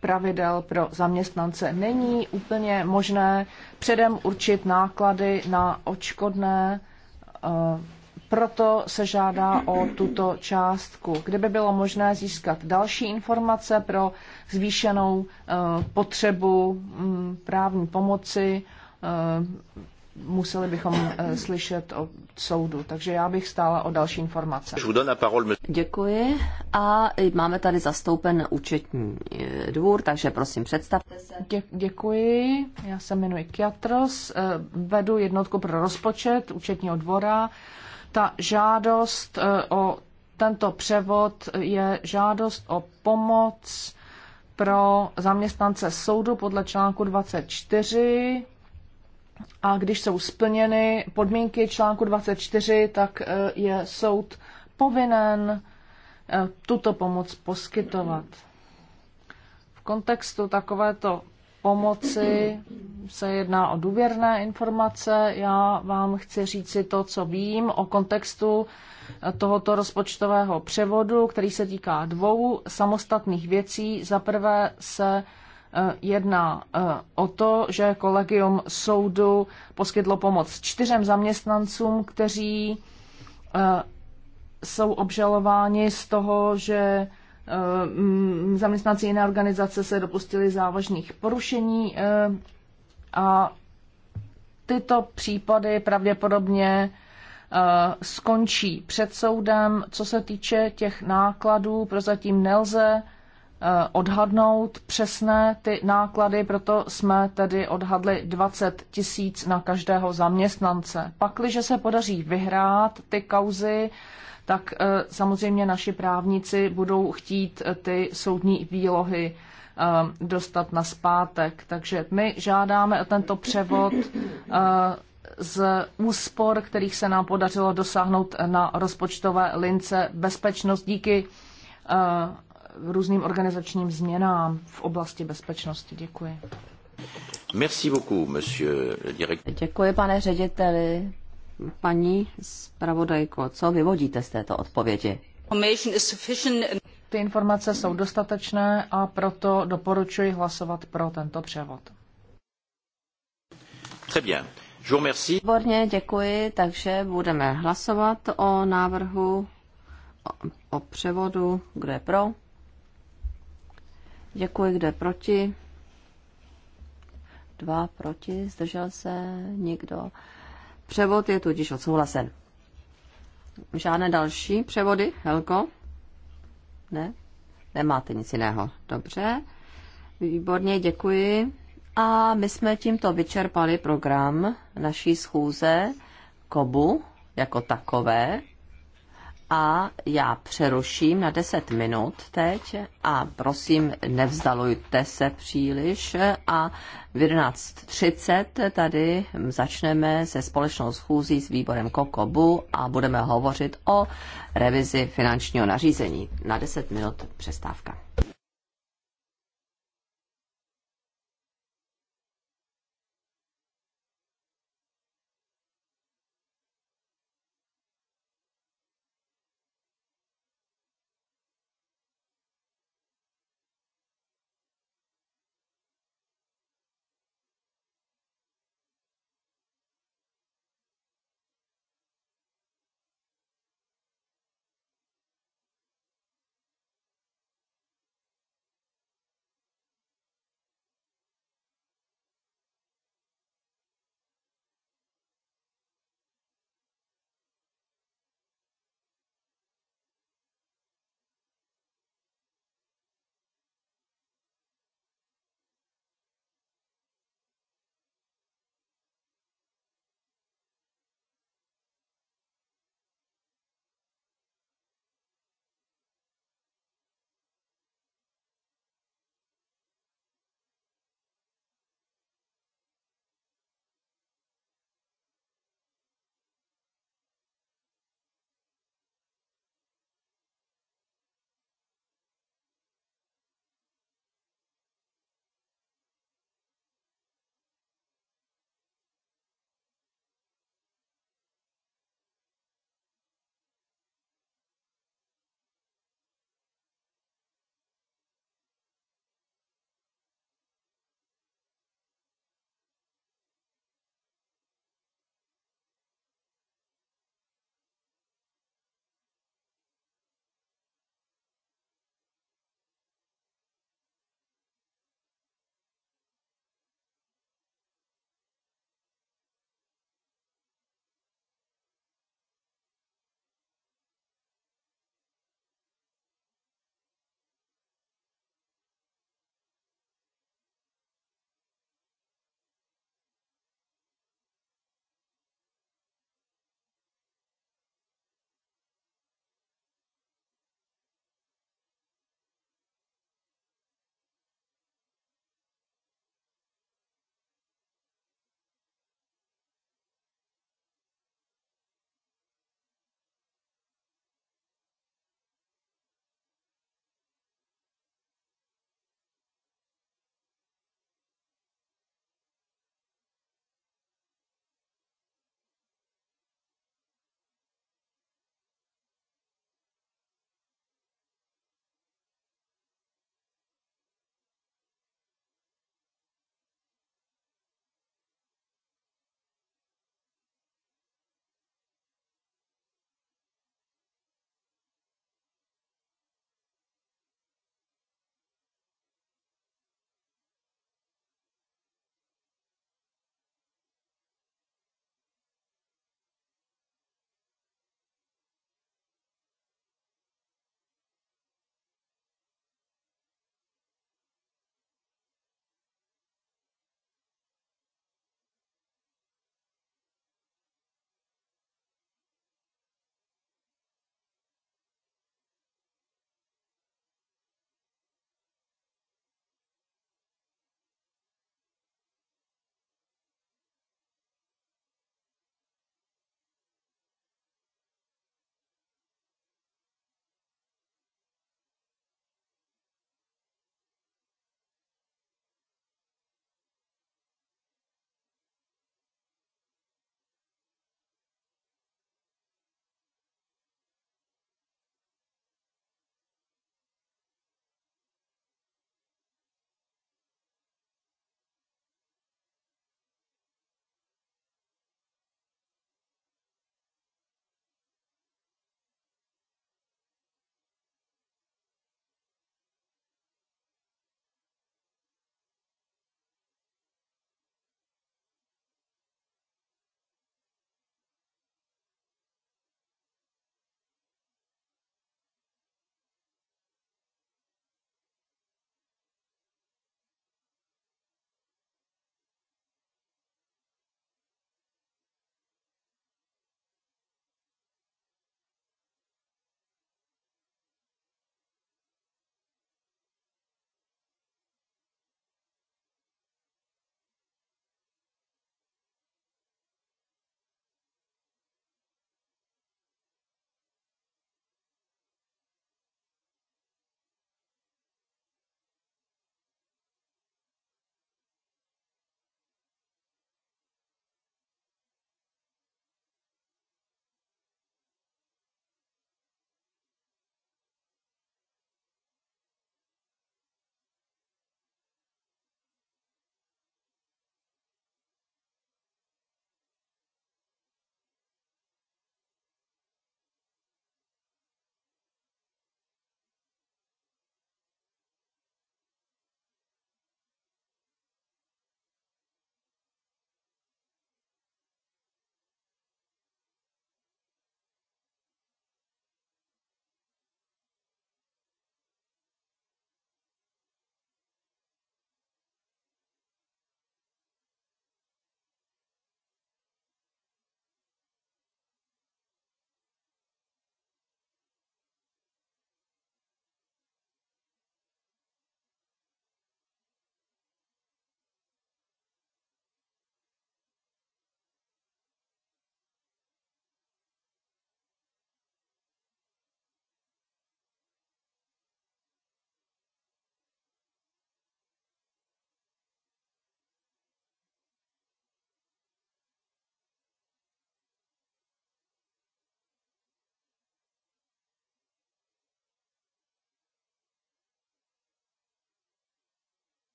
pravidel pro zaměstnance. Není úplně možné předem určit náklady na odškodné proto se žádá o tuto částku. Kdyby bylo možné získat další informace pro zvýšenou eh, potřebu mm, právní pomoci, eh, museli bychom eh, slyšet od soudu. Takže já bych stála o další informace. Děkuji. A máme tady zastoupen účetní dvůr, takže prosím představte se. Dě- děkuji. Já se jmenuji Kiatros, vedu jednotku pro rozpočet účetního dvora ta žádost eh, o tento převod je žádost o pomoc pro zaměstnance soudu podle článku 24 a když jsou splněny podmínky článku 24, tak eh, je soud povinen eh, tuto pomoc poskytovat. V kontextu takovéto pomoci. Se jedná o důvěrné informace. Já vám chci říci to, co vím o kontextu tohoto rozpočtového převodu, který se týká dvou samostatných věcí. Za prvé se eh, jedná eh, o to, že kolegium soudu poskytlo pomoc čtyřem zaměstnancům, kteří eh, jsou obžalováni z toho, že Eh, zaměstnanci jiné organizace se dopustili závažných porušení eh, a tyto případy pravděpodobně eh, skončí před soudem. Co se týče těch nákladů, prozatím nelze odhadnout přesné ty náklady, proto jsme tedy odhadli 20 tisíc na každého zaměstnance. Pakliže se podaří vyhrát ty kauzy, tak eh, samozřejmě naši právníci budou chtít eh, ty soudní výlohy eh, dostat na zpátek. Takže my žádáme tento převod z úspor, kterých se nám podařilo dosáhnout na rozpočtové lince bezpečnost díky různým organizačním změnám v oblasti bezpečnosti. Děkuji. Merci beaucoup, monsieur le Děkuji, pane řediteli. Paní zpravodajko, co vyvodíte z této odpovědi? Ty informace jsou dostatečné a proto doporučuji hlasovat pro tento převod. Très bien. Výborně, děkuji. Takže budeme hlasovat o návrhu o, o převodu. Kdo je pro? Děkuji, kdo je proti? Dva proti, zdržel se nikdo. Převod je tudíž odsouhlasen. Žádné další převody, Helko? Ne? Nemáte nic jiného. Dobře. Výborně, děkuji. A my jsme tímto vyčerpali program naší schůze KOBU jako takové a já přeruším na 10 minut teď a prosím, nevzdalujte se příliš a v 11.30 tady začneme se společnou schůzí s výborem Kokobu a budeme hovořit o revizi finančního nařízení. Na 10 minut přestávka.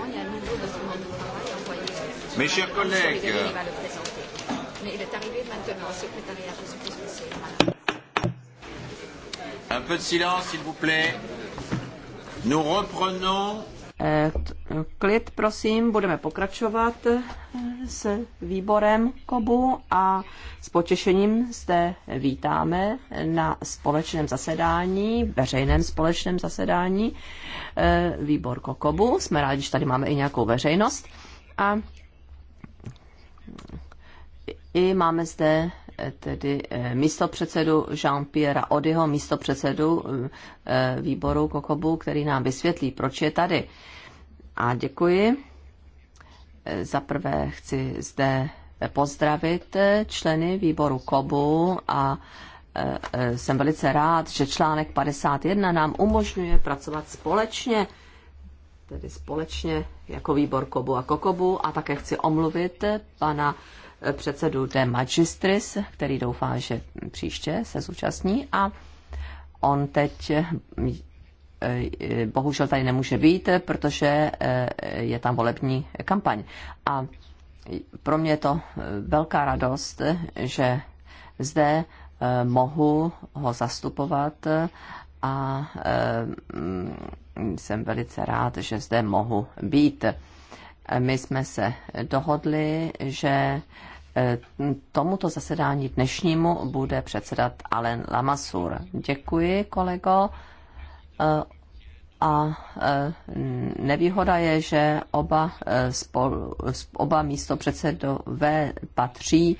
demande et à nouveau notre de travail envoyée. Euh, Mes chers collègues. Mais il est arrivé maintenant au secrétariat, je suppose que c'est. Un peu de silence, s'il vous plaît. Nous reprenons Klid, prosím, budeme pokračovat s výborem KOBU a s potěšením zde vítáme na společném zasedání, veřejném společném zasedání eh, výbor KOBU. Jsme rádi, že tady máme i nějakou veřejnost. A i máme zde tedy eh, místopředsedu Jean-Pierre Odyho, místopředsedu eh, výboru Kokobu, který nám vysvětlí, proč je tady. A děkuji. Eh, za prvé chci zde pozdravit členy výboru KOBu a jsem velice rád, že článek 51 nám umožňuje pracovat společně, tedy společně jako výbor KOBu a KOKOBu a také chci omluvit pana předsedu de Magistris, který doufá, že příště se zúčastní a on teď eh, bohužel tady nemůže být, protože eh, je tam volební kampaň. A pro mě je to eh, velká radost, že zde mohu ho zastupovat a jsem velice rád, že zde mohu být. My jsme se dohodli, že Eh, tomuto zasedání dnešnímu bude předsedat Alen Lamasur. Děkuji, kolego. Eh, a eh, nevýhoda je, že oba, oba místo předsedové patří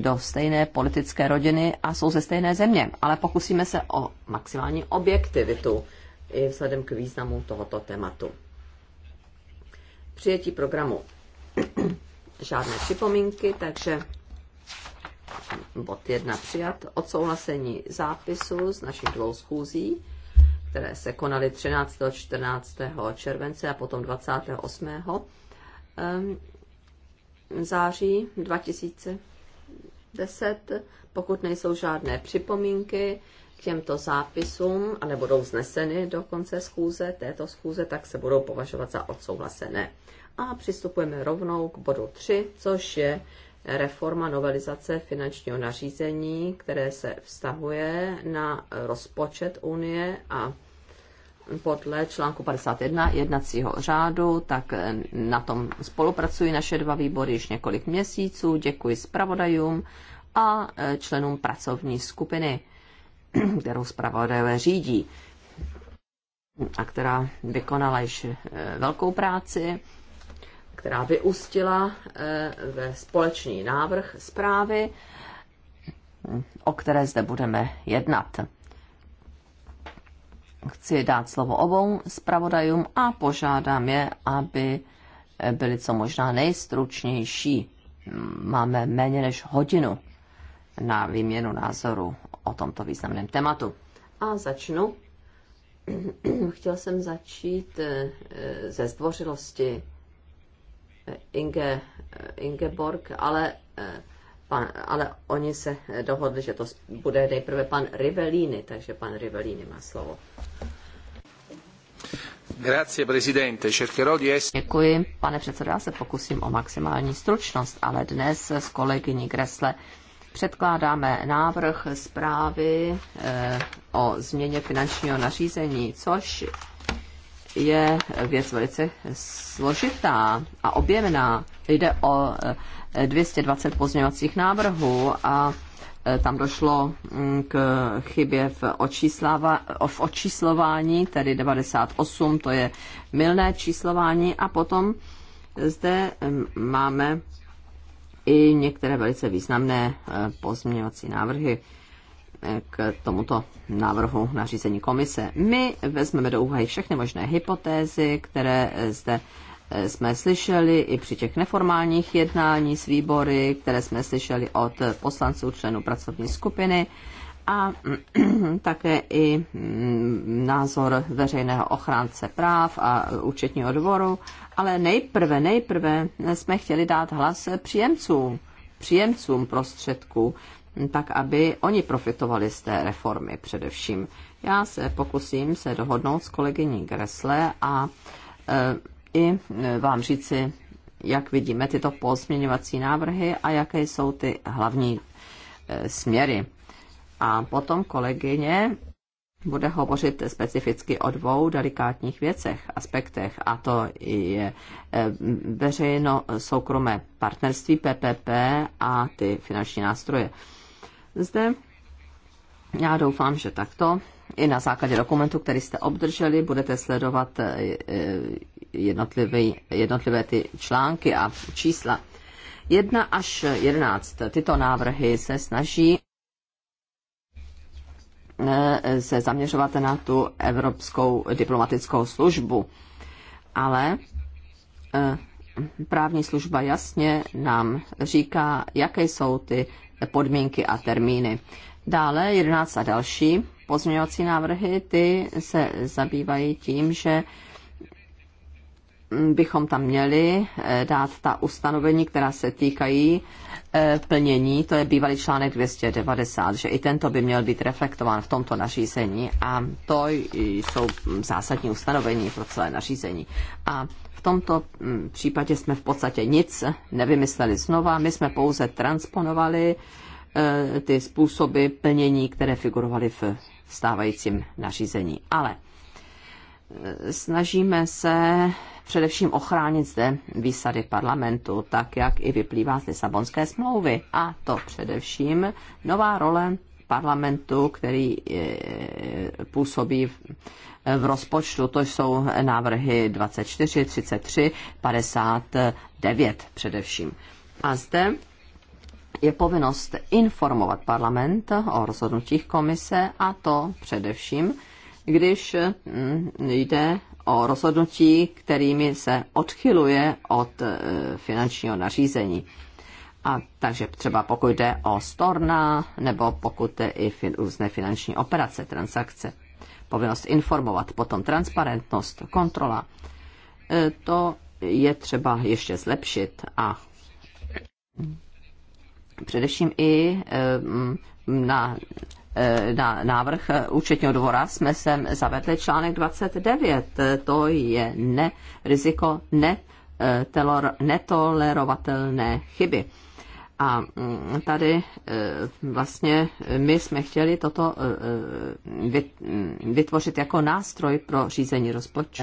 do stejné politické rodiny a jsou ze stejné země. Ale pokusíme se o maximální objektivitu i vzhledem k významu tohoto tématu. Přijetí programu žádné připomínky, takže bod jedna přijat. Odsouhlasení zápisu z našich dvou schůzí, které se konaly 13. 14. července a potom 28. Ehm, září 2010. Pokud nejsou žádné připomínky k těmto zápisům a nebudou zneseny do konce schůze, této schůze, tak se budou považovat za odsouhlasené. A přistupujeme rovnou k bodu 3, což je reforma novelizace finančního nařízení, které se vztahuje na rozpočet Unie a podle článku 51 jednacího řádu, tak na tom spolupracují naše dva výbory již několik měsíců. Děkuji zpravodajům a členům pracovní skupiny, kterou zpravodajové řídí a která vykonala již velkou práci která vyústila eh, ve společný návrh zprávy, o které zde budeme jednat. Chci dát slovo obou zpravodajům a požádám je, aby eh, byli co možná nejstručnější. Máme méně než hodinu na výměnu názoru o tomto významném tématu. A začnu. Chtěl jsem začít eh, ze zdvořilosti Inge, Ingeborg, ale, eh, pan, ale oni se dohodli, že to bude nejprve pan Rivellini, takže pan Rivellini má slovo. Grazie, presidente. Cercherò di essere... Děkuji, pane předsedo, já se pokusím o maximální stručnost, ale dnes s kolegyní Gresle předkládáme návrh zprávy eh, o změně finančního nařízení, což je věc velice složitá a objemná. Jde o 220 eh, pozměňovacích návrhů a eh, tam došlo mm, k chybě v, v očíslování, tedy 98, to je milné číslování a potom zde mm, máme i některé velice významné eh, pozměňovací návrhy k tomuto návrhu nařízení komise. My vezmeme do úvahy všechny možné hypotézy, které zde eh, jsme slyšeli i při těch neformálních jednání s výbory, které jsme slyšeli od poslanců členů pracovní skupiny a také i mm, názor veřejného ochránce práv a účetního dvoru. Ale nejprve, nejprve jsme chtěli dát hlas příjemcům, příjemcům prostředků tak aby oni profitovali z té reformy především. Já se pokusím se dohodnout s kolegyní Gresle a e, i vám říci, jak vidíme tyto pozměňovací návrhy a jaké jsou ty hlavní e, směry. A potom kolegyně bude hovořit specificky o dvou delikátních věcech, aspektech, a to je e, veřejno-soukromé partnerství PPP a ty finanční nástroje. Zde já doufám, že takto i na základě dokumentu, který jste obdrželi, budete sledovat eh, eh, jednotlivé, jednotlivé ty články a čísla. 1 až 11. Tyto návrhy se snaží eh, se zaměřovat na tu Evropskou diplomatickou službu. Ale právní služba jasně nám říká, jaké jsou ty podmínky a termíny. Dále 11 a další pozměňovací návrhy, ty se zabývají tím, že bychom tam měli eh, dát ta ustanovení, která se týkají eh, plnění, to je bývalý článek 290, že i tento by měl být reflektován v tomto nařízení a to jsou zásadní ustanovení pro celé nařízení. A v tomto mm, případě jsme v podstatě nic nevymysleli znova, my jsme pouze transponovali e, ty způsoby plnění, které figurovaly v stávajícím nařízení. Ale e, snažíme se především ochránit zde výsady parlamentu, tak jak i vyplývá z Lisabonské smlouvy. A to především nová role parlamentu, který e, působí v rozpočtu. To jsou návrhy 24, 33, 59 především. A zde je povinnost informovat parlament o rozhodnutích komise a to především, když mm, jde o rozhodnutí, kterými se odchyluje od e, finančního nařízení. A takže třeba pokud jde o storna, nebo pokud jde i fin, různé finanční operace, transakce povinnost informovat, potom transparentnost, kontrola. E, to je třeba ještě zlepšit a především i e, na, e, na návrh účetního dvora jsme sem zavedli článek 29. To je ne, riziko ne, telor, netolerovatelné chyby. A mm, tady e, vlastně e, my jsme chtěli toto e, mm, vytvořit jako nástroj pro řízení rozpočtu.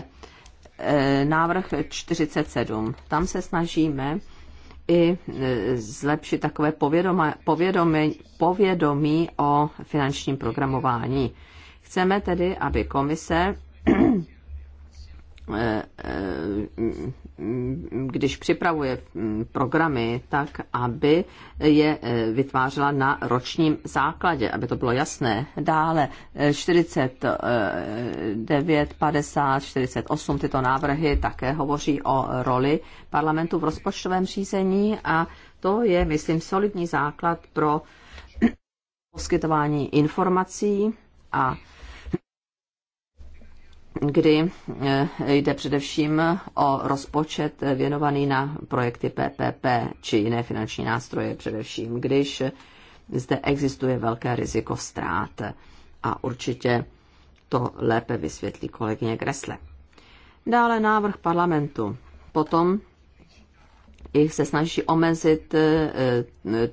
Návrh 47. Tam se snažíme i zlepšit takové povědomí, povědomí, povědomí o finančním programování. Chceme tedy, aby komise Eh, eh, když připravuje hm, programy tak, aby je eh, vytvářela na ročním základě, aby to bylo jasné. Dále 49, 50, 48 tyto návrhy také hovoří o roli parlamentu v rozpočtovém řízení a to je, myslím, solidní základ pro poskytování informací a kdy eh, jde především o rozpočet věnovaný na projekty PPP či jiné finanční nástroje, především když zde existuje velké riziko ztrát. A určitě to lépe vysvětlí kolegyně Kresle. Dále návrh parlamentu. Potom jich se snaží omezit eh,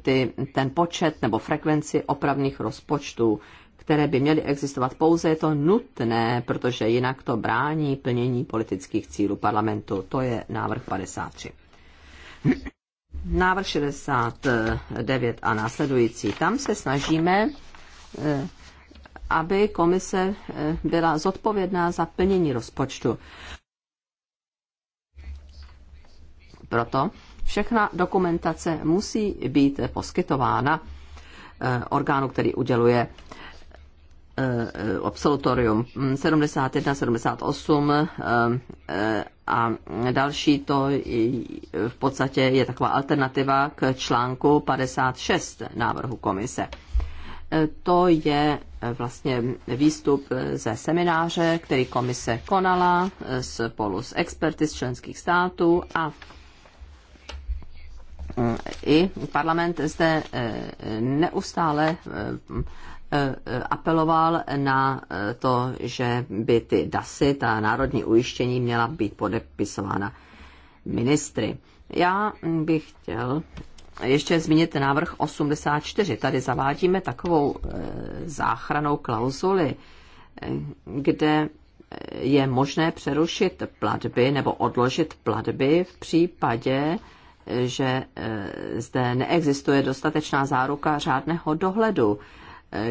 ty, ten počet nebo frekvenci opravných rozpočtů které by měly existovat. Pouze je to nutné, protože jinak to brání plnění politických cílů parlamentu. To je návrh 53. Návrh 69 a následující. Tam se snažíme, eh, aby komise eh, byla zodpovědná za plnění rozpočtu. Proto všechna dokumentace musí být poskytována eh, orgánu, který uděluje Eh, absolutorium 71, mm, 78 eh, eh, a další to v podstatě je taková alternativa k článku 56 návrhu komise. To je vlastně výstup ze semináře, který komise konala spolu s experty z členských států a mm, i parlament zde neustále Eh, apeloval na eh, to, že by ty DASy, ta národní ujištění, měla být podepisována ministry. Já bych chtěl ještě zmínit návrh 84. Tady zavádíme takovou eh, záchranou klauzuli, kde je možné přerušit platby nebo odložit platby v případě, že zde neexistuje dostatečná záruka řádného dohledu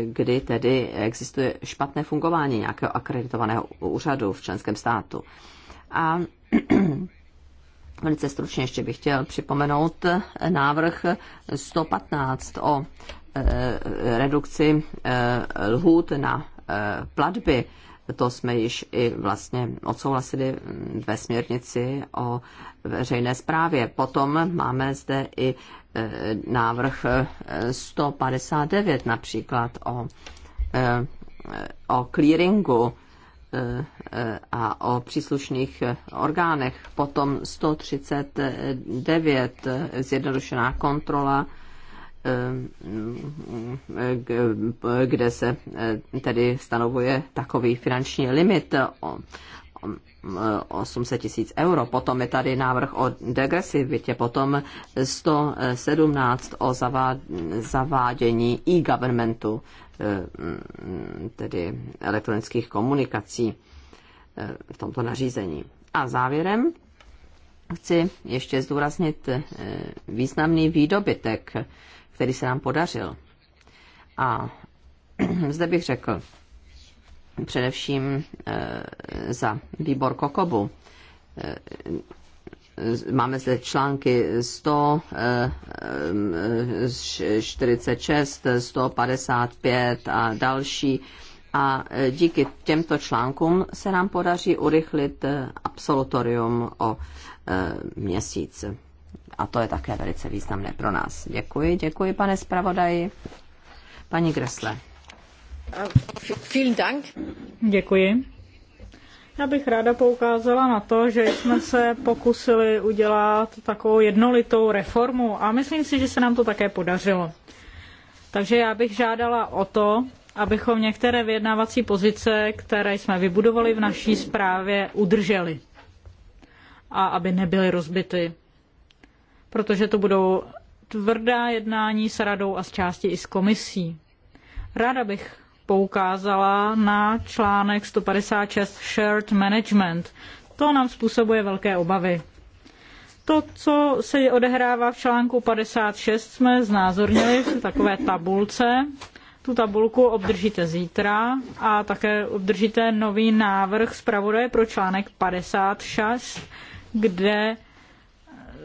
kdy tedy existuje špatné fungování nějakého akreditovaného úřadu v členském státu. A velice stručně ještě bych chtěl připomenout návrh 115 o eh, redukci eh, lhůt na eh, platby to jsme již i vlastně odsouhlasili ve směrnici o veřejné správě. Potom máme zde i e, návrh 159 e, například o, e, o clearingu a o příslušných orgánech. Potom 139 zjednodušená kontrola kde se eh, tedy stanovuje takový finanční limit 800 tisíc euro. Potom je tady návrh o degresivitě, potom 117 o zavádění e-governmentu, eh, tedy elektronických komunikací eh, v tomto nařízení. A závěrem chci ještě zdůraznit významný výdobytek který se nám podařil. A zde bych řekl, především eh, za výbor Kokobu. Eh, máme zde články 146, 155 eh, a další. A díky těmto článkům se nám podaří urychlit absolutorium o měsíc. A to je také velice významné pro nás. Děkuji, děkuji, pane zpravodaji. Paní Gresle. Vielen Dank. Děkuji. Já bych ráda poukázala na to, že jsme se pokusili udělat takovou jednolitou reformu a myslím si, že se nám to také podařilo. Takže já bych žádala o to, abychom některé vyjednávací pozice, které jsme vybudovali v naší zprávě, udrželi a aby nebyly rozbity protože to budou tvrdá jednání s radou a s části i s komisí. Ráda bych poukázala na článek 156 Shared Management. To nám způsobuje velké obavy. To, co se odehrává v článku 56, jsme znázornili v takové tabulce. Tu tabulku obdržíte zítra a také obdržíte nový návrh zpravodaje pro článek 56, kde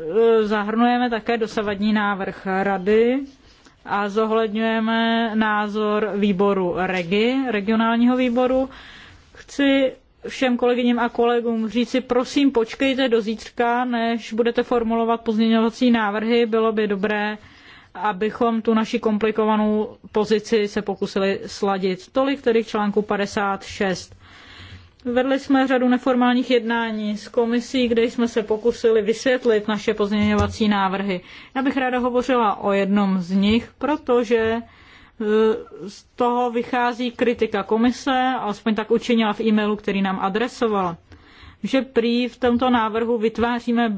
Eh, zahrnujeme také dosavadní návrh rady a zohledňujeme názor výboru REGI, regionálního výboru. Chci všem kolegyním a kolegům říci, prosím, počkejte do zítřka, než budete formulovat pozměňovací návrhy. Bylo by dobré, abychom tu naši komplikovanou pozici se pokusili sladit. Tolik tedy článku 56. Vedli jsme řadu neformálních jednání s komisí, kde jsme se pokusili vysvětlit naše pozměňovací návrhy. Já bych ráda hovořila o jednom z nich, protože e, z toho vychází kritika komise, alespoň tak učinila v e-mailu, který nám adresovala že prý v tomto návrhu vytváříme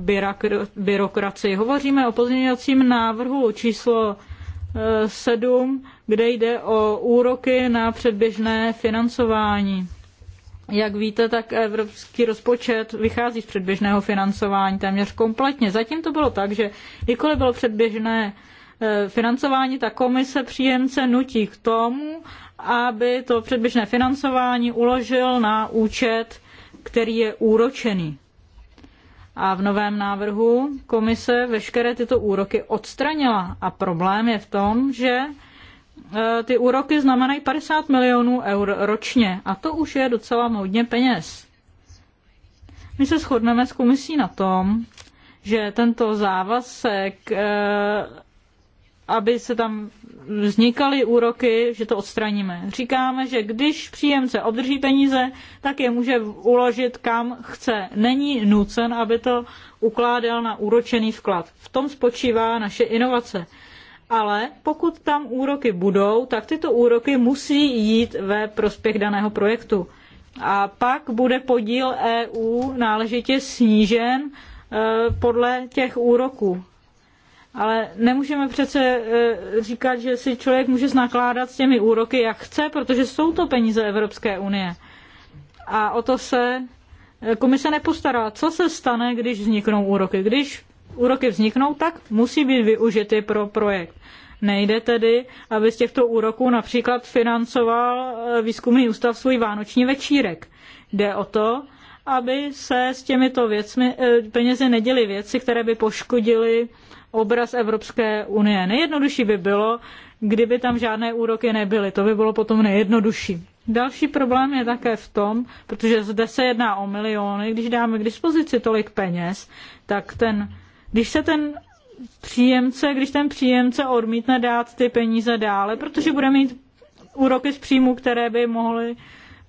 byrokracii. Hovoříme o pozměňovacím návrhu číslo 7, e, kde jde o úroky na předběžné financování. Jak víte, tak evropský rozpočet vychází z předběžného financování téměř kompletně. Zatím to bylo tak, že kdykoliv bylo předběžné eh, financování, ta komise příjemce nutí k tomu, aby to předběžné financování uložil na účet, který je úročený. A v novém návrhu komise veškeré tyto úroky odstranila. A problém je v tom, že Eh, ty úroky znamenají 50 milionů eur ročně a to už je docela hodně peněz. My se shodneme s komisí na tom, že tento závazek, eh, aby se tam vznikaly úroky, že to odstraníme. Říkáme, že když příjemce obdrží peníze, tak je může uložit kam chce. Není nucen, aby to ukládal na úročený vklad. V tom spočívá naše inovace ale pokud tam úroky budou, tak tyto úroky musí jít ve prospěch daného projektu. A pak bude podíl EU náležitě snížen e, podle těch úroků. Ale nemůžeme přece e, říkat, že si člověk může nakládat s těmi úroky, jak chce, protože jsou to peníze Evropské unie. A o to se e, komise nepostará. Co se stane, když vzniknou úroky? Když úroky vzniknou, tak musí být využity pro projekt. Nejde tedy, aby z těchto úroků například financoval eh, výzkumný ústav svůj vánoční večírek. Jde o to, aby se s těmito věcmi, eh, penězi neděly věci, které by poškodily obraz Evropské unie. Nejjednodušší by bylo, kdyby tam žádné úroky nebyly. To by bylo potom nejjednodušší. Další problém je také v tom, protože zde se jedná o miliony, když dáme k dispozici tolik peněz, tak ten když se ten příjemce, když ten příjemce odmítne dát ty peníze dále, protože bude mít úroky z příjmu, které by mohly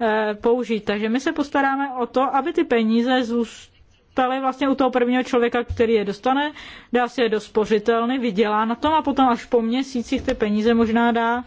eh, použít. Takže my se postaráme o to, aby ty peníze zůstaly vlastně u toho prvního člověka, který je dostane, dá si je do spořitelny, vydělá na tom a potom až po měsících ty peníze možná dá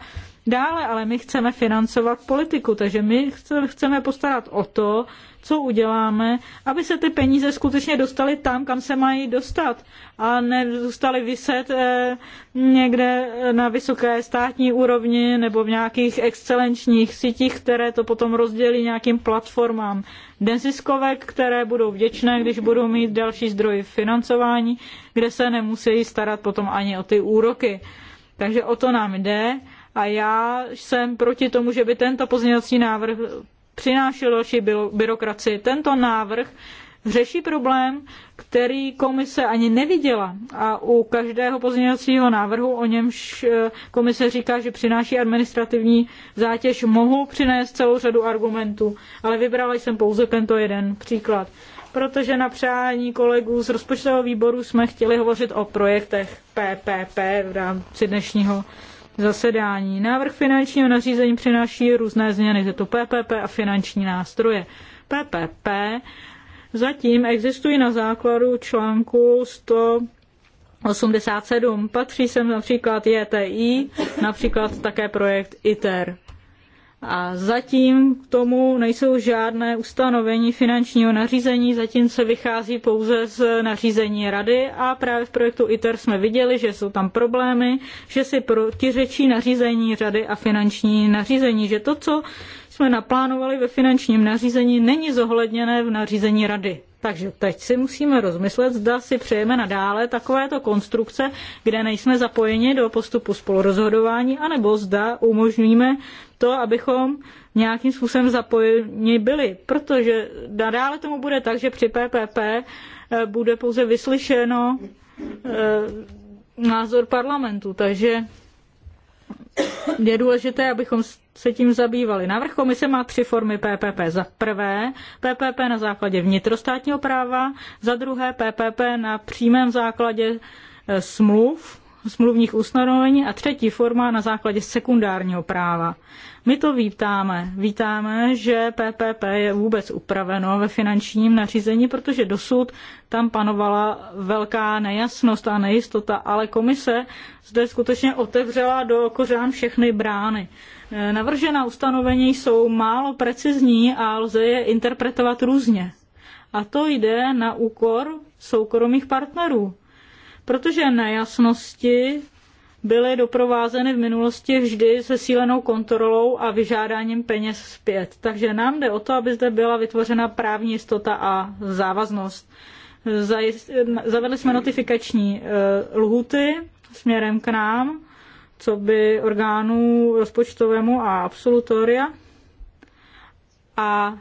dále, ale my chceme financovat politiku, takže my chceme postarat o to, co uděláme, aby se ty peníze skutečně dostaly tam, kam se mají dostat a nezůstaly vyset eh, někde na vysoké státní úrovni nebo v nějakých excelenčních sítích, které to potom rozdělí nějakým platformám neziskovek, které budou vděčné, když budou mít další zdroje financování, kde se nemusí starat potom ani o ty úroky. Takže o to nám jde a já jsem proti tomu, že by tento pozměňovací návrh přinášel další byrokracii. Tento návrh řeší problém, který komise ani neviděla. A u každého pozměňovacího návrhu, o němž eh, komise říká, že přináší administrativní zátěž, Mohu přinést celou řadu argumentů. Ale vybrala jsem pouze tento jeden příklad. Protože na přání kolegů z rozpočtového výboru jsme chtěli hovořit o projektech PPP v rámci dnešního zasedání. Návrh finančního nařízení přináší různé změny, je to PPP a finanční nástroje. PPP zatím existují na základu článku 100 87. Patří sem například JTI, například také projekt ITER. A zatím k tomu nejsou žádné ustanovení finančního nařízení, zatím se vychází pouze z nařízení rady a právě v projektu ITER jsme viděli, že jsou tam problémy, že si protiřečí nařízení rady a finanční nařízení, že to, co jsme naplánovali ve finančním nařízení, není zohledněné v nařízení rady. Takže teď si musíme rozmyslet, zda si přejeme nadále takovéto konstrukce, kde nejsme zapojeni do postupu spolurozhodování, anebo zda umožníme to, abychom nějakým způsobem zapojeni byli. Protože nadále tomu bude tak, že při PPP eh, bude pouze vyslyšeno eh, názor parlamentu, takže je důležité, abychom se tím zabývali. Návrh komise má tři formy PPP. Za prvé PPP na základě vnitrostátního práva, za druhé PPP na přímém základě e, smluv, smluvních ustanovení a třetí forma na základě sekundárního práva. My to vítáme. Vítáme, že PPP je vůbec upraveno ve finančním nařízení, protože dosud tam panovala velká nejasnost a nejistota, ale komise zde skutečně otevřela do kořán všechny brány. E, navržená ustanovení jsou málo precizní a lze je interpretovat různě. A to jde na úkor soukromých partnerů, protože nejasnosti byly doprovázeny v minulosti vždy se sílenou kontrolou a vyžádáním peněz zpět. Takže nám jde o to, aby zde byla vytvořena právní jistota a závaznost. Zavedli jsme notifikační e, lhuty směrem k nám, co by orgánů rozpočtovému a absolutoria. A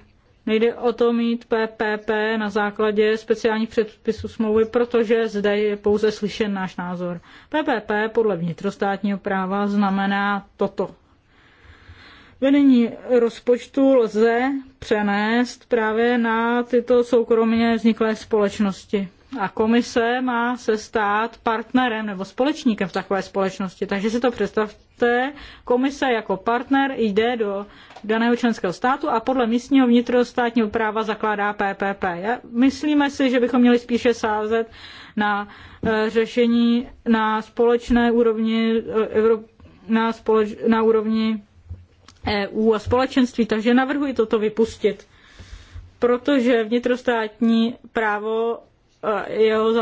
Nejde o to mít PPP na základě speciálních předpisů smlouvy, protože zde je pouze slyšen náš názor. PPP podle vnitrostátního práva znamená toto. Vedení rozpočtu lze přenést právě na tyto soukromě vzniklé společnosti. A komise má se stát partnerem nebo společníkem v takové společnosti. Takže si to představte, komise jako partner jde do daného členského státu a podle místního vnitrostátního práva zakládá PPP. Myslíme si, že bychom měli spíše sázet na eh, řešení na společné úrovni, eh, na, společ, na úrovni EU a společenství, takže navrhuji toto vypustit, protože vnitrostátní právo jeho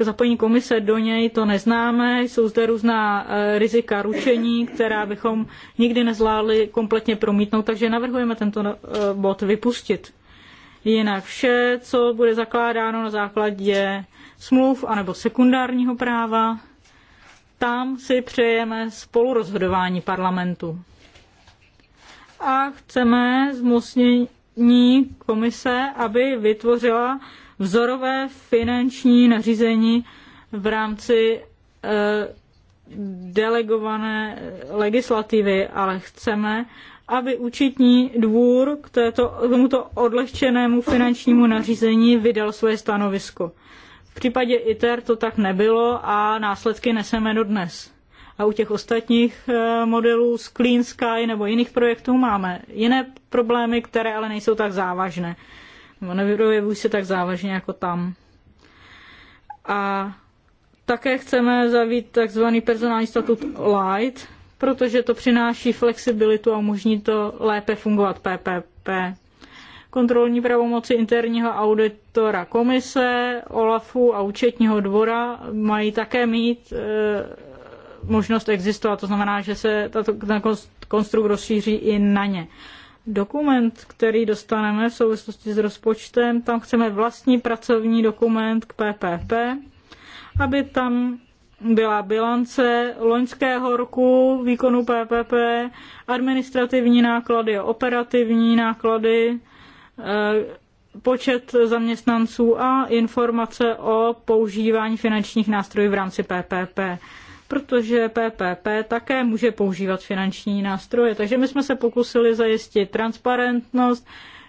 zapojení komise do něj to neznáme, jsou zde různá e, rizika ručení, která bychom nikdy nezvládli kompletně promítnout, takže navrhujeme tento e, bod vypustit. Jinak vše, co bude zakládáno na základě smluv anebo sekundárního práva, tam si přejeme spolurozhodování parlamentu. A chceme zmocnění komise, aby vytvořila vzorové finanční nařízení v rámci eh, delegované legislativy, ale chceme, aby účetní dvůr k, této, tomuto odlehčenému finančnímu nařízení vydal svoje stanovisko. V případě ITER to tak nebylo a následky neseme do dnes. A u těch ostatních eh, modelů z Clean Sky nebo jiných projektů máme jiné problémy, které ale nejsou tak závažné nevyrojevují se tak závažně jako tam. A také chceme zavít takzvaný personální statut light, protože to přináší flexibilitu a umožní to lépe fungovat PPP. Kontrolní pravomoci interního auditora komise, OLAFu a účetního dvora mají také mít e, možnost existovat. To znamená, že se tato, ten konstrukt rozšíří i na ně. E, dokument, který dostaneme v souvislosti s rozpočtem. Tam chceme vlastní pracovní dokument k PPP, aby tam byla bilance loňského roku výkonu PPP, administrativní náklady, operativní náklady, eh, počet zaměstnanců a informace o používání finančních nástrojů v rámci PPP protože PPP také může používat finanční nástroje. Takže my jsme se pokusili zajistit transparentnost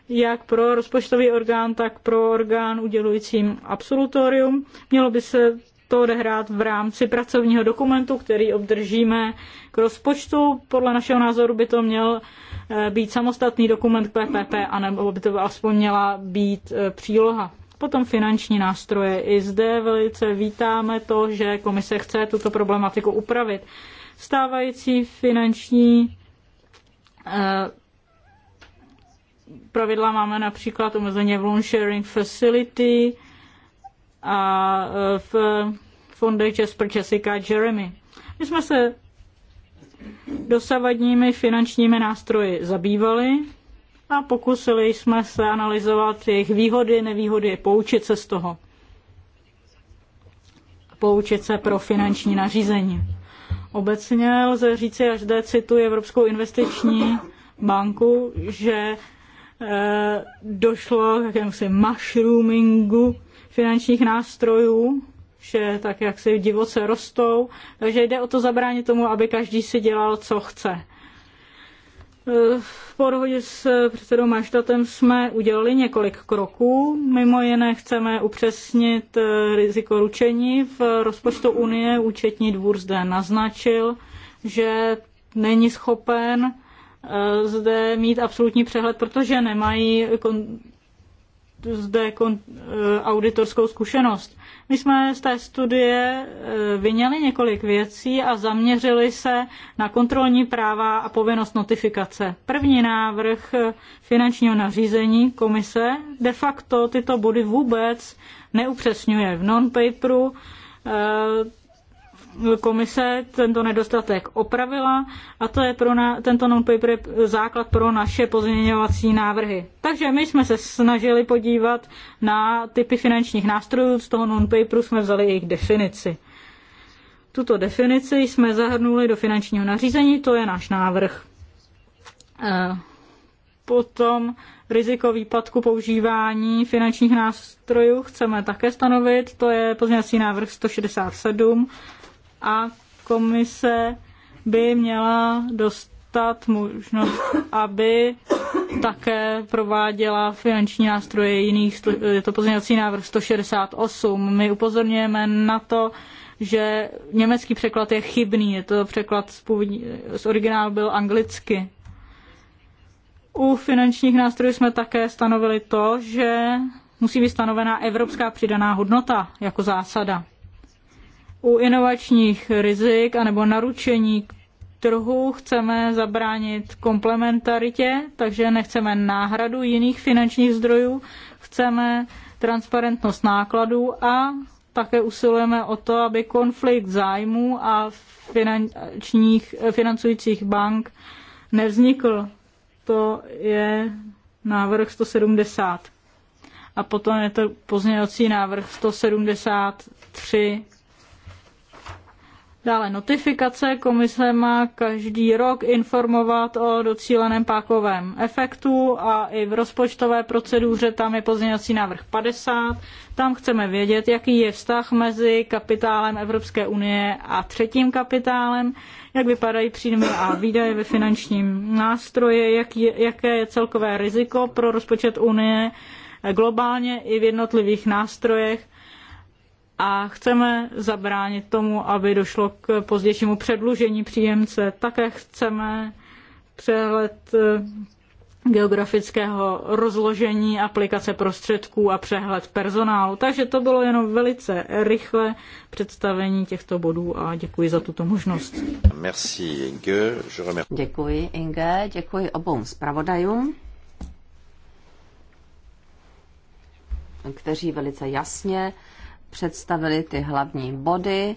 jak pro rozpočtový orgán, tak pro orgán udělujícím absolutorium. Mělo by se to odehrát v rámci pracovního dokumentu, který obdržíme k rozpočtu. Podle našeho názoru by to měl eh, být samostatný dokument k PPP, anebo by to aspoň měla být eh, příloha. Potom finanční nástroje. I zde velice vítáme to, že komise chce tuto problematiku upravit. Stávající finanční eh, pravidla máme například omezeně v loan sharing facility a eh, v fondech Jasper, Jessica Jeremy. My jsme se dosavadními finančními nástroji zabývali a pokusili jsme se analyzovat jejich výhody, nevýhody, poučit se z toho. Poučit se pro finanční nařízení. Obecně lze říci, až zde cituji Evropskou investiční banku, že eh, došlo k jakémusi mushroomingu finančních nástrojů, že tak jak si divoce rostou, takže jde o to zabránit tomu, aby každý si dělal, co chce. V dohodě s předsedou Maštatem jsme udělali několik kroků. Mimo jiné chceme upřesnit eh, riziko ručení. V rozpočtu Unie účetní dvůr zde naznačil, že není schopen eh, zde mít absolutní přehled, protože nemají kon, zde kon, eh, auditorskou zkušenost. My jsme z té studie eh, vyněli několik věcí a zaměřili se na kontrolní práva a povinnost notifikace. První návrh eh, finančního nařízení komise de facto tyto body vůbec neupřesňuje. V non-paperu eh, komise tento nedostatek opravila a to je pro na, tento non-paper základ pro naše pozměňovací návrhy. Takže my jsme se snažili podívat na typy finančních nástrojů, z toho non-paperu jsme vzali jejich definici. Tuto definici jsme zahrnuli do finančního nařízení, to je náš návrh. Eh, potom riziko výpadku používání finančních nástrojů chceme také stanovit, to je pozměňovací návrh 167 a komise by měla dostat možnost, aby také prováděla finanční nástroje jiných, je to pozměňovací návrh 168. My upozorňujeme na to, že německý překlad je chybný, je to překlad z, původní, z originálu byl anglicky. U finančních nástrojů jsme také stanovili to, že musí být stanovena evropská přidaná hodnota jako zásada. U inovačních rizik anebo naručení k trhu chceme zabránit komplementaritě, takže nechceme náhradu jiných finančních zdrojů, chceme transparentnost nákladů a také usilujeme o to, aby konflikt zájmů a finančních, financujících bank nevznikl. To je návrh 170. A potom je to pozměňovací návrh 173 Dále notifikace. Komise má každý rok informovat o docíleném pákovém efektu a i v rozpočtové proceduře tam je pozměňovací návrh 50. Tam chceme vědět, jaký je vztah mezi kapitálem Evropské unie a třetím kapitálem, jak vypadají příjmy a výdaje ve finančním nástroji, jak je, jaké je celkové riziko pro rozpočet unie globálně i v jednotlivých nástrojech a chceme zabránit tomu, aby došlo k pozdějšímu předlužení příjemce. Také chceme přehled eh, geografického rozložení aplikace prostředků a přehled personálu. Takže to bylo jenom velice rychle představení těchto bodů a děkuji za tuto možnost. Merci, Inge. Děkuji, Inge, děkuji obou zpravodajům, kteří velice jasně představili ty hlavní body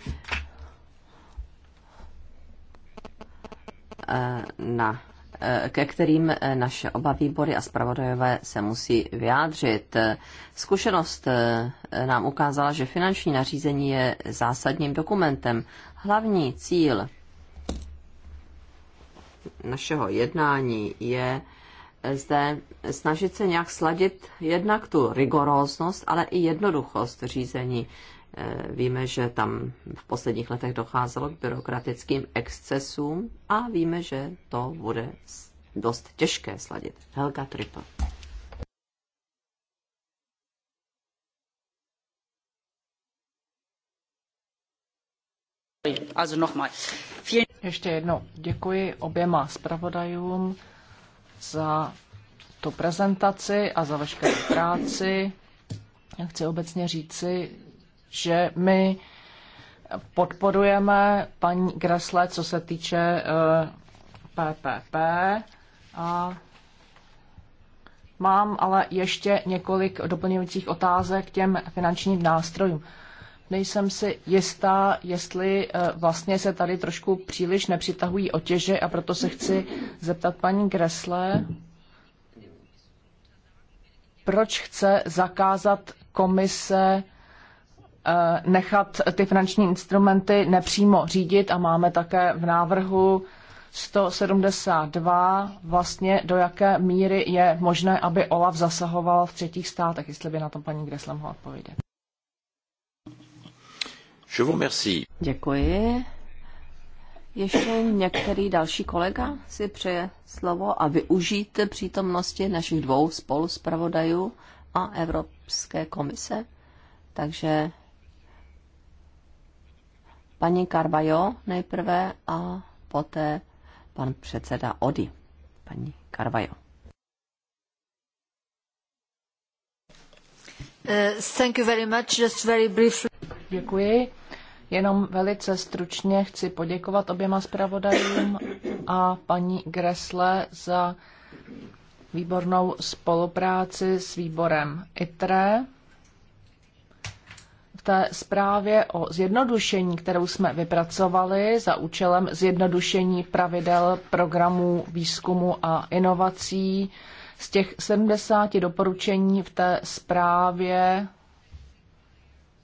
e, na e, ke kterým e, naše oba výbory a zpravodajové se musí vyjádřit. Zkušenost nám ukázala, že finanční nařízení je zásadním dokumentem. Hlavní cíl našeho jednání je zde snažit se nějak sladit jednak tu rigoróznost, ale i jednoduchost řízení. Eh, víme, že tam v posledních letech docházelo k byrokratickým excesům a víme, že to bude dost těžké sladit. Helga Tripa. Ještě jednou děkuji oběma zpravodajům za tu prezentaci a za veškerou práci. Já chci obecně říci, že my podporujeme paní Gresle, co se týče PPP eh, a mám ale ještě několik doplňujících otázek k těm finančním nástrojům nejsem si jistá, jestli eh, vlastně se tady trošku příliš nepřitahují otěže a proto se chci zeptat paní Gresle, proč chce zakázat komise eh, nechat ty finanční instrumenty nepřímo řídit a máme také v návrhu 172 vlastně do jaké míry je možné, aby OLAF zasahoval v třetích státech, jestli by na tom paní Gresle mohla odpovědět. Je vous remercie. Děkuji. Ještě některý další kolega si přeje slovo a využít přítomnosti našich dvou spoluspravodajů a Evropské komise. Takže paní Karbajo nejprve a poté pan předseda Odi, Paní Karvajo. Uh, Děkuji. Jenom velice stručně chci poděkovat oběma zpravodajům a paní Gresle za výbornou spolupráci s výborem ITRE. V té zprávě o zjednodušení, kterou jsme vypracovali za účelem zjednodušení pravidel programů výzkumu a inovací, z těch 70 doporučení v té zprávě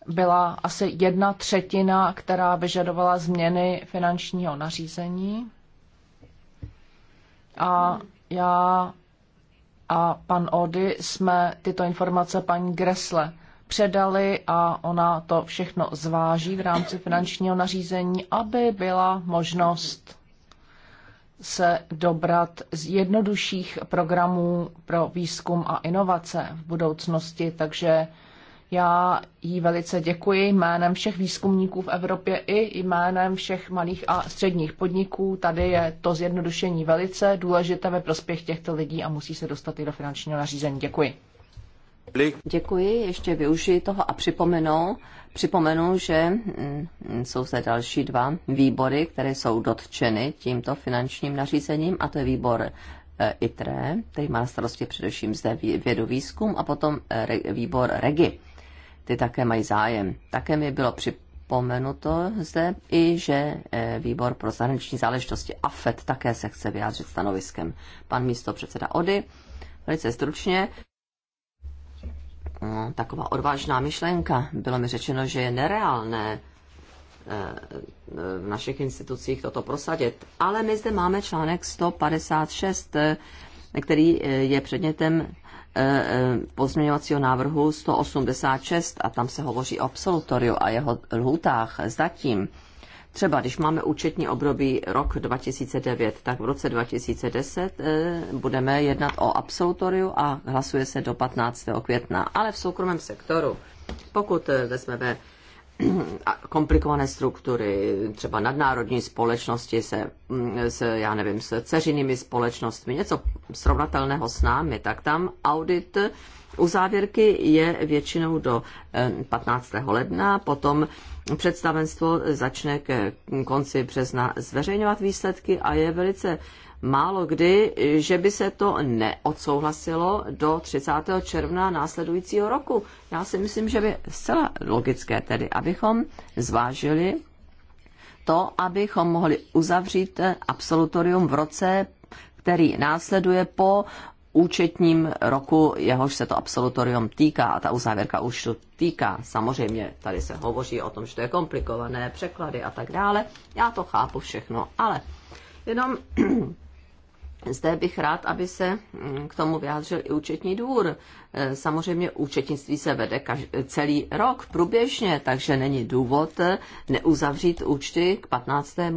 byla asi jedna třetina, která vyžadovala změny finančního nařízení. A já a pan Ody jsme tyto informace paní Gresle předali a ona to všechno zváží v rámci finančního nařízení, aby byla možnost se dobrat z jednodušších programů pro výzkum a inovace v budoucnosti, takže já jí velice děkuji jménem všech výzkumníků v Evropě i jménem všech malých a středních podniků. Tady je to zjednodušení velice důležité ve prospěch těchto lidí a musí se dostat i do finančního nařízení. Děkuji. Děkuji, ještě využiji toho a připomenu, připomenu, že mm, jsou zde další dva výbory, které jsou dotčeny tímto finančním nařízením a to je výbor eh, ITRE, který má na starosti především zde vědu výzkum a potom eh, výbor REGI. Ty také mají zájem. Také mi bylo připomenuto zde i, že eh, výbor pro zahraniční záležitosti AFET také se chce vyjádřit stanoviskem. Pan místo předseda Ody, velice stručně. Eh, taková odvážná myšlenka. Bylo mi řečeno, že je nereálné eh, v našich institucích toto prosadit. Ale my zde máme článek 156, eh, který je předmětem pozměňovacího návrhu 186 a tam se hovoří o absolutoriu a jeho lhůtách zatím. Třeba když máme účetní období rok 2009, tak v roce 2010 eh, budeme jednat o absolutoriu a hlasuje se do 15. května. Ale v soukromém sektoru, pokud eh, vezmeme komplikované struktury, třeba nadnárodní společnosti se, mm, se já nevím, s ceřinými společnostmi, něco srovnatelného s námi, tak tam audit u závěrky je většinou do 15. Eh, ledna, potom představenstvo začne ke konci března zveřejňovat výsledky a je velice málo kdy, že by se to neodsouhlasilo do 30. června následujícího roku. Já si myslím, že by zcela logické tedy, abychom zvážili to, abychom mohli uzavřít absolutorium v roce, který následuje po účetním roku, jehož se to absolutorium týká a ta uzávěrka to týká. Samozřejmě tady se hovoří o tom, že to je komplikované, překlady a tak dále. Já to chápu všechno, ale jenom zde bych rád, aby se mm, k tomu vyjádřil i účetní dvůr. E, samozřejmě účetnictví se vede kaž- celý rok průběžně, takže není důvod neuzavřít účty k 15. E,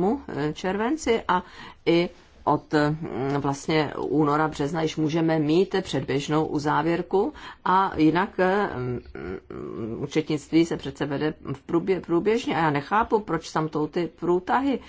červenci a i od mm, vlastně února, března již můžeme mít předběžnou uzávěrku a jinak mm, účetnictví se přece vede v průbě, průběžně a já nechápu, proč tam jsou ty průtahy.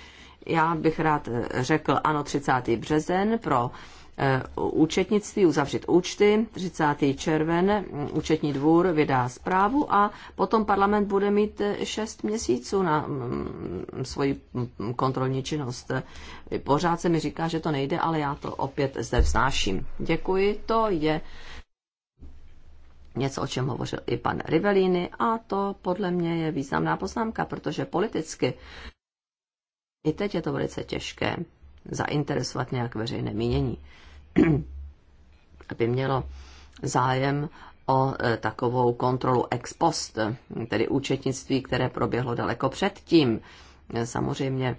Já bych rád řekl ano 30. březen pro Eh, účetnictví, uzavřít účty. 30. červen mm, účetní dvůr vydá zprávu a potom parlament bude mít 6 eh, měsíců na mm, svoji mm, kontrolní činnost. Eh, pořád se mi říká, že to nejde, ale já to opět zde vznáším. Děkuji, to je něco, o čem hovořil i pan Rivelíny a to podle mě je významná poznámka, protože politicky i teď je to velice těžké zainteresovat nějak veřejné mínění. aby mělo zájem o e, takovou kontrolu ex post, tedy účetnictví, které proběhlo daleko předtím. E, samozřejmě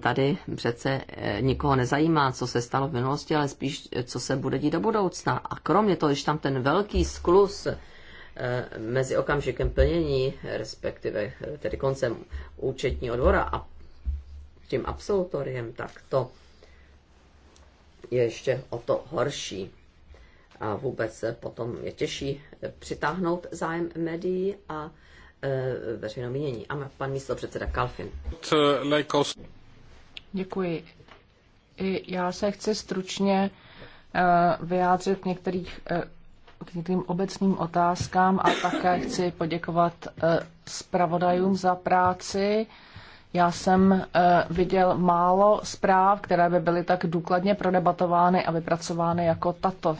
tady přece e, nikoho nezajímá, co se stalo v minulosti, ale spíš, co se bude dít do budoucna. A kromě toho, když tam ten velký sklus mezi okamžikem plnění, respektive tedy koncem účetního dvora a tím absolutoriem, tak to je ještě o to horší. A vůbec potom je těžší eh, přitáhnout zájem médií a e, veřejného mínění. A pan místo předseda Kalfin. Děkuji. I já se chci stručně eh, vyjádřit k některých, k některým obecným otázkám a také chci poděkovat zpravodajům za práci. Já jsem eh, viděl málo zpráv, které by byly tak důkladně prodebatovány a vypracovány jako tato.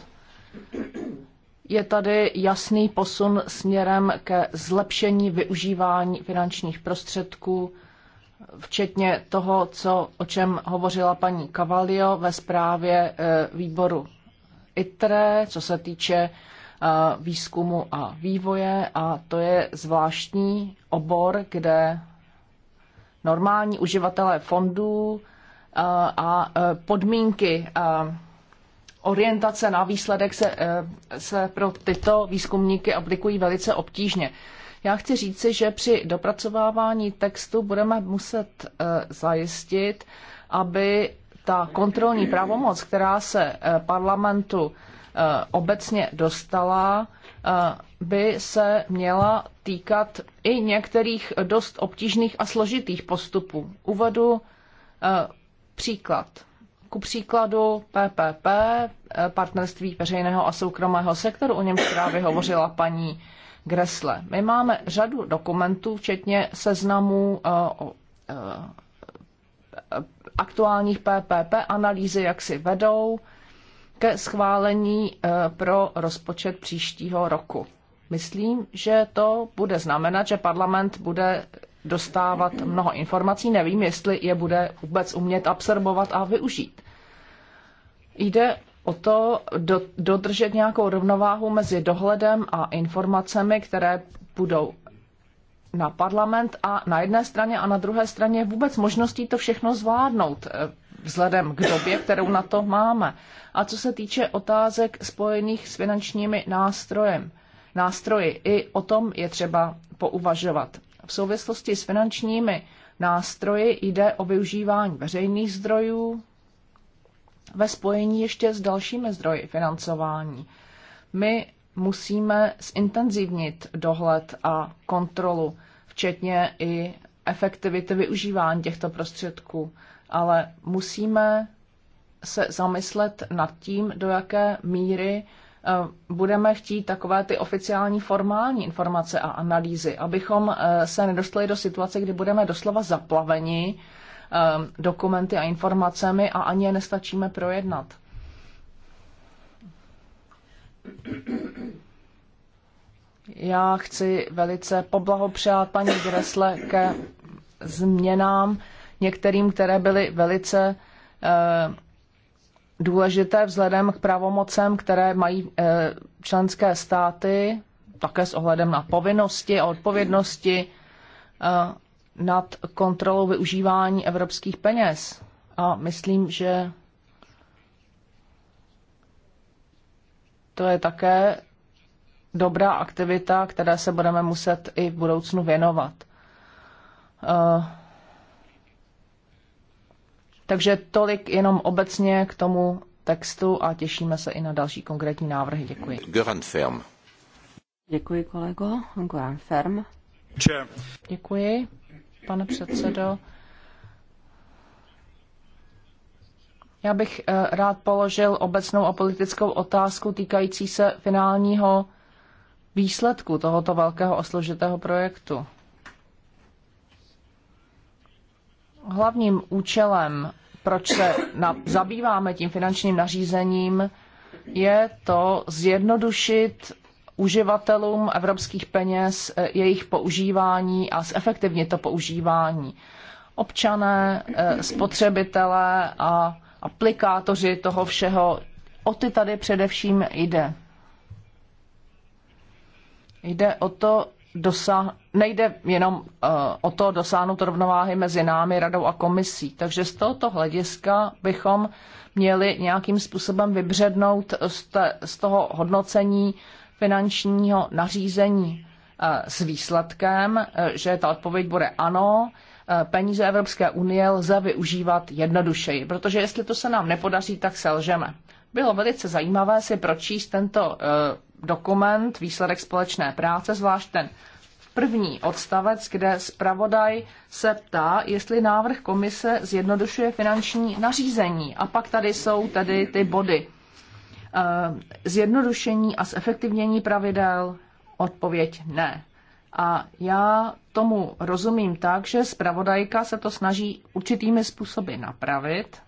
Je tady jasný posun směrem ke zlepšení využívání finančních prostředků, včetně toho, co, o čem hovořila paní Cavalio ve zprávě eh, výboru ITRE, co se týče eh, výzkumu a vývoje a to je zvláštní obor, kde normální uživatelé fondů eh, a eh, podmínky eh, orientace na výsledek se, se pro tyto výzkumníky aplikují velice obtížně. Já chci říci, že při dopracovávání textu budeme muset zajistit, aby ta kontrolní pravomoc, která se parlamentu obecně dostala, by se měla týkat i některých dost obtížných a složitých postupů. Uvedu e, příklad. Ku příkladu PPP, e, partnerství veřejného a soukromého sektoru, o němž právě hovořila paní Gresle. My máme řadu dokumentů, včetně seznamů e, aktuálních PPP, analýzy, jak si vedou, ke schválení eh, pro rozpočet příštího roku. Myslím, že to bude znamenat, že parlament bude dostávat mnoho informací. Nevím, jestli je bude vůbec umět absorbovat a využít. Jde o to do, dodržet nějakou rovnováhu mezi dohledem a informacemi, které budou na parlament a na jedné straně a na druhé straně vůbec možností to všechno zvládnout eh, vzhledem k době, kterou na to máme. A co se týče otázek spojených s finančními nástrojem, nástroji, i o tom je třeba pouvažovat. V souvislosti s finančními nástroji jde o využívání veřejných zdrojů ve spojení ještě s dalšími zdroji financování. My musíme zintenzivnit dohled a kontrolu, včetně i efektivity využívání těchto prostředků, ale musíme se zamyslet nad tím, do jaké míry eh, budeme chtít takové ty oficiální formální informace a analýzy, abychom eh, se nedostali do situace, kdy budeme doslova zaplaveni eh, dokumenty a informacemi a ani je nestačíme projednat. Já chci velice poblahopřát paní Gresle ke změnám, některým, které byly velice eh, důležité vzhledem k pravomocem, které mají eh, členské státy, také s ohledem na povinnosti a odpovědnosti eh, nad kontrolou využívání evropských peněz. A myslím, že to je také dobrá aktivita, které se budeme muset i v budoucnu věnovat. Eh, takže tolik jenom obecně k tomu textu a těšíme se i na další konkrétní návrhy. Děkuji. Göran Firm. Děkuji, kolego. Goran Ferm. Děkuji, pane předsedo. Já bych eh, rád položil obecnou a politickou otázku týkající se finálního výsledku tohoto velkého a složitého projektu. Hlavním účelem, proč se na, zabýváme tím finančním nařízením, je to zjednodušit uživatelům evropských peněz eh, jejich používání a zefektivnit to používání. Občané, eh, spotřebitelé a aplikátoři toho všeho. O ty tady především jde. Jde o to dosa, nejde jenom uh, o to dosáhnout rovnováhy mezi námi, radou a komisí. Takže z tohoto hlediska bychom měli nějakým způsobem vybřednout z, te, z toho hodnocení finančního nařízení uh, s výsledkem, uh, že ta odpověď bude ano, uh, Eh, peníze Evropské unie lze využívat jednodušeji, protože jestli to se nám nepodaří, tak selžeme. Bylo velice zajímavé si pročíst tento eh, dokument, výsledek společné práce, zvlášť ten první odstavec, kde zpravodaj se ptá, jestli návrh komise zjednodušuje finanční nařízení. A pak tady jsou tedy ty body. Eh, zjednodušení a zefektivnění pravidel? Odpověď ne. A já tomu rozumím tak, že zpravodajka se to snaží určitými způsoby napravit,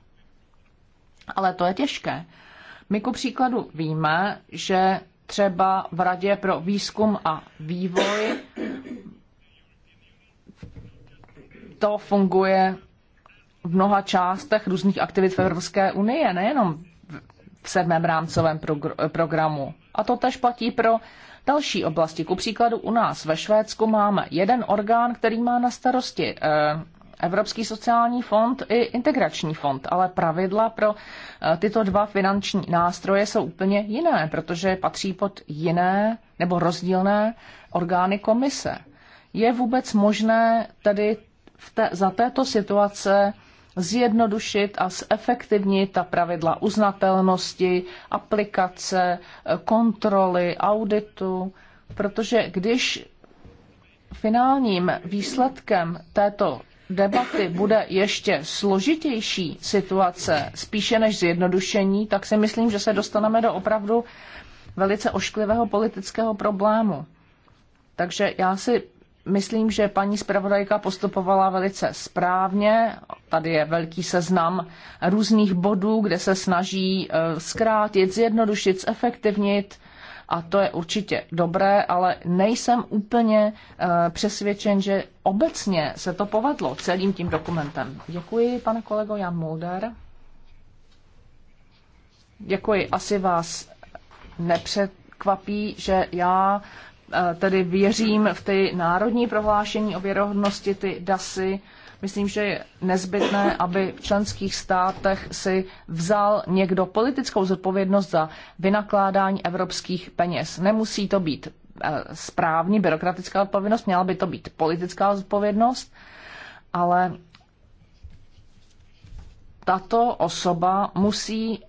ale to je těžké. My ku příkladu víme, že třeba v Radě pro výzkum a vývoj to funguje v mnoha částech různých aktivit v Evropské unie, nejenom v sedmém rámcovém progr- programu. A to tež platí pro další oblasti. Ku příkladu u nás ve Švédsku máme jeden orgán, který má na starosti eh, Evropský sociální fond i integrační fond, ale pravidla pro eh, tyto dva finanční nástroje jsou úplně jiné, protože patří pod jiné nebo rozdílné orgány komise. Je vůbec možné tedy v te, za této situace zjednodušit a zefektivnit ta pravidla uznatelnosti, aplikace, kontroly, auditu, protože když finálním výsledkem této debaty bude ještě složitější situace, spíše než zjednodušení, tak si myslím, že se dostaneme do opravdu velice ošklivého politického problému. Takže já si Myslím, že paní zpravodajka postupovala velice správně. Tady je velký seznam různých bodů, kde se snaží eh, zkrátit, zjednodušit, zefektivnit a to je určitě dobré, ale nejsem úplně eh, přesvědčen, že obecně se to povedlo celým tím dokumentem. Děkuji, pane kolego Jan Mulder. Děkuji. Asi vás nepřekvapí, že já tedy věřím v ty národní prohlášení o věrohodnosti, ty DASy. Myslím, že je nezbytné, aby v členských státech si vzal někdo politickou zodpovědnost za vynakládání evropských peněz. Nemusí to být e, správní byrokratická odpovědnost, měla by to být politická odpovědnost, ale tato osoba musí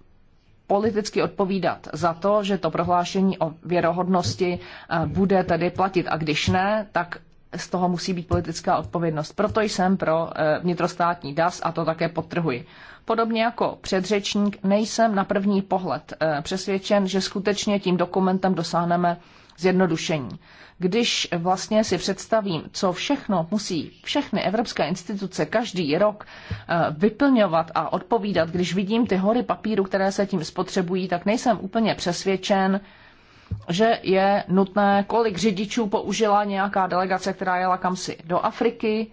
politicky odpovídat za to, že to prohlášení o věrohodnosti eh, bude tedy platit. A když ne, tak z toho musí být politická odpovědnost. Proto jsem pro eh, vnitrostátní DAS a to také podtrhuji. Podobně jako předřečník nejsem na první pohled eh, přesvědčen, že skutečně tím dokumentem dosáhneme zjednodušení. Když vlastně si představím, co všechno musí všechny evropské instituce každý rok eh, vyplňovat a odpovídat, když vidím ty hory papíru, které se tím spotřebují, tak nejsem úplně přesvědčen, že je nutné, kolik řidičů použila nějaká delegace, která jela kamsi do Afriky.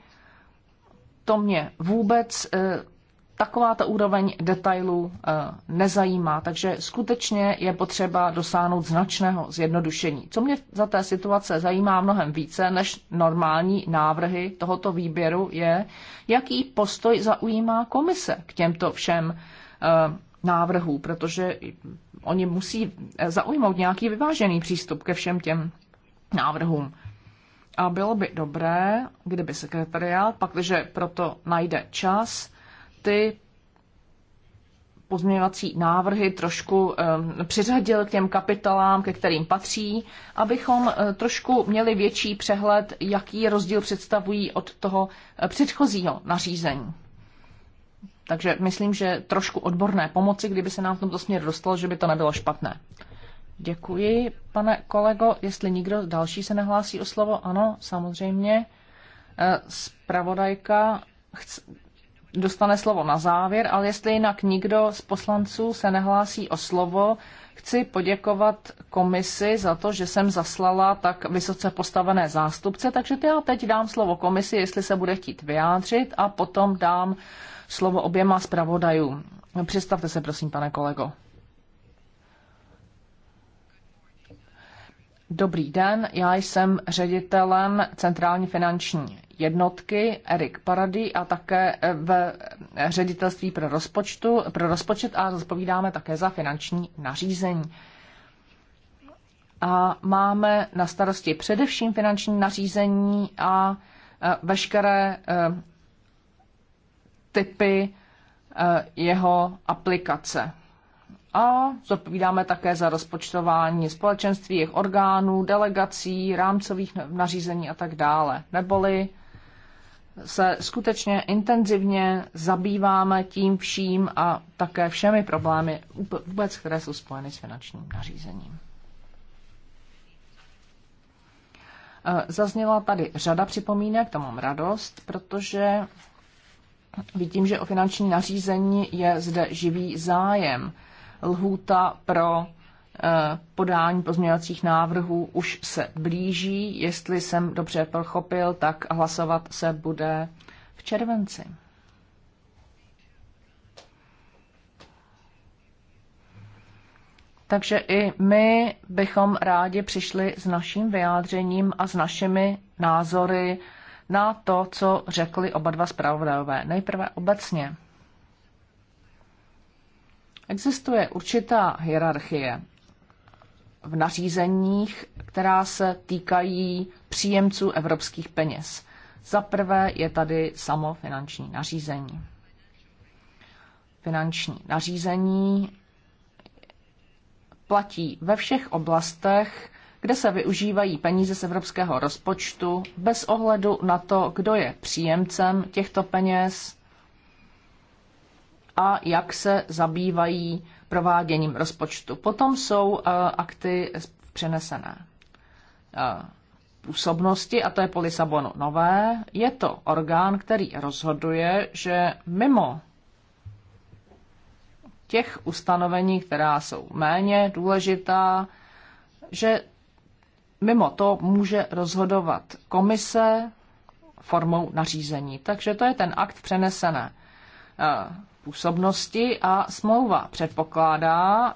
To mě vůbec eh, Taková ta úroveň detailů eh, nezajímá. Takže skutečně je potřeba dosáhnout značného zjednodušení. Co mě za té situace zajímá mnohem více než normální návrhy tohoto výběru je, jaký postoj zaujímá komise k těmto všem eh, návrhů, protože oni musí eh, zaujmout nějaký vyvážený přístup ke všem těm návrhům. A bylo by dobré, kdyby sekretariát, pakliže proto najde čas, ty pozměňovací návrhy trošku přiřadil k těm kapitolám, ke kterým patří, abychom e, trošku měli větší přehled, jaký rozdíl představují od toho e, předchozího nařízení. Takže myslím, že trošku odborné pomoci, kdyby se nám v tomto směru dostalo, že by to nebylo špatné. Děkuji, pane kolego. Jestli nikdo další se nehlásí o slovo, ano, samozřejmě. Spravodajka, e, dostane slovo na závěr, ale jestli jinak nikdo z poslanců se nehlásí o slovo, chci poděkovat komisi za to, že jsem zaslala tak vysoce postavené zástupce, takže já teď dám slovo komisi, jestli se bude chtít vyjádřit a potom dám slovo oběma zpravodajům. Představte se, prosím, pane kolego. Dobrý den, já jsem ředitelem Centrální finanční jednotky Erik Parady a také eh, v ředitelství pro, rozpočtu, pro rozpočet a zodpovídáme také za finanční nařízení. A máme na starosti především finanční nařízení a eh, veškeré eh, typy jeho aplikace. A zodpovídáme také za rozpočtování společenství, jejich orgánů, delegací, rámcových nařízení a tak dále. Neboli se skutečně intenzivně zabýváme tím vším a také všemi problémy, vůbec, které jsou spojeny s finančním nařízením. E, zazněla tady řada připomínek, tam mám radost, protože vidím, že o finanční nařízení je zde živý zájem. Lhůta pro Eh, podání pozměňovacích návrhů už se blíží. Jestli jsem dobře pochopil, tak hlasovat se bude v červenci. Takže i my bychom rádi přišli s naším vyjádřením a s našimi názory na to, co řekli oba dva zpravodajové. Nejprve obecně. Existuje určitá hierarchie v nařízeních, která se týkají příjemců evropských peněz. Za prvé je tady samo finanční nařízení. Finanční nařízení platí ve všech oblastech, kde se využívají peníze z evropského rozpočtu bez ohledu na to, kdo je příjemcem těchto peněz a jak se zabývají prováděním rozpočtu. Potom jsou eh, akty přenesené eh, působnosti, a to je po Lisabonu nové, je to orgán, který rozhoduje, že mimo těch ustanovení, která jsou méně důležitá, že mimo to může rozhodovat komise formou nařízení. Takže to je ten akt přenesené eh, působnosti a smlouva předpokládá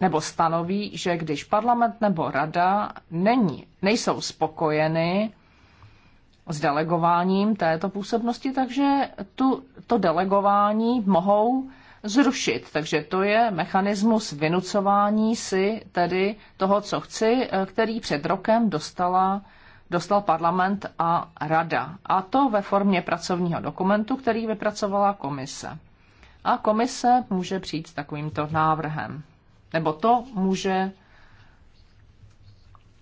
nebo stanoví, že když parlament nebo rada není, nejsou spokojeny s delegováním této působnosti, takže tu, to delegování mohou zrušit. Takže to je mechanismus vynucování si tedy toho, co chci, který před rokem dostala, dostal parlament a rada. A to ve formě pracovního dokumentu, který vypracovala komise. A komise může přijít s takovýmto návrhem. Nebo to může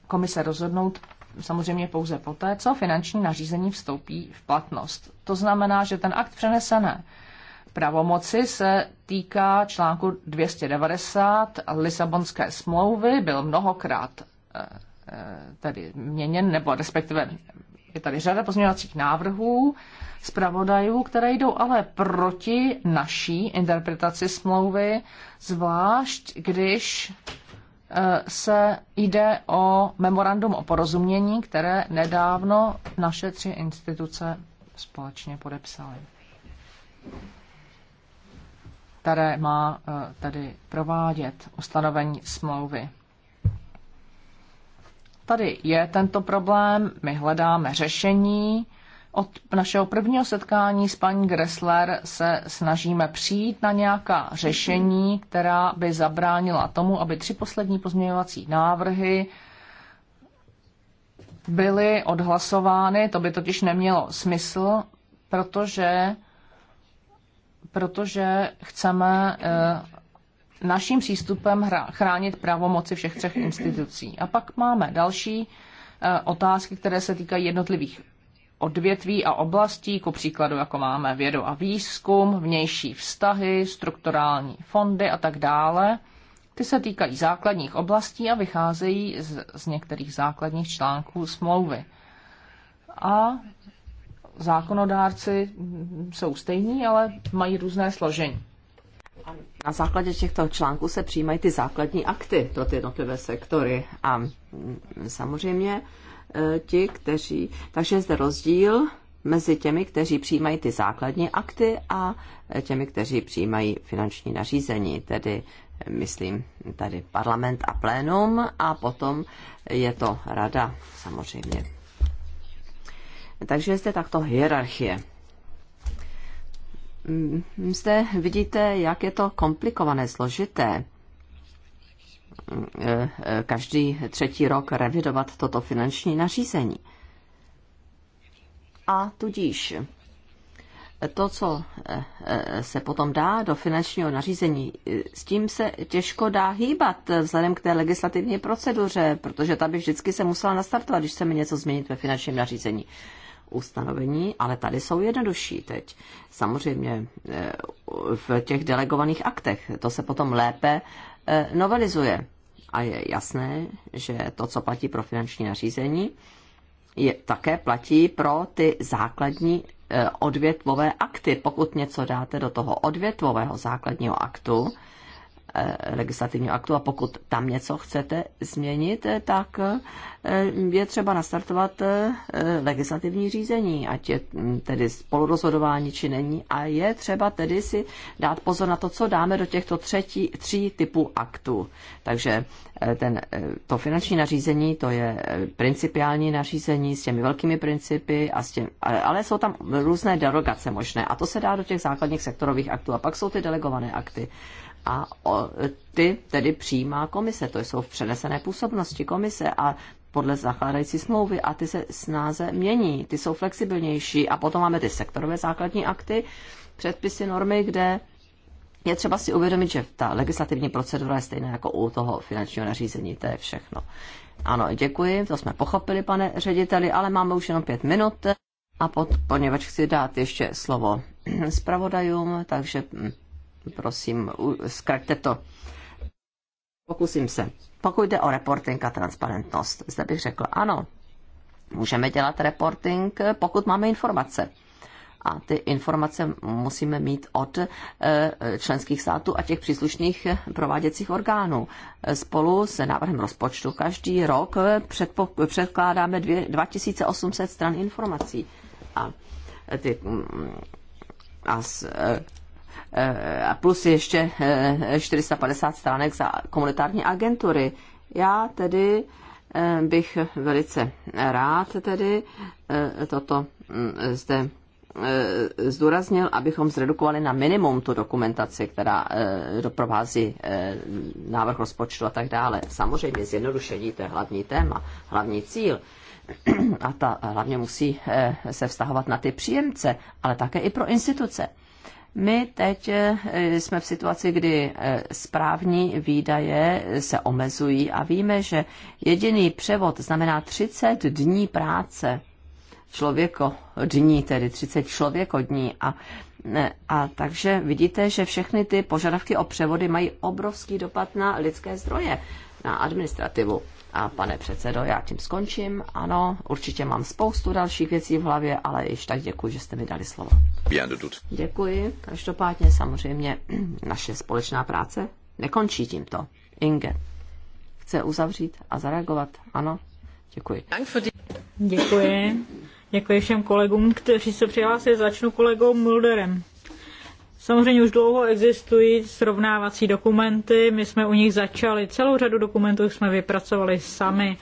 komise rozhodnout samozřejmě pouze poté, co finanční nařízení vstoupí v platnost. To znamená, že ten akt přenesené pravomoci se týká článku 290 Lisabonské smlouvy, byl mnohokrát eh, eh, tedy měněn, nebo respektive je tady řada pozměňovacích návrhů, zpravodajů, které jdou ale proti naší interpretaci smlouvy, zvlášť když eh, se jde o memorandum o porozumění, které nedávno naše tři instituce společně podepsaly. Které má eh, tedy provádět ustanovení smlouvy. Tady je tento problém, my hledáme řešení, od našeho prvního setkání s paní Gressler se snažíme přijít na nějaká řešení, která by zabránila tomu, aby tři poslední pozměňovací návrhy byly odhlasovány. To by totiž nemělo smysl, protože, protože chceme eh, naším přístupem chránit pravomoci všech třech institucí. A pak máme další eh, otázky, které se týkají jednotlivých odvětví a oblastí, ku příkladu jako máme vědu a výzkum, vnější vztahy, strukturální fondy a tak dále. Ty se týkají základních oblastí a vycházejí z, z některých základních článků smlouvy. A zákonodárci jsou stejní, ale mají různé složení. A na základě těchto článků se přijímají ty základní akty pro ty jednotlivé sektory. A mm, samozřejmě Eh, ti, kteří... Takže je zde rozdíl mezi těmi, kteří přijímají ty základní akty a těmi, kteří přijímají finanční nařízení, tedy eh, myslím tady parlament a plénum a potom je to rada samozřejmě. Takže je zde takto hierarchie. Mm, zde vidíte, jak je to komplikované, složité každý třetí rok revidovat toto finanční nařízení. A tudíž to, co se potom dá do finančního nařízení, s tím se těžko dá hýbat vzhledem k té legislativní proceduře, protože ta by vždycky se musela nastartovat, když chceme něco změnit ve finančním nařízení ustanovení, ale tady jsou jednodušší teď. Samozřejmě eh, v těch delegovaných aktech to se potom lépe eh, novelizuje. A je jasné, že to, co platí pro finanční nařízení, je, také platí pro ty základní eh, odvětvové akty. Pokud něco dáte do toho odvětvového základního aktu, Eh, legislativního aktu a pokud tam něco chcete změnit, eh, tak eh, je třeba nastartovat legislativní řízení, ať je hm, tedy spolurozhodování či není a je třeba tedy si dát pozor na to, co dáme do těchto třetí, tří typů aktů. Takže ten, to finanční nařízení, to je principiální nařízení s těmi velkými principy, a s těmi, ale jsou tam různé derogace možné a to se dá do těch základních sektorových aktů a pak jsou ty delegované akty a o, ty tedy přijímá komise. To jsou v přenesené působnosti komise a podle zakládající smlouvy a ty se snáze mění, ty jsou flexibilnější. A potom máme ty sektorové základní akty, předpisy, normy, kde je třeba si uvědomit, že ta legislativní procedura je stejná jako u toho finančního nařízení, to je všechno. Ano, děkuji, to jsme pochopili, pane řediteli, ale máme už jenom pět minut a pod, poněvadž chci dát ještě slovo zpravodajům, takže hm, Prosím, zkraťte to. Pokusím se. Pokud jde o reporting a transparentnost, zde bych řekl ano, můžeme dělat reporting, pokud máme informace. A ty informace musíme mít od eh, členských států a těch příslušných prováděcích orgánů. Spolu se návrhem rozpočtu každý rok předkládáme 2800 stran informací. A ty mm, a s, eh, Eh, a plus ještě 450 eh, stránek za komunitární agentury. Já tedy eh, bych velice rád tedy toto mm, zde zdůraznil, abychom zredukovali na minimum tu dokumentaci, která doprovází návrh rozpočtu a tak dále. Samozřejmě zjednodušení, to je hlavní téma, hlavní cíl. A ta hlavně musí se vztahovat na ty příjemce, ale také i pro instituce. My teď eh, jsme v situaci, kdy eh, správní výdaje se omezují a víme, že jediný převod znamená 30 dní práce. Člověko dní, tedy 30 člověko dní. A, eh, a takže vidíte, že všechny ty požadavky o převody mají obrovský dopad na lidské zdroje, na administrativu. A pane předsedo, já tím skončím. Ano, určitě mám spoustu dalších věcí v hlavě, ale již tak děkuji, že jste mi dali slovo. Děkuji. Každopádně samozřejmě naše společná práce nekončí tímto. Inge chce uzavřít a zareagovat. Ano, děkuji. Děkuji. Děkuji všem kolegům, kteří se přihlásili. Začnu kolegou Mulderem. Samozřejmě už dlouho existují srovnávací dokumenty, my jsme u nich začali. Celou řadu dokumentů jsme vypracovali sami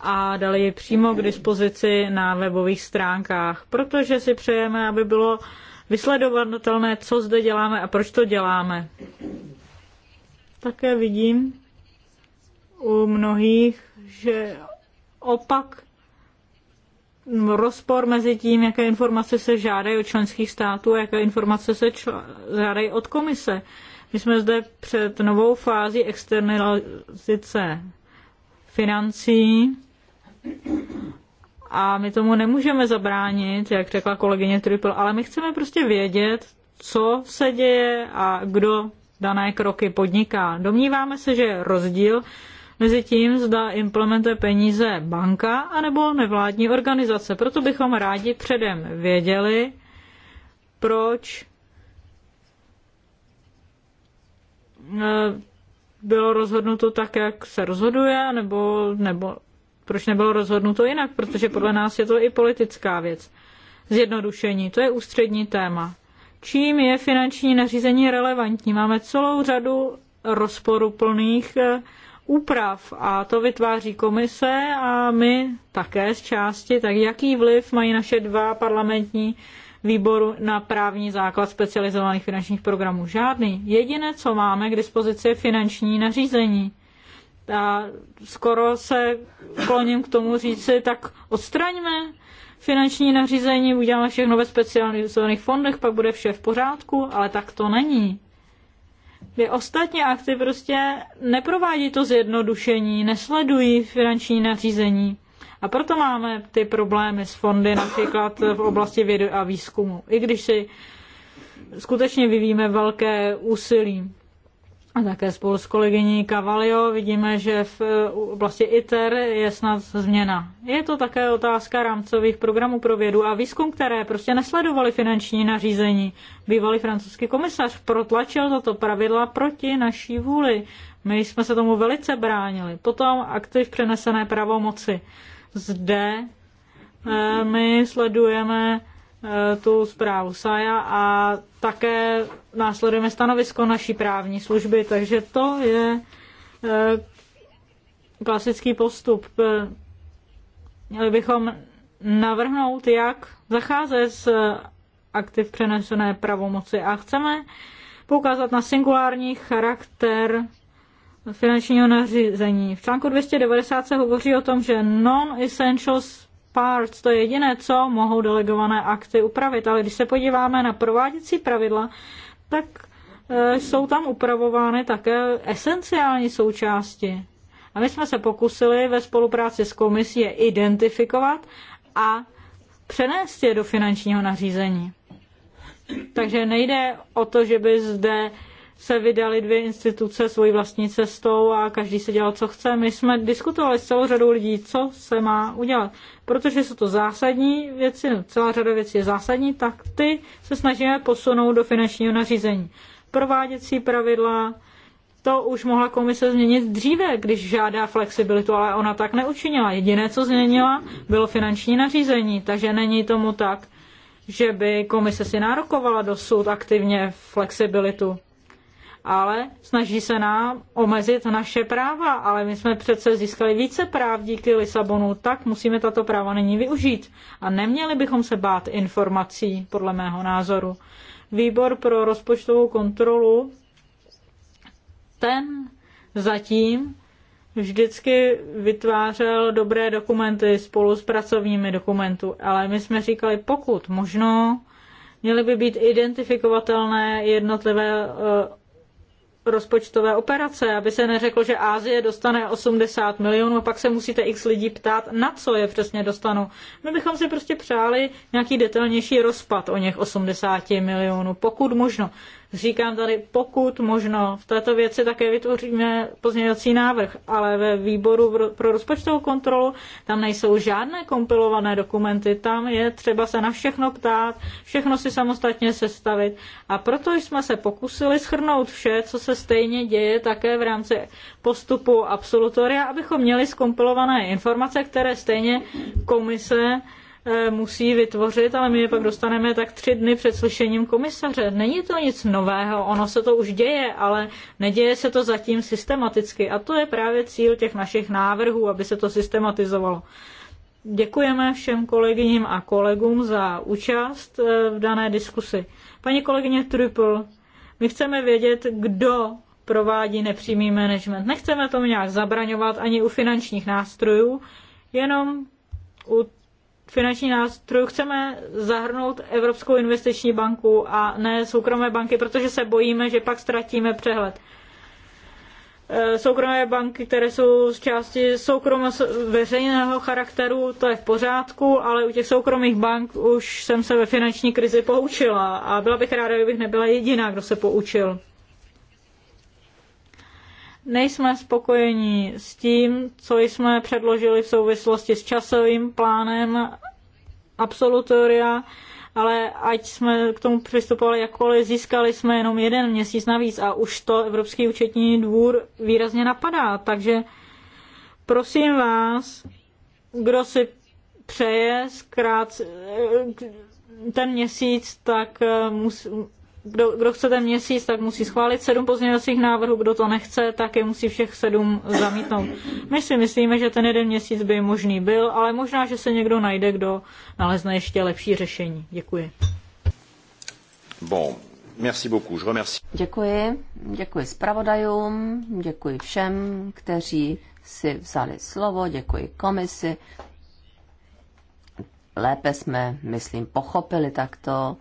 a dali je přímo k dispozici na webových stránkách, protože si přejeme, aby bylo vysledovatelné, co zde děláme a proč to děláme. Také vidím u mnohých, že opak rozpor mezi tím, jaké informace se žádají od členských států a jaké informace se čl- žádají od komise. My jsme zde před novou fází externalizace financí a my tomu nemůžeme zabránit, jak řekla kolegyně Triple, ale my chceme prostě vědět, co se děje a kdo dané kroky podniká. Domníváme se, že je rozdíl mezi tím, zda implementuje peníze banka anebo nevládní organizace. Proto bychom rádi předem věděli, proč eh, bylo rozhodnuto tak, jak se rozhoduje, nebo, nebo proč nebylo rozhodnuto jinak, protože podle nás je to i politická věc. Zjednodušení, to je ústřední téma. Čím je finanční nařízení relevantní? Máme celou řadu rozporuplných eh, úprav a to vytváří komise a my také z části. Tak jaký vliv mají naše dva parlamentní výboru na právní základ specializovaných finančních programů? Žádný. Jediné, co máme k dispozici, je finanční nařízení. A skoro se kloním k tomu říci, tak odstraňme finanční nařízení, uděláme všechno ve specializovaných fondech, pak bude vše v pořádku, ale tak to není. Vy ostatně akty prostě neprovádí to zjednodušení, nesledují finanční nařízení. A proto máme ty problémy s fondy například v oblasti vědy a výzkumu. I když si skutečně vyvíjíme velké úsilí. A také spolu s kolegyní Cavalio vidíme, že v eh, oblasti ITER je snad změna. Je to také otázka rámcových programů pro vědu a výzkum, které prostě nesledovaly finanční nařízení. Bývalý francouzský komisař protlačil to pravidla proti naší vůli. My jsme se tomu velice bránili. Potom aktiv přenesené pravomoci. Zde eh, my sledujeme Eh, tu zprávu SAJA a také následujeme stanovisko naší právní služby, takže to je eh, klasický postup. Měli bychom navrhnout, jak zacházet s aktiv přenesené pravomoci a chceme poukázat na singulární charakter finančního nařízení. V článku 290 se hovoří o tom, že non-essentials parts, to je jediné, co mohou delegované akty upravit. Ale když se podíváme na prováděcí pravidla, tak e, jsou tam upravovány také esenciální součásti. A my jsme se pokusili ve spolupráci s komisí je identifikovat a přenést je do finančního nařízení. Takže nejde o to, že by zde se vydali dvě instituce svojí vlastní cestou a každý se dělal, co chce. My jsme diskutovali s celou řadou lidí, co se má udělat. Protože jsou to zásadní věci, no, celá řada věcí je zásadní, tak ty se snažíme posunout do finančního nařízení. Prováděcí pravidla, to už mohla komise změnit dříve, když žádá flexibilitu, ale ona tak neučinila. Jediné, co změnila, bylo finanční nařízení, takže není tomu tak, že by komise si nárokovala dosud aktivně flexibilitu ale snaží se nám omezit naše práva, ale my jsme přece získali více práv díky Lisabonu, tak musíme tato práva nyní využít. A neměli bychom se bát informací, podle mého názoru. Výbor pro rozpočtovou kontrolu, ten zatím vždycky vytvářel dobré dokumenty spolu s pracovními dokumenty, ale my jsme říkali, pokud možno, měly by být identifikovatelné jednotlivé eh, rozpočtové operace, aby se neřeklo, že Ázie dostane 80 milionů a pak se musíte x lidí ptát, na co je přesně dostanou. My bychom si prostě přáli nějaký detailnější rozpad o něch 80 milionů, pokud možno. Říkám tady, pokud možno, v této věci také vytvoříme pozměňovací návrh, ale ve výboru pro rozpočtovou kontrolu tam nejsou žádné kompilované dokumenty, tam je třeba se na všechno ptát, všechno si samostatně sestavit. A proto jsme se pokusili schrnout vše, co se stejně děje také v rámci postupu absolutoria, abychom měli skompilované informace, které stejně komise Eh, musí vytvořit, ale my je pak dostaneme tak tři dny před slyšením komisaře. Není to nic nového, ono se to už děje, ale neděje se to zatím systematicky. A to je právě cíl těch našich návrhů, aby se to systematizovalo. Děkujeme všem kolegyním a kolegům za účast eh, v dané diskusi. Paní kolegyně Trupl, my chceme vědět, kdo provádí nepřímý management. Nechceme tomu nějak zabraňovat ani u finančních nástrojů, jenom u finanční nástrojů chceme zahrnout Evropskou investiční banku a ne soukromé banky, protože se bojíme, že pak ztratíme přehled. Eh, soukromé banky, které jsou z části soukromo veřejného charakteru, to je v pořádku, ale u těch soukromých bank už jsem se ve finanční krizi poučila a byla bych ráda, kdybych nebyla jediná, kdo se poučil. Nejsme spokojeni s tím, co jsme předložili v souvislosti s časovým plánem absolutoria, ale ať jsme k tomu přistupovali jakkoliv, získali jsme jenom jeden měsíc navíc a už to Evropský účetní dvůr výrazně napadá. Takže prosím vás, kdo si přeje zkrát ten měsíc, tak eh, mus, kdo, kdo chce ten měsíc, tak musí schválit sedm pozměňovacích návrhů, kdo to nechce, tak je musí všech sedm zamítnout. My si myslíme, že ten jeden měsíc by možný byl, ale možná, že se někdo najde, kdo nalezne ještě lepší řešení. Děkuji. Bon. Merci beaucoup. Je remercie. Děkuji. Děkuji zpravodajům, děkuji všem, kteří si vzali slovo, děkuji komisi. Lépe jsme, myslím, pochopili takto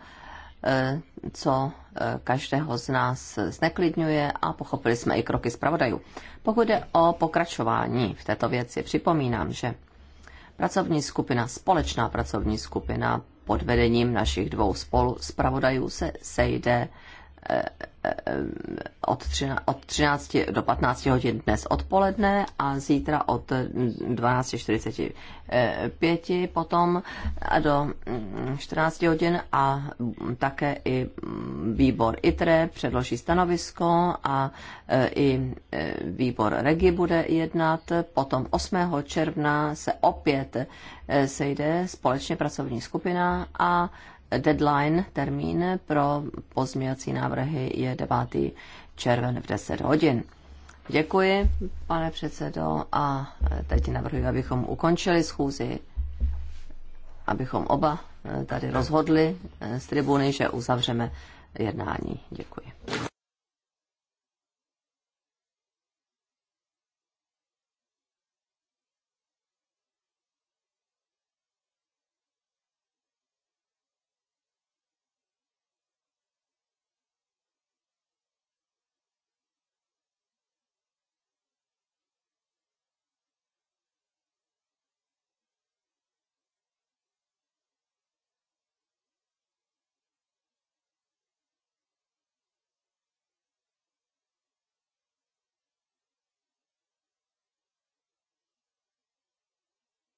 eh, co e, každého z nás zneklidňuje a pochopili jsme i kroky zpravodajů. Pokud jde o pokračování v této věci, připomínám, že pracovní skupina, společná pracovní skupina pod vedením našich dvou spolu zpravodajů se sejde od, 13, od 13 do 15 hodin dnes odpoledne a zítra od 12.45 eh, potom do 14 mm, hodin a mm, také i mm, výbor ITRE předloží stanovisko a eh, i eh, výbor REGI bude jednat. Potom 8. června se opět sejde společně pracovní skupina a deadline, termín pro pozměňovací návrhy je 9. červen v 10 hodin. Děkuji, pane předsedo, a teď navrhuji, abychom ukončili schůzi, abychom oba tady rozhodli z tribuny, že uzavřeme jednání. Děkuji.